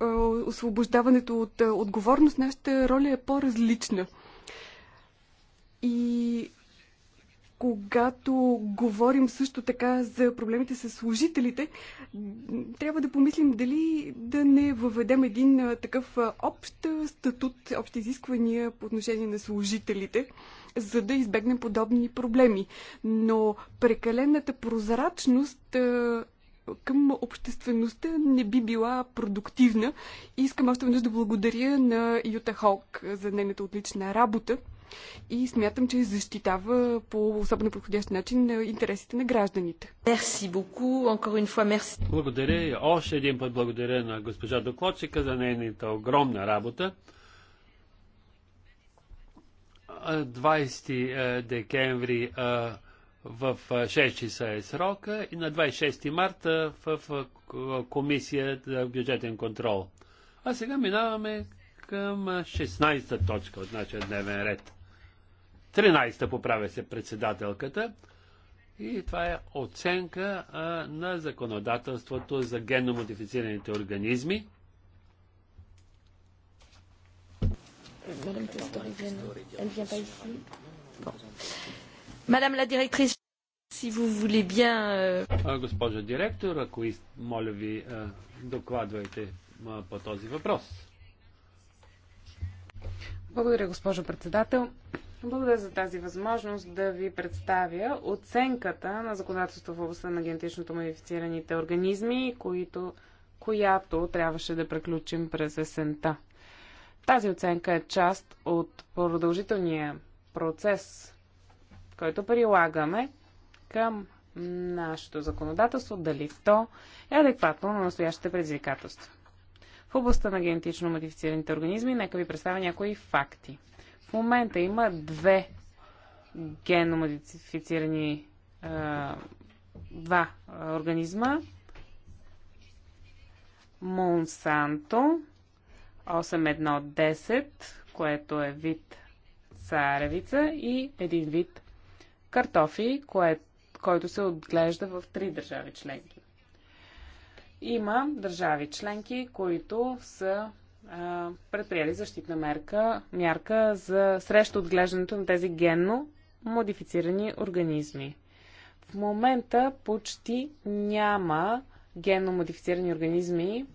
е, освобождаването от е, отговорност, нашата роля е по-различна. И когато говорим също така за проблемите с служителите, трябва да помислим дали да не въведем един е, такъв общ статут, общи изисквания по отношение на служителите, за да избегнем подобни проблеми. Но прекалената прозрачност към обществеността не би била продуктивна. И искам още веднъж да благодаря на Юта Холк за нейната отлична работа и смятам, че защитава по особено подходящ начин интересите на гражданите. Merci beaucoup, encore une fois, merci. Благодаря и още един път благодаря на госпожа докладчика за нейната огромна работа. 20 декември в 6 часа е срока и на 26 марта в комисията за бюджетен контрол. А сега минаваме към 16-та точка от нашия дневен ред. 13-та поправя се председателката. И това е оценка а, на законодателството за генномодифицираните организми. Bon. Madame la directrice, si vous voulez bien... Euh, госпожо директор, ако моля ви, докладвайте по този въпрос. Благодаря, госпожо председател. Благодаря за тази възможност да ви представя оценката на законодателство в областта на генетичното модифицираните организми, които, която трябваше да преключим през есента. Тази оценка е част от продължителния процес който прилагаме към нашето законодателство, дали то е адекватно на настоящите предизвикателства. В областта на генетично модифицираните организми, нека ви представя някои факти. В момента има две генно модифицирани е, два организма. Монсанто 8110, което е вид царевица и един вид картофи, кое, който се отглежда в три държави членки. Има държави членки, които са а, предприели защитна мерка, мярка за срещу отглеждането на тези генно модифицирани организми. В момента почти няма генно модифицирани организми,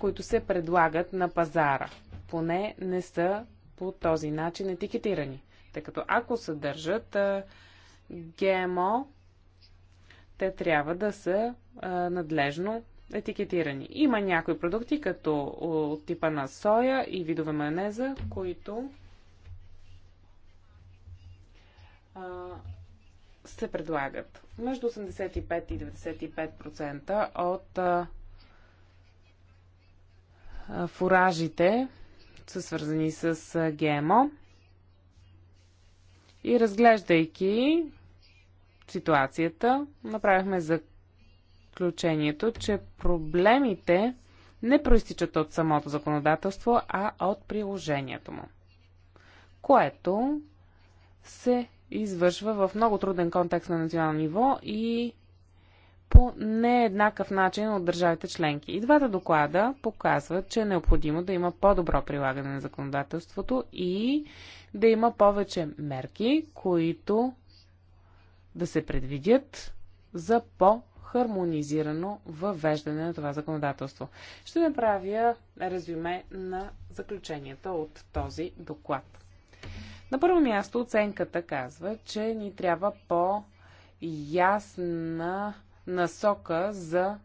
които се предлагат на пазара. Поне не са по този начин етикетирани, тъй като ако съдържат а, ГМО, те трябва да са а, надлежно етикетирани. Има някои продукти, като от типа на соя и видове майонеза, които а, се предлагат. Между 85 и 95% от а, фуражите са свързани с ГМО. И разглеждайки ситуацията, направихме заключението, че проблемите не проистичат от самото законодателство, а от приложението му, което се извършва в много труден контекст на национално ниво и по нееднакъв начин от държавите членки. И двата доклада показват, че е необходимо да има по-добро прилагане на законодателството и да има повече мерки, които да се предвидят за по-хармонизирано въвеждане на това законодателство. Ще направя резюме на заключенията от този доклад. На първо място оценката казва, че ни трябва по-ясна насока за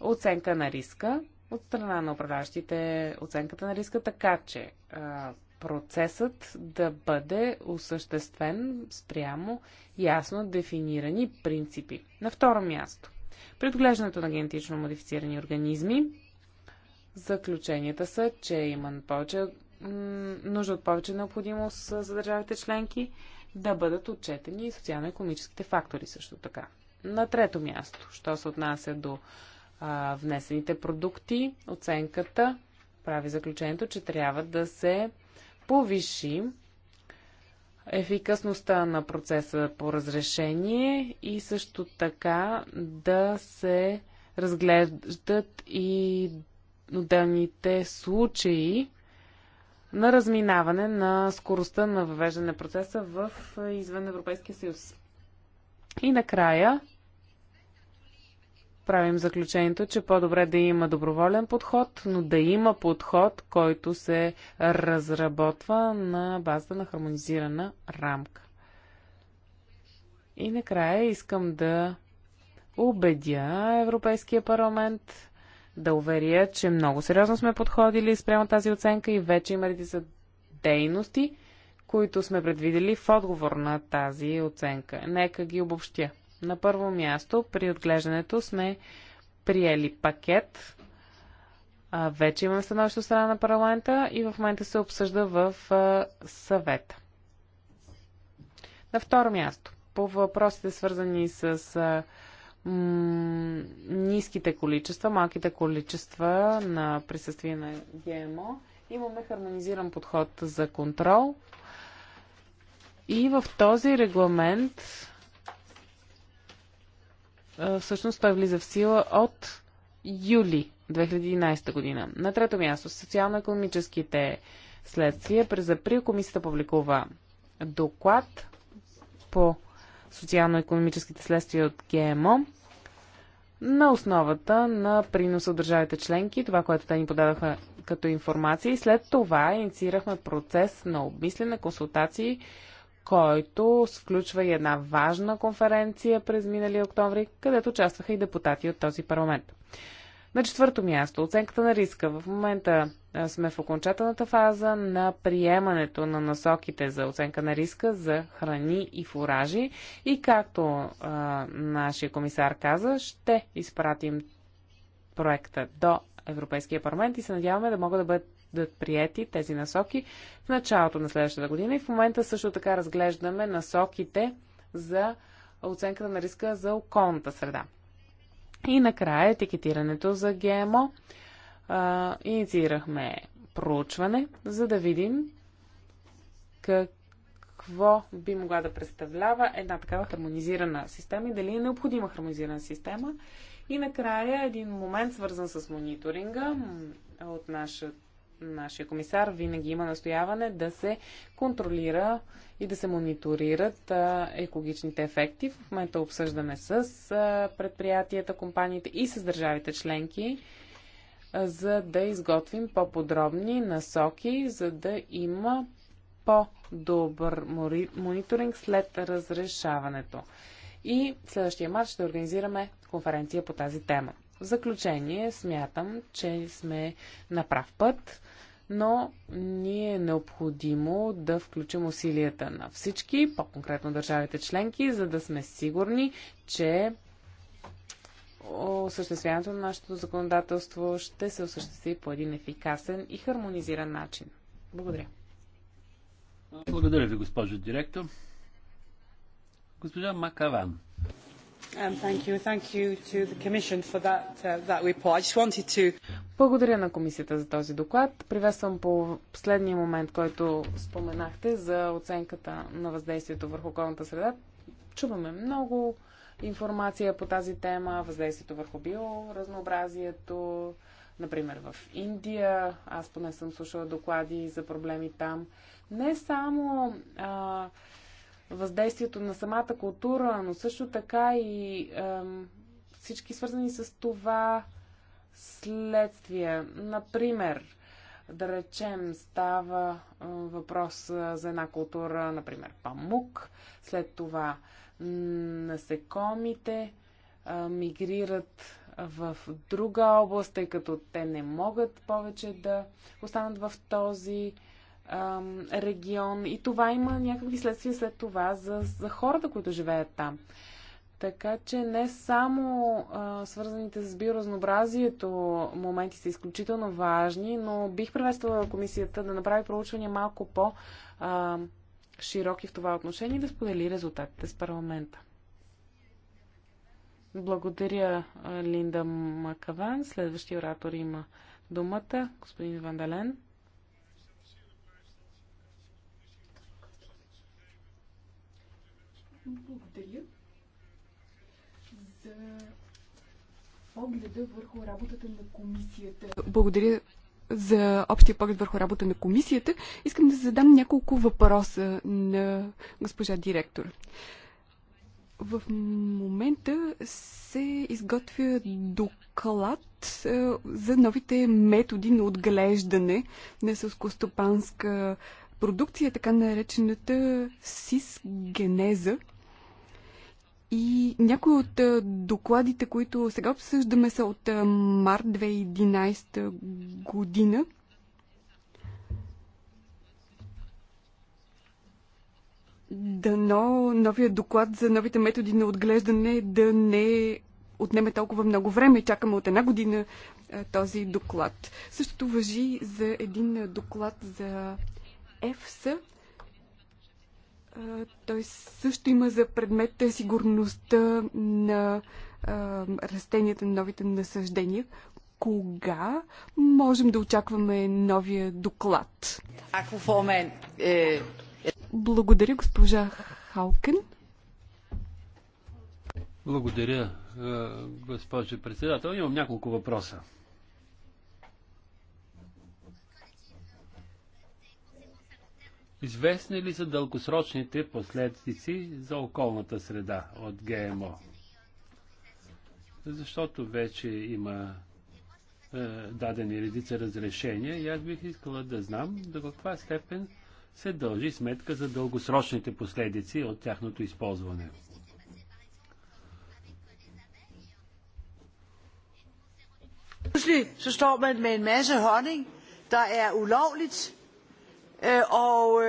оценка на риска от страна на управляващите оценката на риска, така че процесът да бъде осъществен спрямо ясно дефинирани принципи. На второ място. При отглеждането на генетично модифицирани организми заключенията са, че има повече, нужда от повече необходимост за държавите членки да бъдат отчетени и социално-економическите фактори също така. На трето място, що се отнася до а, внесените продукти, оценката прави заключението, че трябва да се повиши ефикасността на процеса по разрешение и също така да се разглеждат и отделните случаи на разминаване на скоростта на въвеждане на процеса в извън Европейския съюз. И накрая правим заключението, че по-добре да има доброволен подход, но да има подход, който се разработва на базата на хармонизирана рамка. И накрая искам да убедя Европейския парламент да уверя, че много сериозно сме подходили спрямо тази оценка и вече има редица дейности, които сме предвидели в отговор на тази оценка. Нека ги обобщя. На първо място, при отглеждането сме приели пакет. А, вече имаме становище от страна на парламента и в момента се обсъжда в а, съвета. На второ място, по въпросите свързани с а, м- ниските количества, малките количества на присъствие на ГМО, имаме хармонизиран подход за контрол. И в този регламент всъщност той влиза в сила от юли 2011 година. На трето място, социално-економическите следствия. През април комисията публикува доклад по социално-економическите следствия от ГМО на основата на приноса от държавите членки, това, което те ни подадаха като информация и след това инициирахме процес на обмислене, консултации който включва и една важна конференция през миналия октомври, където участваха и депутати от този парламент. На четвърто място, оценката на риска. В момента сме в окончателната фаза на приемането на насоките за оценка на риска за храни и фуражи. И както а, нашия комисар каза, ще изпратим проекта до Европейския парламент и се надяваме да могат да бъдат бъдат прияти тези насоки в началото на следващата година. И в момента също така разглеждаме насоките за оценката на риска за околната среда. И накрая етикетирането за ГМО. А, инициирахме проучване, за да видим какво би могла да представлява една такава хармонизирана система и дали е необходима хармонизирана система. И накрая един момент, свързан с мониторинга от нашата нашия комисар, винаги има настояване да се контролира и да се мониторират екологичните ефекти. В момента обсъждаме с предприятията, компаниите и с държавите членки, за да изготвим по-подробни насоки, за да има по-добър мониторинг след разрешаването. И следващия март ще организираме конференция по тази тема. В заключение, смятам, че сме на прав път, но ни е необходимо да включим усилията на всички, по-конкретно държавите членки, за да сме сигурни, че осъществяването на нашето законодателство ще се осъществи по един ефикасен и хармонизиран начин. Благодаря. Благодаря ви, госпожо директор. Госпожа Макаван. Um, uh, Благодаря на комисията за този доклад. Приветствам по последния момент, който споменахте за оценката на въздействието върху околната среда. Чуваме много информация по тази тема, въздействието върху биоразнообразието, например в Индия. Аз поне съм слушала доклади за проблеми там. Не само а, въздействието на самата култура, но също така и ем, всички свързани с това следствие. Например, да речем, става е, въпрос за една култура, например, памук, след това насекомите е, мигрират в друга област, тъй като те не могат повече да останат в този регион и това има някакви следствия след това за, за хората, които живеят там. Така че не само а, свързаните с биоразнообразието моменти са изключително важни, но бих приветствала комисията да направи проучвания малко по-широки в това отношение и да сподели резултатите с парламента. Благодаря, Линда Макаван. Следващия оратор има думата, господин Вандален. Благодаря за погледа върху работата на комисията. Благодаря за общия поглед върху работа на комисията. Искам да задам няколко въпроса на госпожа директор. В момента се изготвя доклад е, за новите методи на отглеждане на сълскостопанска продукция, така наречената сисгенеза. И някои от докладите, които сега обсъждаме, са от март 2011 година. Дано новия доклад за новите методи на отглеждане да не отнеме толкова много време. Чакаме от една година този доклад. Същото въжи за един доклад за ЕФСА, той също има за предмет сигурността на растенията на новите насъждения. Кога можем да очакваме новия доклад? Ако формен е, е... Благодаря, госпожа Халкен. Благодаря, е, госпожо председател. Имам няколко въпроса. Известни ли са дългосрочните последици за околната среда от ГМО? Защото вече има е, дадени редица разрешения и аз бих искала да знам до каква степен се дължи сметка за дългосрочните последици от тяхното използване. Pludselig så står man med en masse honning, der er ulovligt, og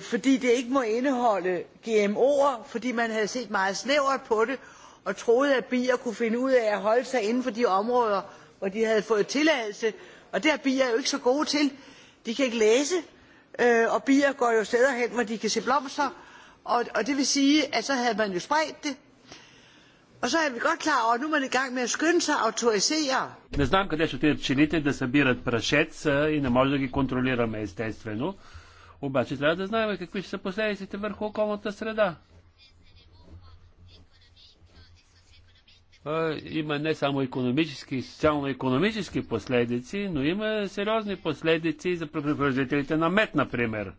fordi det ikke må indeholde gmoer fordi man havde set meget snævert på det og troede at bier kunne finde ud af at holde sig inden for de områder hvor de havde fået tilladelse og det er bier jo ikke så gode til de kan ikke læse og bier går jo steder hen hvor de kan se blomster og det vil sige at så havde man jo spredt det og så er vi godt klar over, at nu er man i gang med at skynde sig at autorisere. Не знам къде ще отидат пчелите да събират и не може да ги контролираме естествено. Обаче трябва да знаем какви ще са последиците върху околната среда. Има не само економически, социално-економически последици, но има сериозни последици за производителите на мед, например.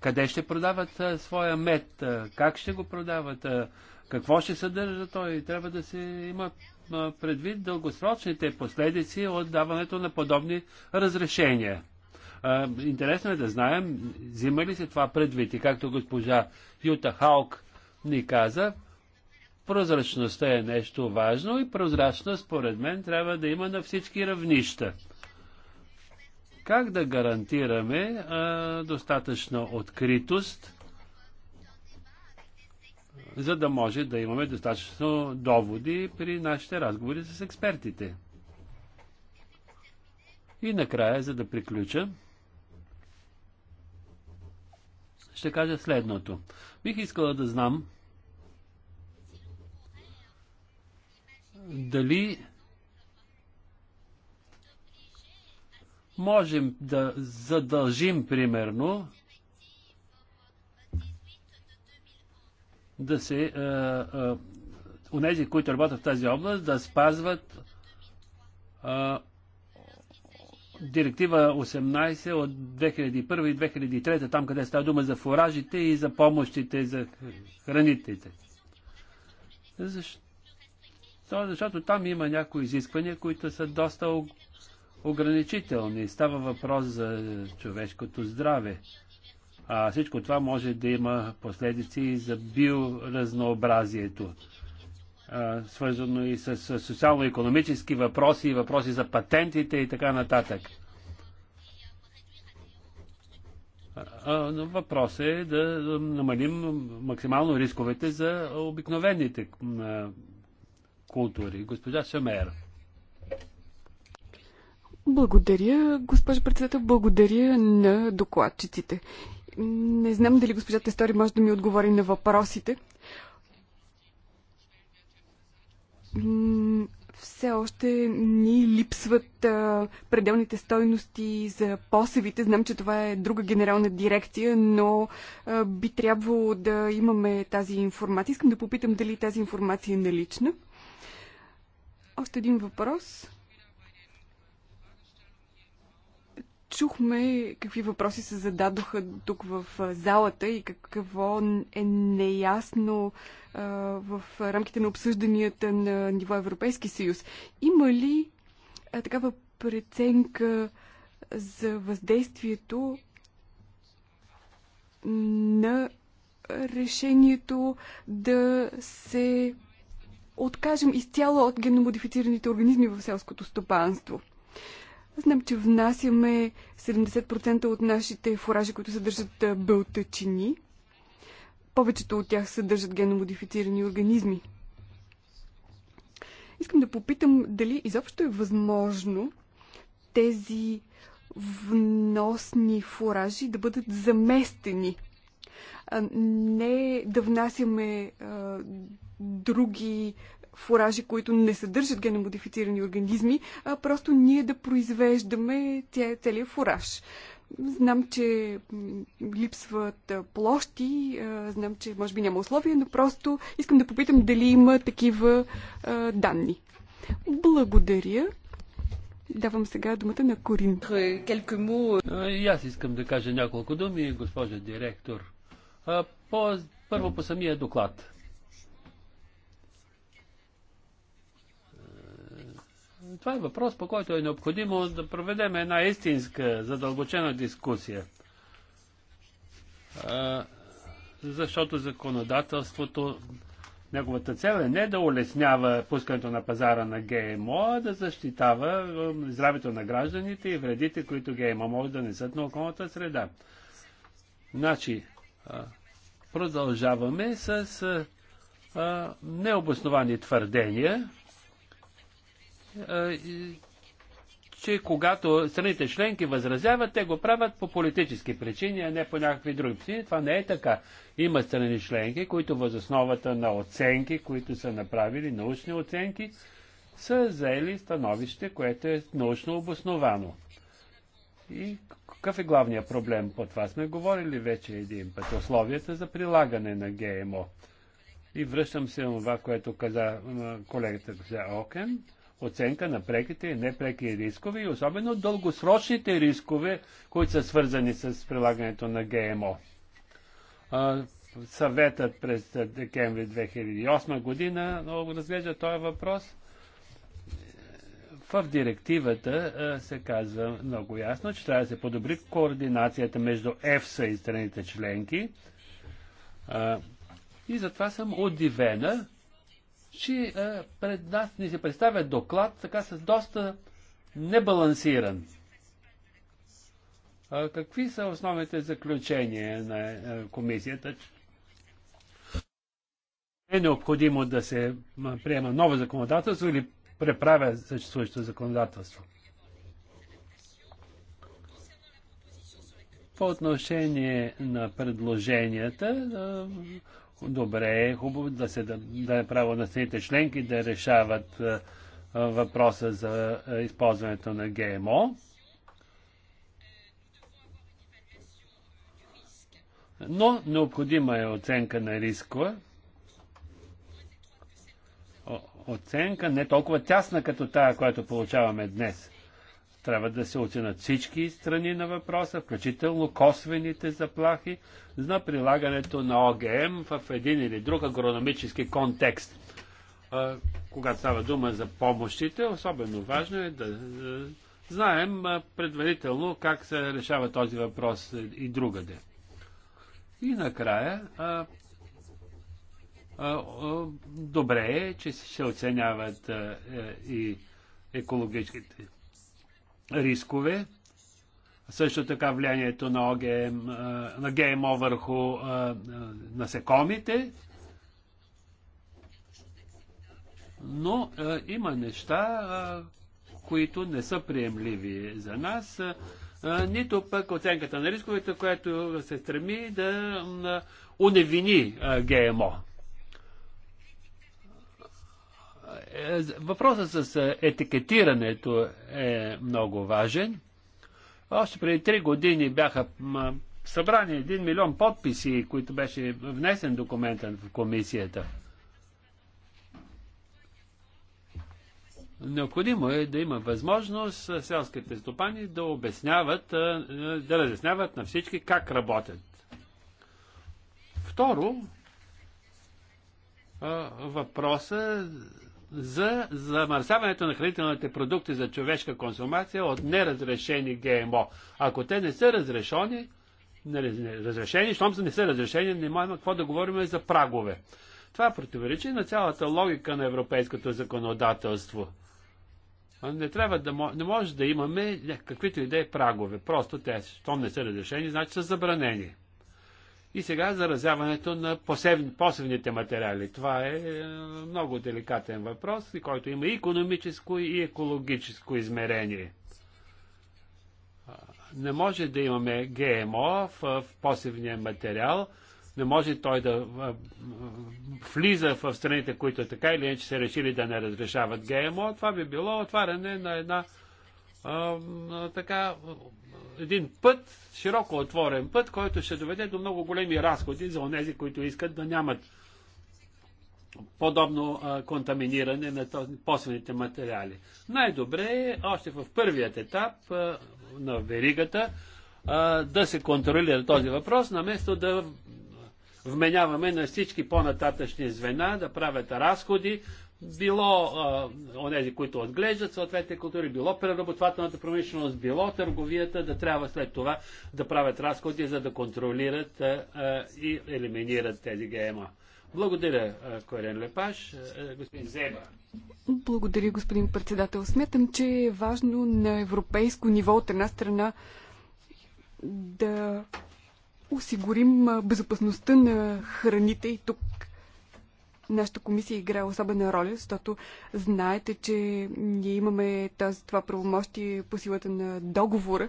Къде ще продават своя мед? Как ще го продават? Какво ще съдържа той? Трябва да се има предвид дългосрочните последици от даването на подобни разрешения. Интересно е да знаем, взима ли се това предвид и както госпожа Юта Халк ни каза, прозрачността е нещо важно и прозрачност, според мен, трябва да има на всички равнища. Как да гарантираме а, достатъчна откритост, за да може да имаме достатъчно доводи при нашите разговори с експертите? И накрая, за да приключа, ще кажа следното. Бих искала да знам дали можем да задължим, примерно, да се. Унези, които работят в тази област, да спазват директива 18 от 2001 и 2003, там къде става дума за фуражите и за помощите за храните. Защо? Защото там има някои изисквания, които са доста ограничителни. Става въпрос за човешкото здраве. А всичко това може да има последици и за биоразнообразието свързано и с социално-економически въпроси, въпроси за патентите и така нататък. Но въпросът е да намалим максимално рисковете за обикновените култури. Госпожа Шамер. Благодаря, госпожо председател. Благодаря на докладчиците. Не знам дали госпожа Тестори може да ми отговори на въпросите. все още ни липсват а, пределните стойности за посевите. Знам, че това е друга генерална дирекция, но а, би трябвало да имаме тази информация. Искам да попитам дали тази информация е налична. Още един въпрос. чухме какви въпроси се зададоха тук в залата и какво е неясно в рамките на обсъжданията на ниво Европейски съюз. Има ли такава преценка за въздействието на решението да се откажем изцяло от геномодифицираните организми в селското стопанство? Знам, че внасяме 70% от нашите фуражи, които съдържат белтъчини. Повечето от тях съдържат геномодифицирани организми. Искам да попитам дали изобщо е възможно тези вносни фуражи да бъдат заместени. Не да внасяме а, други фуражи, които не съдържат геномодифицирани организми, а просто ние да произвеждаме целият фураж. Знам, че липсват площи, знам, че може би няма условия, но просто искам да попитам дали има такива данни. Благодаря. Давам сега думата на Корин. Е, и аз искам да кажа няколко думи, госпожа директор. По, първо по самия доклад. Това е въпрос, по който е необходимо да проведем една истинска, задълбочена дискусия. А, защото законодателството, неговата цел е не да улеснява пускането на пазара на ГМО, а да защитава здравето на гражданите и вредите, които ГМО могат да несат на околната среда. Значи, а, продължаваме с а, необосновани твърдения, че когато страните членки възразяват, те го правят по политически причини, а не по някакви други причини. Това не е така. Има страни членки, които въз основата на оценки, които са направили, научни оценки, са заели становище, което е научно обосновано. И какъв е главният проблем? По това сме говорили вече един път. Условията за прилагане на ГМО. И връщам се на това, което каза колегата Окен оценка на преките и непреки рискове и особено дългосрочните рискове, които са свързани с прилагането на ГМО. Съветът през декември 2008 година разглежда този въпрос. В директивата се казва много ясно, че трябва да се подобри координацията между ЕФСА и страните членки. И затова съм удивена, че а, пред нас ни се представя доклад така с доста небалансиран. А, какви са основните заключения на а, е, комисията? Е необходимо да се приема ново законодателство или преправя съществуващото законодателство? По отношение на предложенията, е, добре е, хубаво да се да, да е право на страните членки да решават а, е, е, въпроса за а, е, използването на ГМО. Но необходима е оценка на риска. Оценка не толкова тясна като тая, която получаваме днес. Трябва да се оценят всички страни на въпроса, включително косвените заплахи за прилагането на ОГМ в един или друг агрономически контекст. Когато става дума за помощите, особено важно е да е, знаем предварително как се решава този въпрос и другаде. И накрая, добре е, че се оценяват е, и екологичните рискове, също така влиянието на, ОГМ, на ГМО върху насекомите. Но има неща, които не са приемливи за нас, нито пък оценката на рисковете, която се стреми да уневини ГМО. Въпросът с етикетирането е много важен. Още преди три години бяха събрани един милион подписи, които беше внесен документът в комисията. Необходимо е да има възможност селските стопани да обясняват, да разясняват на всички как работят. Второ, въпросът за замърсяването на хранителните продукти за човешка консумация от неразрешени ГМО. Ако те не са разрешени, не, разрешени, щом са не са разрешени, няма какво да говорим за прагове. Това противоречи на цялата логика на европейското законодателство. Не, трябва да, не може да имаме каквито идеи прагове. Просто те, щом не са разрешени, значи са забранени. И сега заразяването на посевни, посевните материали. Това е, е много деликатен въпрос, който има и економическо, и екологическо измерение. Не може да имаме ГМО в, в посевния материал, не може той да влиза в страните, които е така или иначе са решили да не разрешават ГМО. Това би било отваряне на една а, така един път, широко отворен път, който ще доведе до много големи разходи за онези, които искат да нямат подобно а, контаминиране на послените материали. Най-добре е още в първият етап а, на веригата а, да се контролира този въпрос, наместо да вменяваме на всички по-нататъчни звена да правят разходи, било онези, които отглеждат съответните култури, било преработвателната промишленост, било търговията, да трябва след това да правят разходи, за да контролират а, а, и елиминират тези ГМО. Благодаря, Корен Лепаш. Господин Зема. Благодаря, господин председател. Смятам, че е важно на европейско ниво от една страна да осигурим безопасността на храните и тук нашата комисия играе особена роля, защото знаете, че ние имаме тази, това правомощие по силата на договора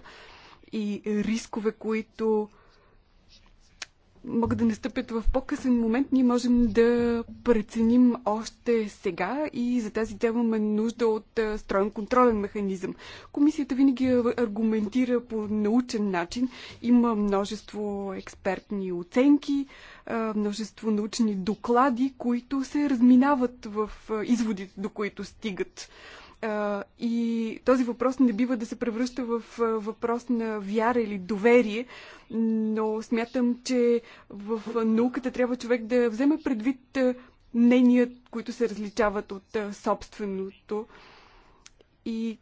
и рискове, които могат да настъпят в по-късен момент, ние можем да преценим още сега и за тази тема имаме нужда от строен контролен механизъм. Комисията винаги аргументира по научен начин. Има множество експертни оценки, множество научни доклади, които се разминават в изводите, до които стигат. И този въпрос не бива да се превръща в въпрос на вяра или доверие, но смятам, че в науката трябва човек да вземе предвид мнения, които се различават от собственото. И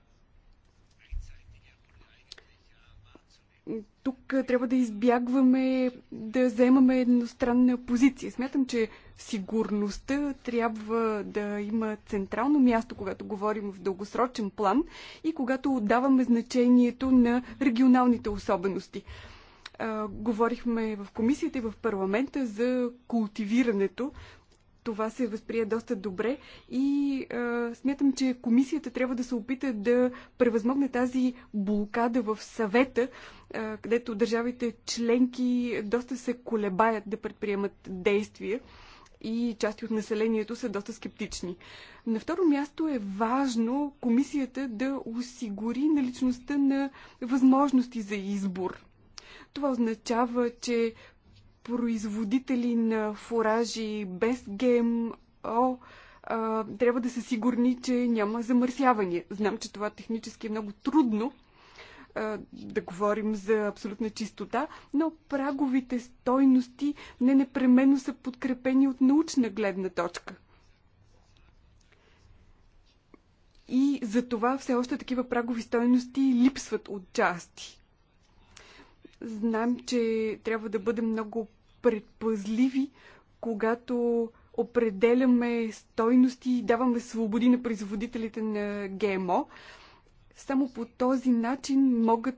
тук трябва да избягваме да вземаме едностранна позиция. Смятам, че сигурността трябва да има централно място, когато говорим в дългосрочен план и когато отдаваме значението на регионалните особености. говорихме в комисията и в парламента за култивирането това се възприе доста добре и а, смятам, че комисията трябва да се опита да превъзмогне тази блокада в съвета, а, където държавите членки доста се колебаят да предприемат действия и части от населението са доста скептични. На второ място е важно комисията да осигури наличността на възможности за избор. Това означава, че производители на фуражи без ГМО а, трябва да са сигурни, че няма замърсяване. Знам, че това технически е много трудно а, да говорим за абсолютна чистота, но праговите стойности не непременно са подкрепени от научна гледна точка. И за това все още такива прагови стойности липсват от части. Знам, че трябва да бъдем много предпазливи, когато определяме стойности и даваме свободи на производителите на ГМО. Само по този начин могат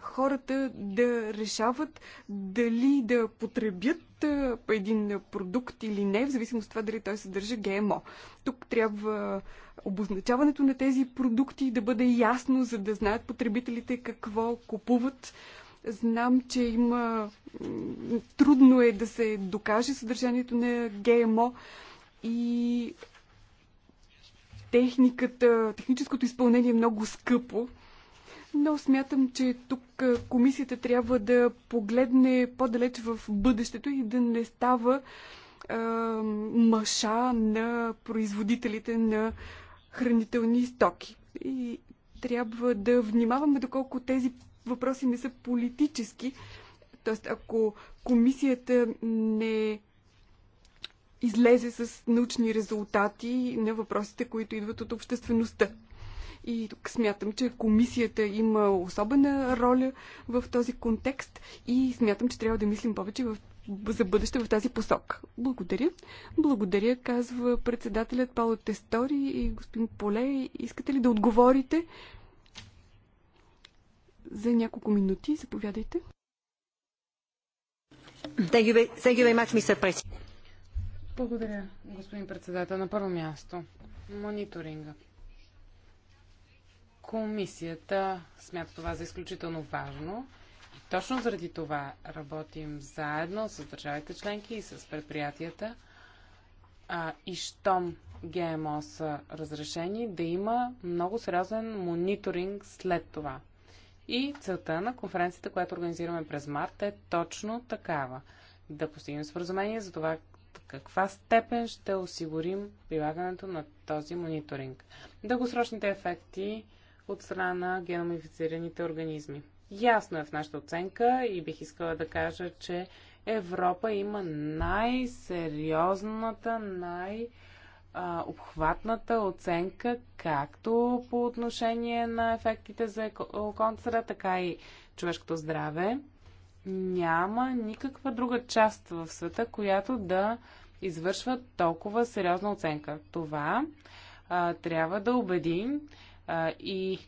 хората да решават дали да потребят един продукт или не, в зависимост от това дали той съдържа ГМО. Тук трябва обозначаването на тези продукти да бъде ясно, за да знаят потребителите какво купуват Знам, че има... Трудно е да се докаже съдържанието на ГМО и техниката, техническото изпълнение е много скъпо. Но смятам, че тук комисията трябва да погледне по-далеч в бъдещето и да не става а, мъша на производителите на хранителни стоки. И трябва да внимаваме доколко тези въпроси не са политически. Тоест, ако комисията не излезе с научни резултати на въпросите, които идват от обществеността. И тук смятам, че комисията има особена роля в този контекст и смятам, че трябва да мислим повече в, за бъдеще в тази посока. Благодаря. Благодаря, казва председателят Пало Тестори и господин Поле. Искате ли да отговорите? за няколко минути. Заповядайте. Благодаря, господин председател. На първо място, мониторинга. Комисията смята това за изключително важно. И точно заради това работим заедно с държавите членки и с предприятията. А, и щом ГМО са разрешени, да има много сериозен мониторинг след това. И целта на конференцията, която организираме през март, е точно такава. Да постигнем споразумение за това каква степен ще осигурим прилагането на този мониторинг. Дългосрочните ефекти от страна на геномифицираните организми. Ясно е в нашата оценка и бих искала да кажа, че Европа има най-сериозната, най-сериозната а, обхватната оценка, както по отношение на ефектите за околната среда, така и човешкото здраве. Няма никаква друга част в света, която да извършва толкова сериозна оценка. Това а, трябва да убедим а, и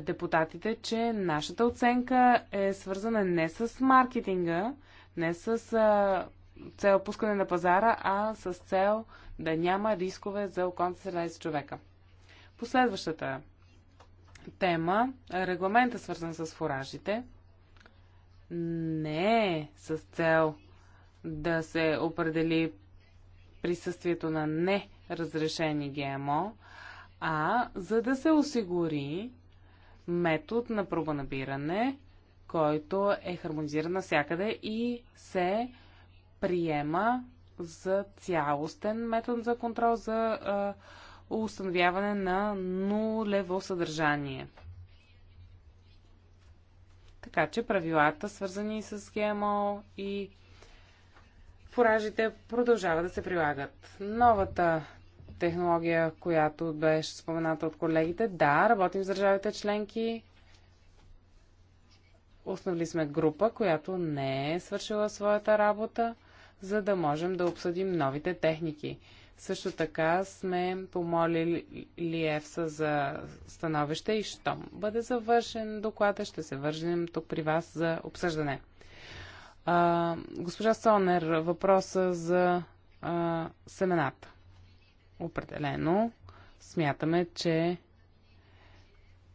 депутатите, че нашата оценка е свързана не с маркетинга, не с а, цел пускане на пазара, а с цел а, да няма рискове за околната среда и за човека. Последващата тема, регламента свързан с фуражите, не е с цел да се определи присъствието на неразрешени ГМО, а за да се осигури метод на пробонабиране, който е хармонизиран навсякъде и се приема за цялостен метод за контрол за а, установяване на нулево съдържание. Така че правилата, свързани с ГМО и фуражите, продължават да се прилагат. Новата технология, която беше спомената от колегите, да, работим с държавите членки. Установили сме група, която не е свършила своята работа за да можем да обсъдим новите техники. Също така сме помолили ЕФСА за становище и щом бъде завършен доклада, ще се вържем тук при вас за обсъждане. А, госпожа Сонер, въпроса за а, семената. Определено смятаме, че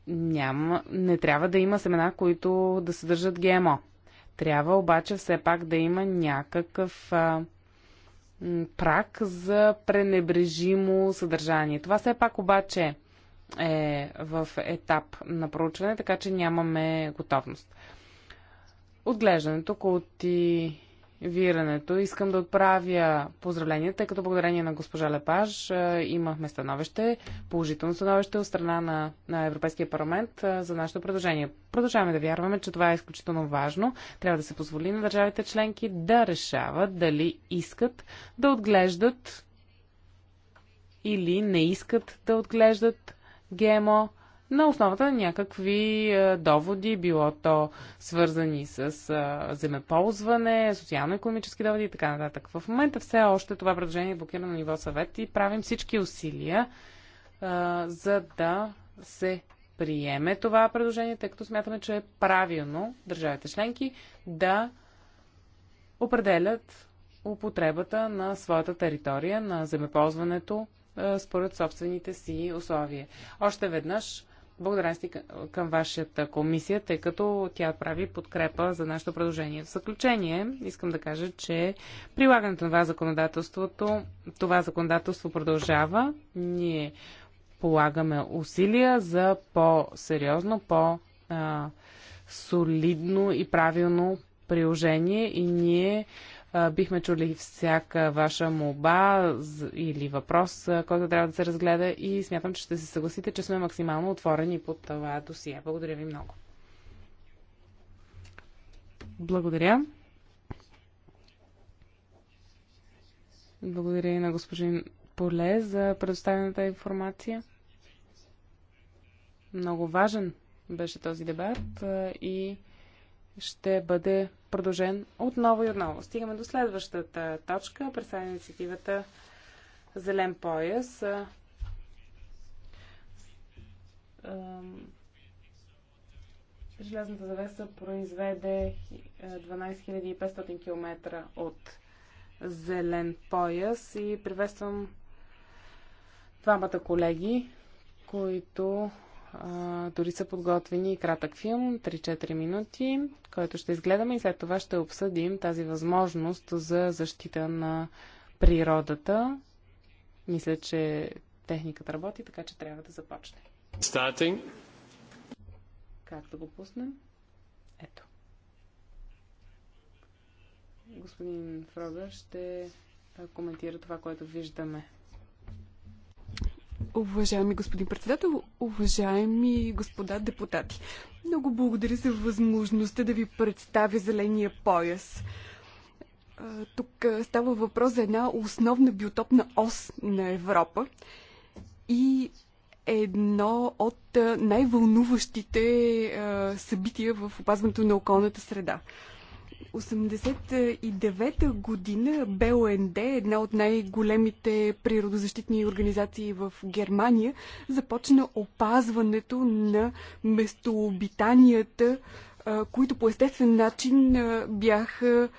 няма, не трябва да има семена, които да съдържат ГМО. Трябва обаче все пак да има някакъв а, прак за пренебрежимо съдържание. Това все пак обаче е в етап на проучване, така че нямаме готовност. Отглеждането, ти вирането. Искам да отправя поздравления, тъй като благодарение на госпожа Лепаж имахме становище, положително становище от страна на, на Европейския парламент за нашето предложение. Продължаваме да вярваме, че това е изключително важно. Трябва да се позволи на държавите членки да решават дали искат да отглеждат или не искат да отглеждат ГМО на основата на някакви е, доводи, било то свързани с е, земеползване, социално-економически доводи и така нататък. В момента все още това предложение е блокирано на ниво съвет и правим всички усилия е, за да се приеме това предложение, тъй като смятаме, че е правилно държавите членки да определят употребата на своята територия, на земеползването според собствените си условия. Още веднъж благодаря си към вашата комисия, тъй като тя прави подкрепа за нашето предложение. В заключение искам да кажа, че прилагането на това законодателството, това законодателство продължава. Ние полагаме усилия за по-сериозно, по-солидно и правилно приложение и ние бихме чули всяка ваша молба или въпрос, който трябва да се разгледа и смятам, че ще се съгласите, че сме максимално отворени под това досие. Благодаря ви много. Благодаря. Благодаря и на господин Поле за предоставената информация. Много важен беше този дебат и ще бъде продължен отново и отново. Стигаме до следващата точка. Представя инициативата Зелен пояс. Железната завеса произведе 12 500 км от зелен пояс и приветствам двамата колеги, които дори са подготвени кратък филм, 3-4 минути, който ще изгледаме и след това ще обсъдим тази възможност за защита на природата. Мисля, че техниката работи, така че трябва да започне. Starting. Как да го пуснем? Ето. Господин Фрога, ще коментира това, което виждаме. Уважаеми господин председател, уважаеми господа депутати, много благодаря за възможността да ви представя зеления пояс. Тук става въпрос за една основна биотопна ос на Европа и едно от най-вълнуващите събития в опазването на околната среда. 1989 година БОНД, една от най-големите природозащитни организации в Германия, започна опазването на местообитанията, които по естествен начин бяха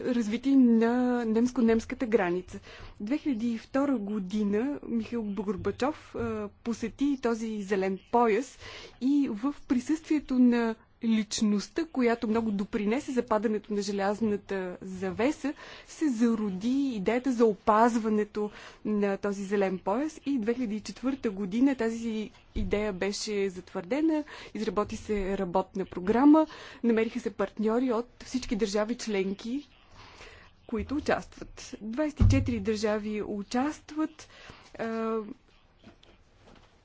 развити на немско-немската граница. 2002 година Михаил Горбачов посети този зелен пояс и в присъствието на личността, която много допринесе за падането на желязната завеса, се зароди идеята за опазването на този зелен пояс и 2004 година тази идея беше затвърдена, изработи се работна програма, намериха се партньори от всички държави членки, които участват. 24 държави участват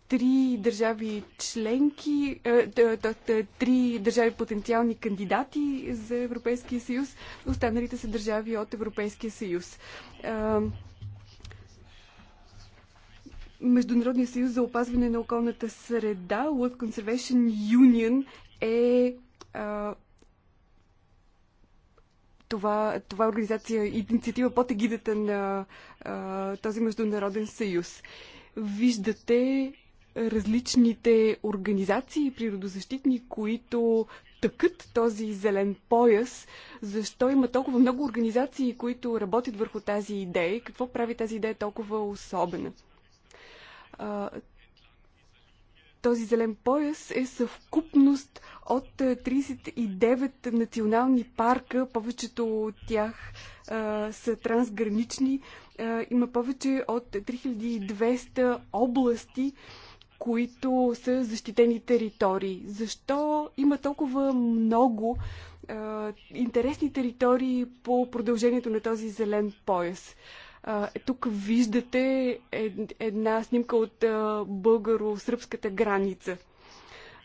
три държави членки, е, три държави потенциални кандидати за Европейския съюз, останалите са държави от Европейския съюз. Е, Международният съюз за опазване на околната среда, World Conservation Union, е, е това, това е организация, инициатива под егидата на а, този международен съюз. Виждате различните организации природозащитни, които тъкът този зелен пояс, защо има толкова много организации, които работят върху тази идея какво прави тази идея толкова особена. Този зелен пояс е съвкупност от 39 е, национални парка, повечето от тях а, са трансгранични. А, има повече от 3200 области, а, които са защитени територии. Защо има толкова много а, интересни територии по продължението на този зелен пояс? А, е, тук виждате една снимка от българо-сръбската граница.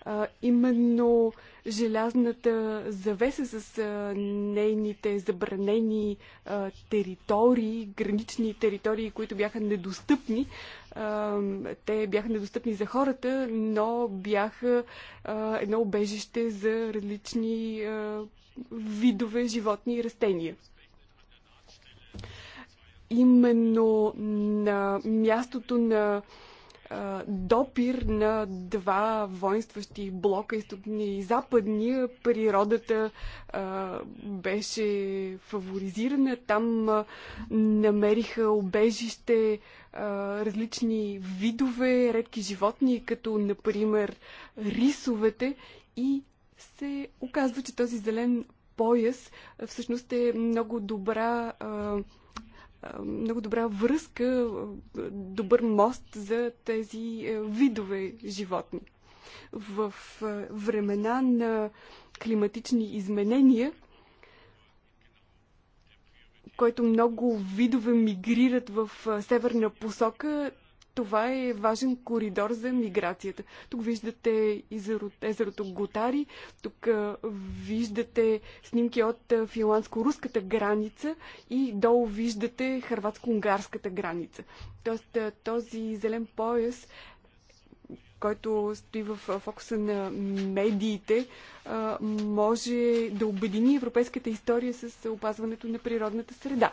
А, именно желязната завеса с а, нейните забранени а, територии, гранични територии, които бяха недостъпни, те бяха недостъпни за хората, но бяха едно обежище за различни видове животни и растения. Именно на мястото на допир на два воинстващи блока, източни и западни. Природата беше фаворизирана. Там намериха обежище различни видове редки животни, като например рисовете и се оказва, че този зелен пояс всъщност е много добра много добра връзка, добър мост за тези видове животни. В времена на климатични изменения който много видове мигрират в северна посока, това е важен коридор за миграцията. Тук виждате езерото Готари, тук виждате снимки от финландско-руската граница и долу виждате хрватско-унгарската граница. Тоест този зелен пояс който стои в фокуса на медиите, може да обедини европейската история с опазването на природната среда.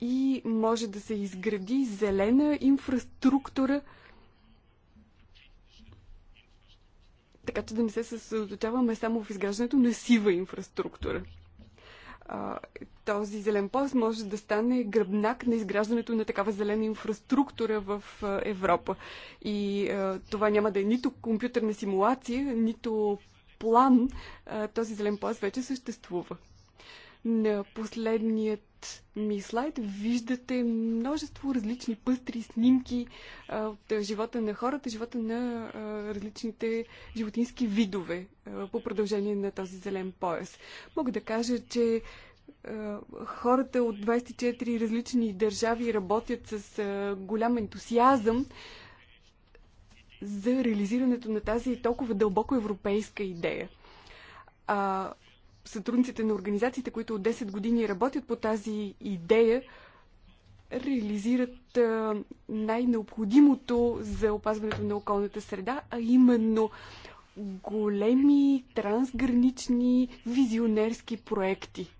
И може да се изгради зелена инфраструктура, така че да не се съсредоточаваме само в изграждането на сива инфраструктура този зелен пост може да стане гръбнак на изграждането на такава зелена инфраструктура в Европа. И това няма да е нито компютърна симулация, нито план. Този зелен пост вече съществува. На последният ми слайд виждате множество различни пъстри снимки а, от живота на хората, живота на а, различните животински видове а, по продължение на този зелен пояс. Мога да кажа, че хората от 24 различни държави работят с голям ентусиазъм за реализирането на тази толкова дълбоко европейска идея. А, сътрудниците на организациите, които от 10 години работят по тази идея, реализират най-необходимото за опазването на околната среда, а именно големи трансгранични визионерски проекти.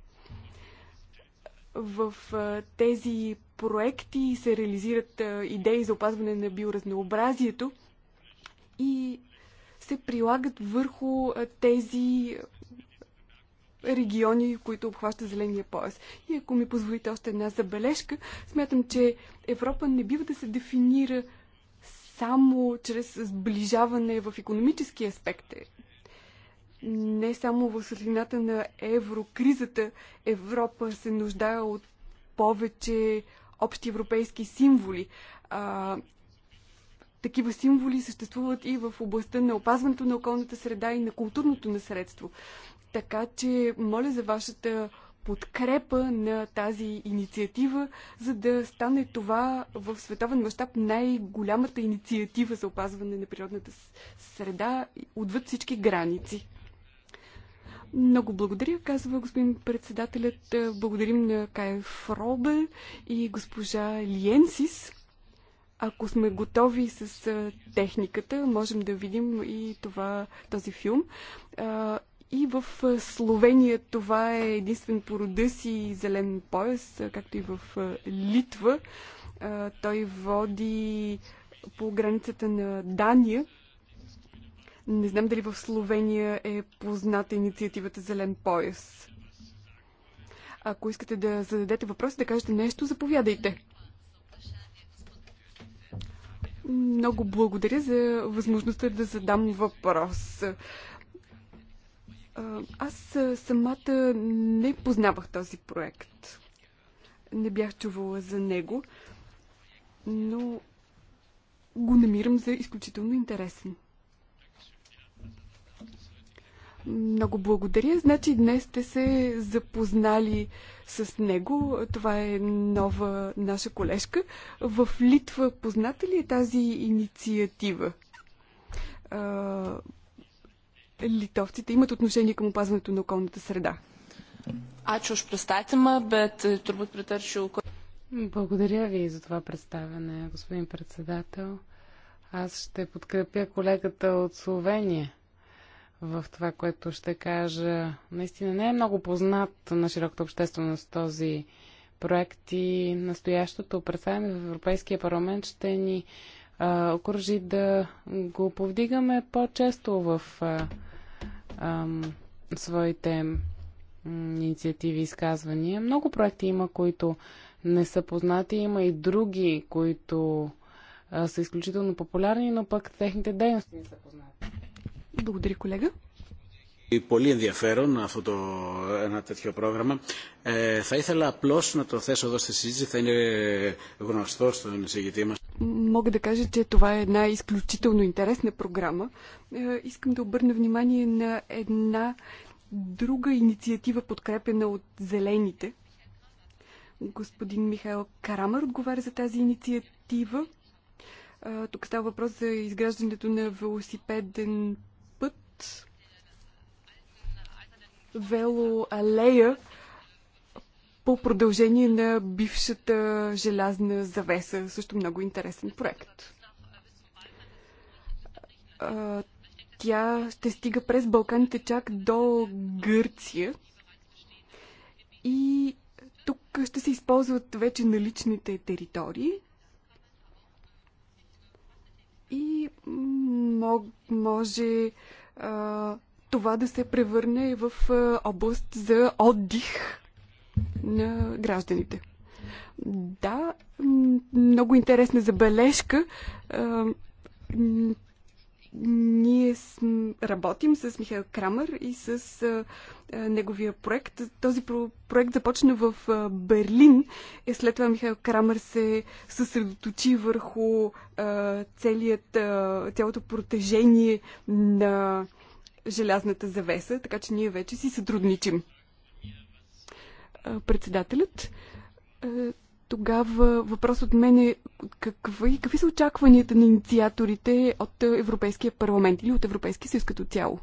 В тези проекти се реализират идеи за опазване на биоразнообразието и се прилагат върху тези региони, които обхваща зеления пояс. И ако ми позволите още една забележка, смятам, че Европа не бива да се дефинира само чрез сближаване в економически аспекти. Не само в светлината на еврокризата Европа се нуждае от повече общи европейски символи. А, такива символи съществуват и в областта на опазването на околната среда и на културното наследство. Така че моля за вашата подкрепа на тази инициатива, за да стане това в световен мащаб най-голямата инициатива за опазване на природната среда отвъд всички граници. Много благодаря, казва господин председателят. Благодарим на Кай Фробе и госпожа Лиенсис. Ако сме готови с техниката, можем да видим и това, този филм. И в Словения това е единствен по рода си зелен пояс, както и в Литва. Той води по границата на Дания. Не знам дали в Словения е позната инициативата Зелен пояс. Ако искате да зададете въпроси, да кажете нещо, заповядайте. Много благодаря за възможността да задам въпрос. Аз самата не познавах този проект. Не бях чувала за него, но го намирам за изключително интересен. Много благодаря. Значи днес сте се запознали с него. Това е нова наша колежка. В Литва позната ли е тази инициатива? литовците имат отношение към опазването на околната среда. Ačiū už pristatymą, бед е, трубът pritarčiau. Благодаря ви за това представяне, господин председател. Аз ще подкрепя колегата от Словения в това, което ще кажа. Наистина не е много познат на широката общественост този проект и настоящото представяне в Европейския парламент ще ни окружи да го повдигаме по-често в а, ам, своите инициативи, и изказвания. Много проекти има, които не са познати. Има и други, които а, са изключително популярни, но пък техните дейности не са познати. Благодаря, колега. Πολύ ενδιαφέρον αυτό το, ένα τέτοιο πρόγραμμα. Ε, θα ήθελα απλώς να το θέσω εδώ στη συζήτηση, θα είναι γνωστό στον εισηγητή μας мога да кажа, че това е една изключително интересна програма. Е, искам да обърна внимание на една друга инициатива, подкрепена от зелените. Господин Михаил Карамър отговаря за тази инициатива. Е, тук става въпрос за изграждането на велосипеден път, велоалея по продължение на бившата желязна завеса. Също много интересен проект. Тя ще стига през Балканите чак до Гърция. И тук ще се използват вече наличните територии. И може а, това да се превърне в област за отдих на гражданите. Да, много интересна забележка. Ние работим с Михаил Крамър и с неговия проект. Този проект започна в Берлин. и е, след това Михаил Крамър се съсредоточи върху целият, цялото протежение на желязната завеса, така че ние вече си сътрудничим председателят. Тогава въпрос от мен е какви, какви са очакванията на инициаторите от Европейския парламент или от Европейския съюз като цяло?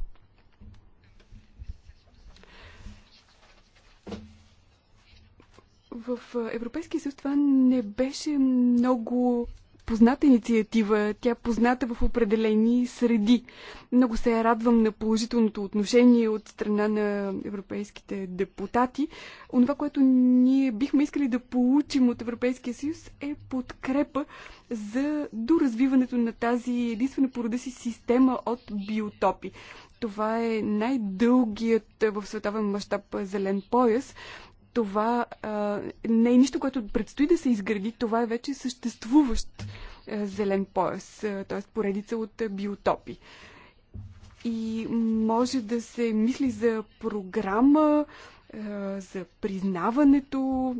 В Европейския съюз това не беше много позната инициатива, тя е позната в определени среди. Много се радвам на положителното отношение от страна на европейските депутати. Онова, което ние бихме искали да получим от Европейския съюз е подкрепа за доразвиването на тази единствена порода си система от биотопи. Това е най-дългият в световен мащаб зелен пояс това а, не е нищо, което предстои да се изгради, това е вече съществуващ а, зелен пояс, т.е. поредица от а, биотопи. И може да се мисли за програма, а, за признаването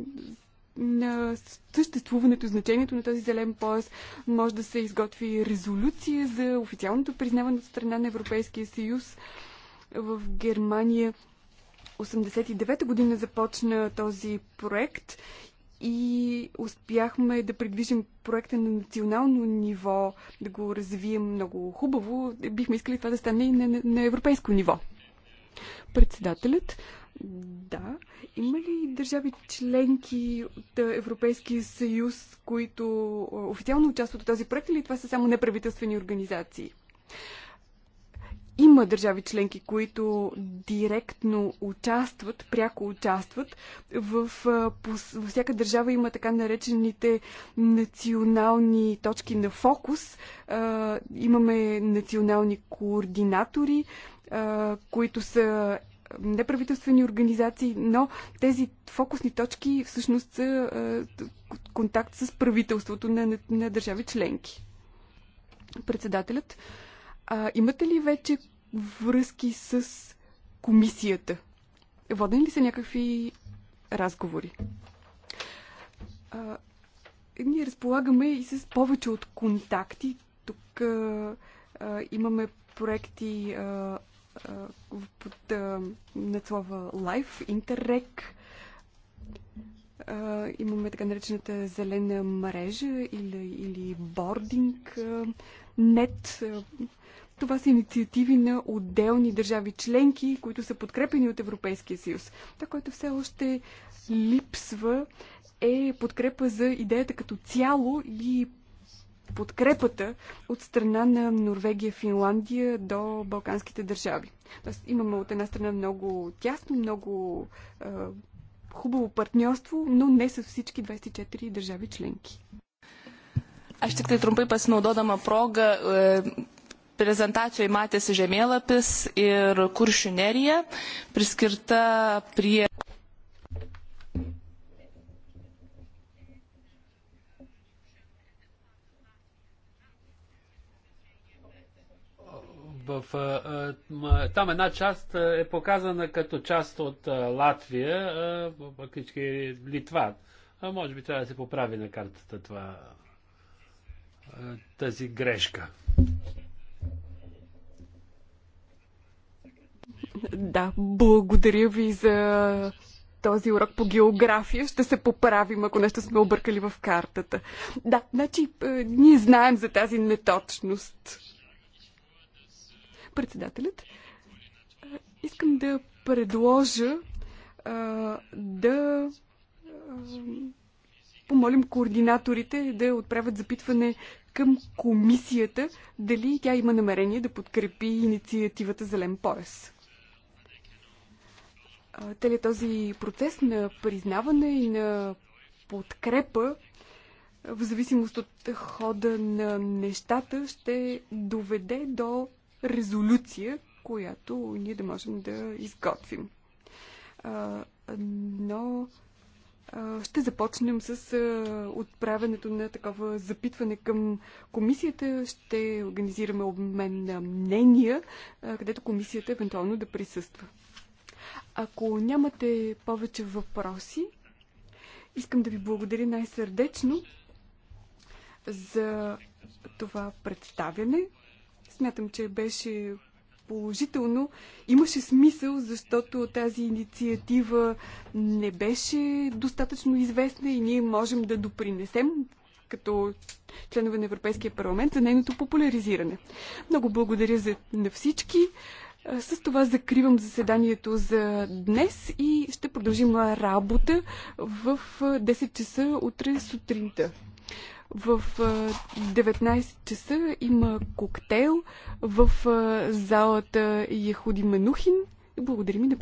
на съществуването, значението на този зелен пояс. Може да се изготви резолюция за официалното признаване от страна на Европейския съюз в Германия 89-та година започна този проект и успяхме да придвижим проекта на национално ниво, да го развием много хубаво. Бихме искали това да стане и на, на европейско ниво. Председателят, да. Има ли държави членки от Европейския съюз, които официално участват в този проект или това са само неправителствени организации? Има държави членки, които директно участват, пряко участват. В, в всяка държава има така наречените национални точки на фокус. Имаме национални координатори, които са неправителствени организации, но тези фокусни точки всъщност са контакт с правителството на, на, на държави членки. Председателят. А, имате ли вече връзки с комисията? Водени ли са някакви разговори? А, ние разполагаме и с повече от контакти. Тук а, а, имаме проекти а, а, под а, надслова Life, Interreg. имаме така наречената зелена мрежа или, или бординг нет. Това са инициативи на отделни държави членки, които са подкрепени от Европейския съюз. Това, което все още липсва е подкрепа за идеята като цяло и подкрепата от страна на Норвегия, Финландия до балканските държави. Тоест имаме от една страна много тясно, много е, хубаво партньорство, но не с всички 24 държави членки. ще tik tai trumpai pasinaudodama дода e, prezentacijoje matėsi žemėlapis ir kuršių nerija priskirta prie. в, там една част е показана като част от Латвия, е Литва. А може би трябва да се поправи на картата това, тази грешка. Да, благодаря ви за този урок по география. Ще се поправим, ако нещо сме объркали в картата. Да, значи е, ние знаем за тази неточност. Председателят, е, искам да предложа а, е, да а, помолим координаторите да отправят запитване към комисията дали тя има намерение да подкрепи инициативата Зелен пояс. Целият този процес на признаване и на подкрепа, в зависимост от хода на нещата, ще доведе до резолюция, която ние да можем да изготвим. Но ще започнем с отправянето на такова запитване към комисията. Ще организираме обмен на мнения, където комисията евентуално да присъства. Ако нямате повече въпроси, искам да ви благодаря най-сърдечно за това представяне. Смятам, че беше положително. Имаше смисъл, защото тази инициатива не беше достатъчно известна и ние можем да допринесем като членове на Европейския парламент за нейното популяризиране. Много благодаря за, на всички. С това закривам заседанието за днес и ще продължим работа в 10 часа утре сутринта. В 19 часа има коктейл в залата Яхуди Менухин. Благодарим и да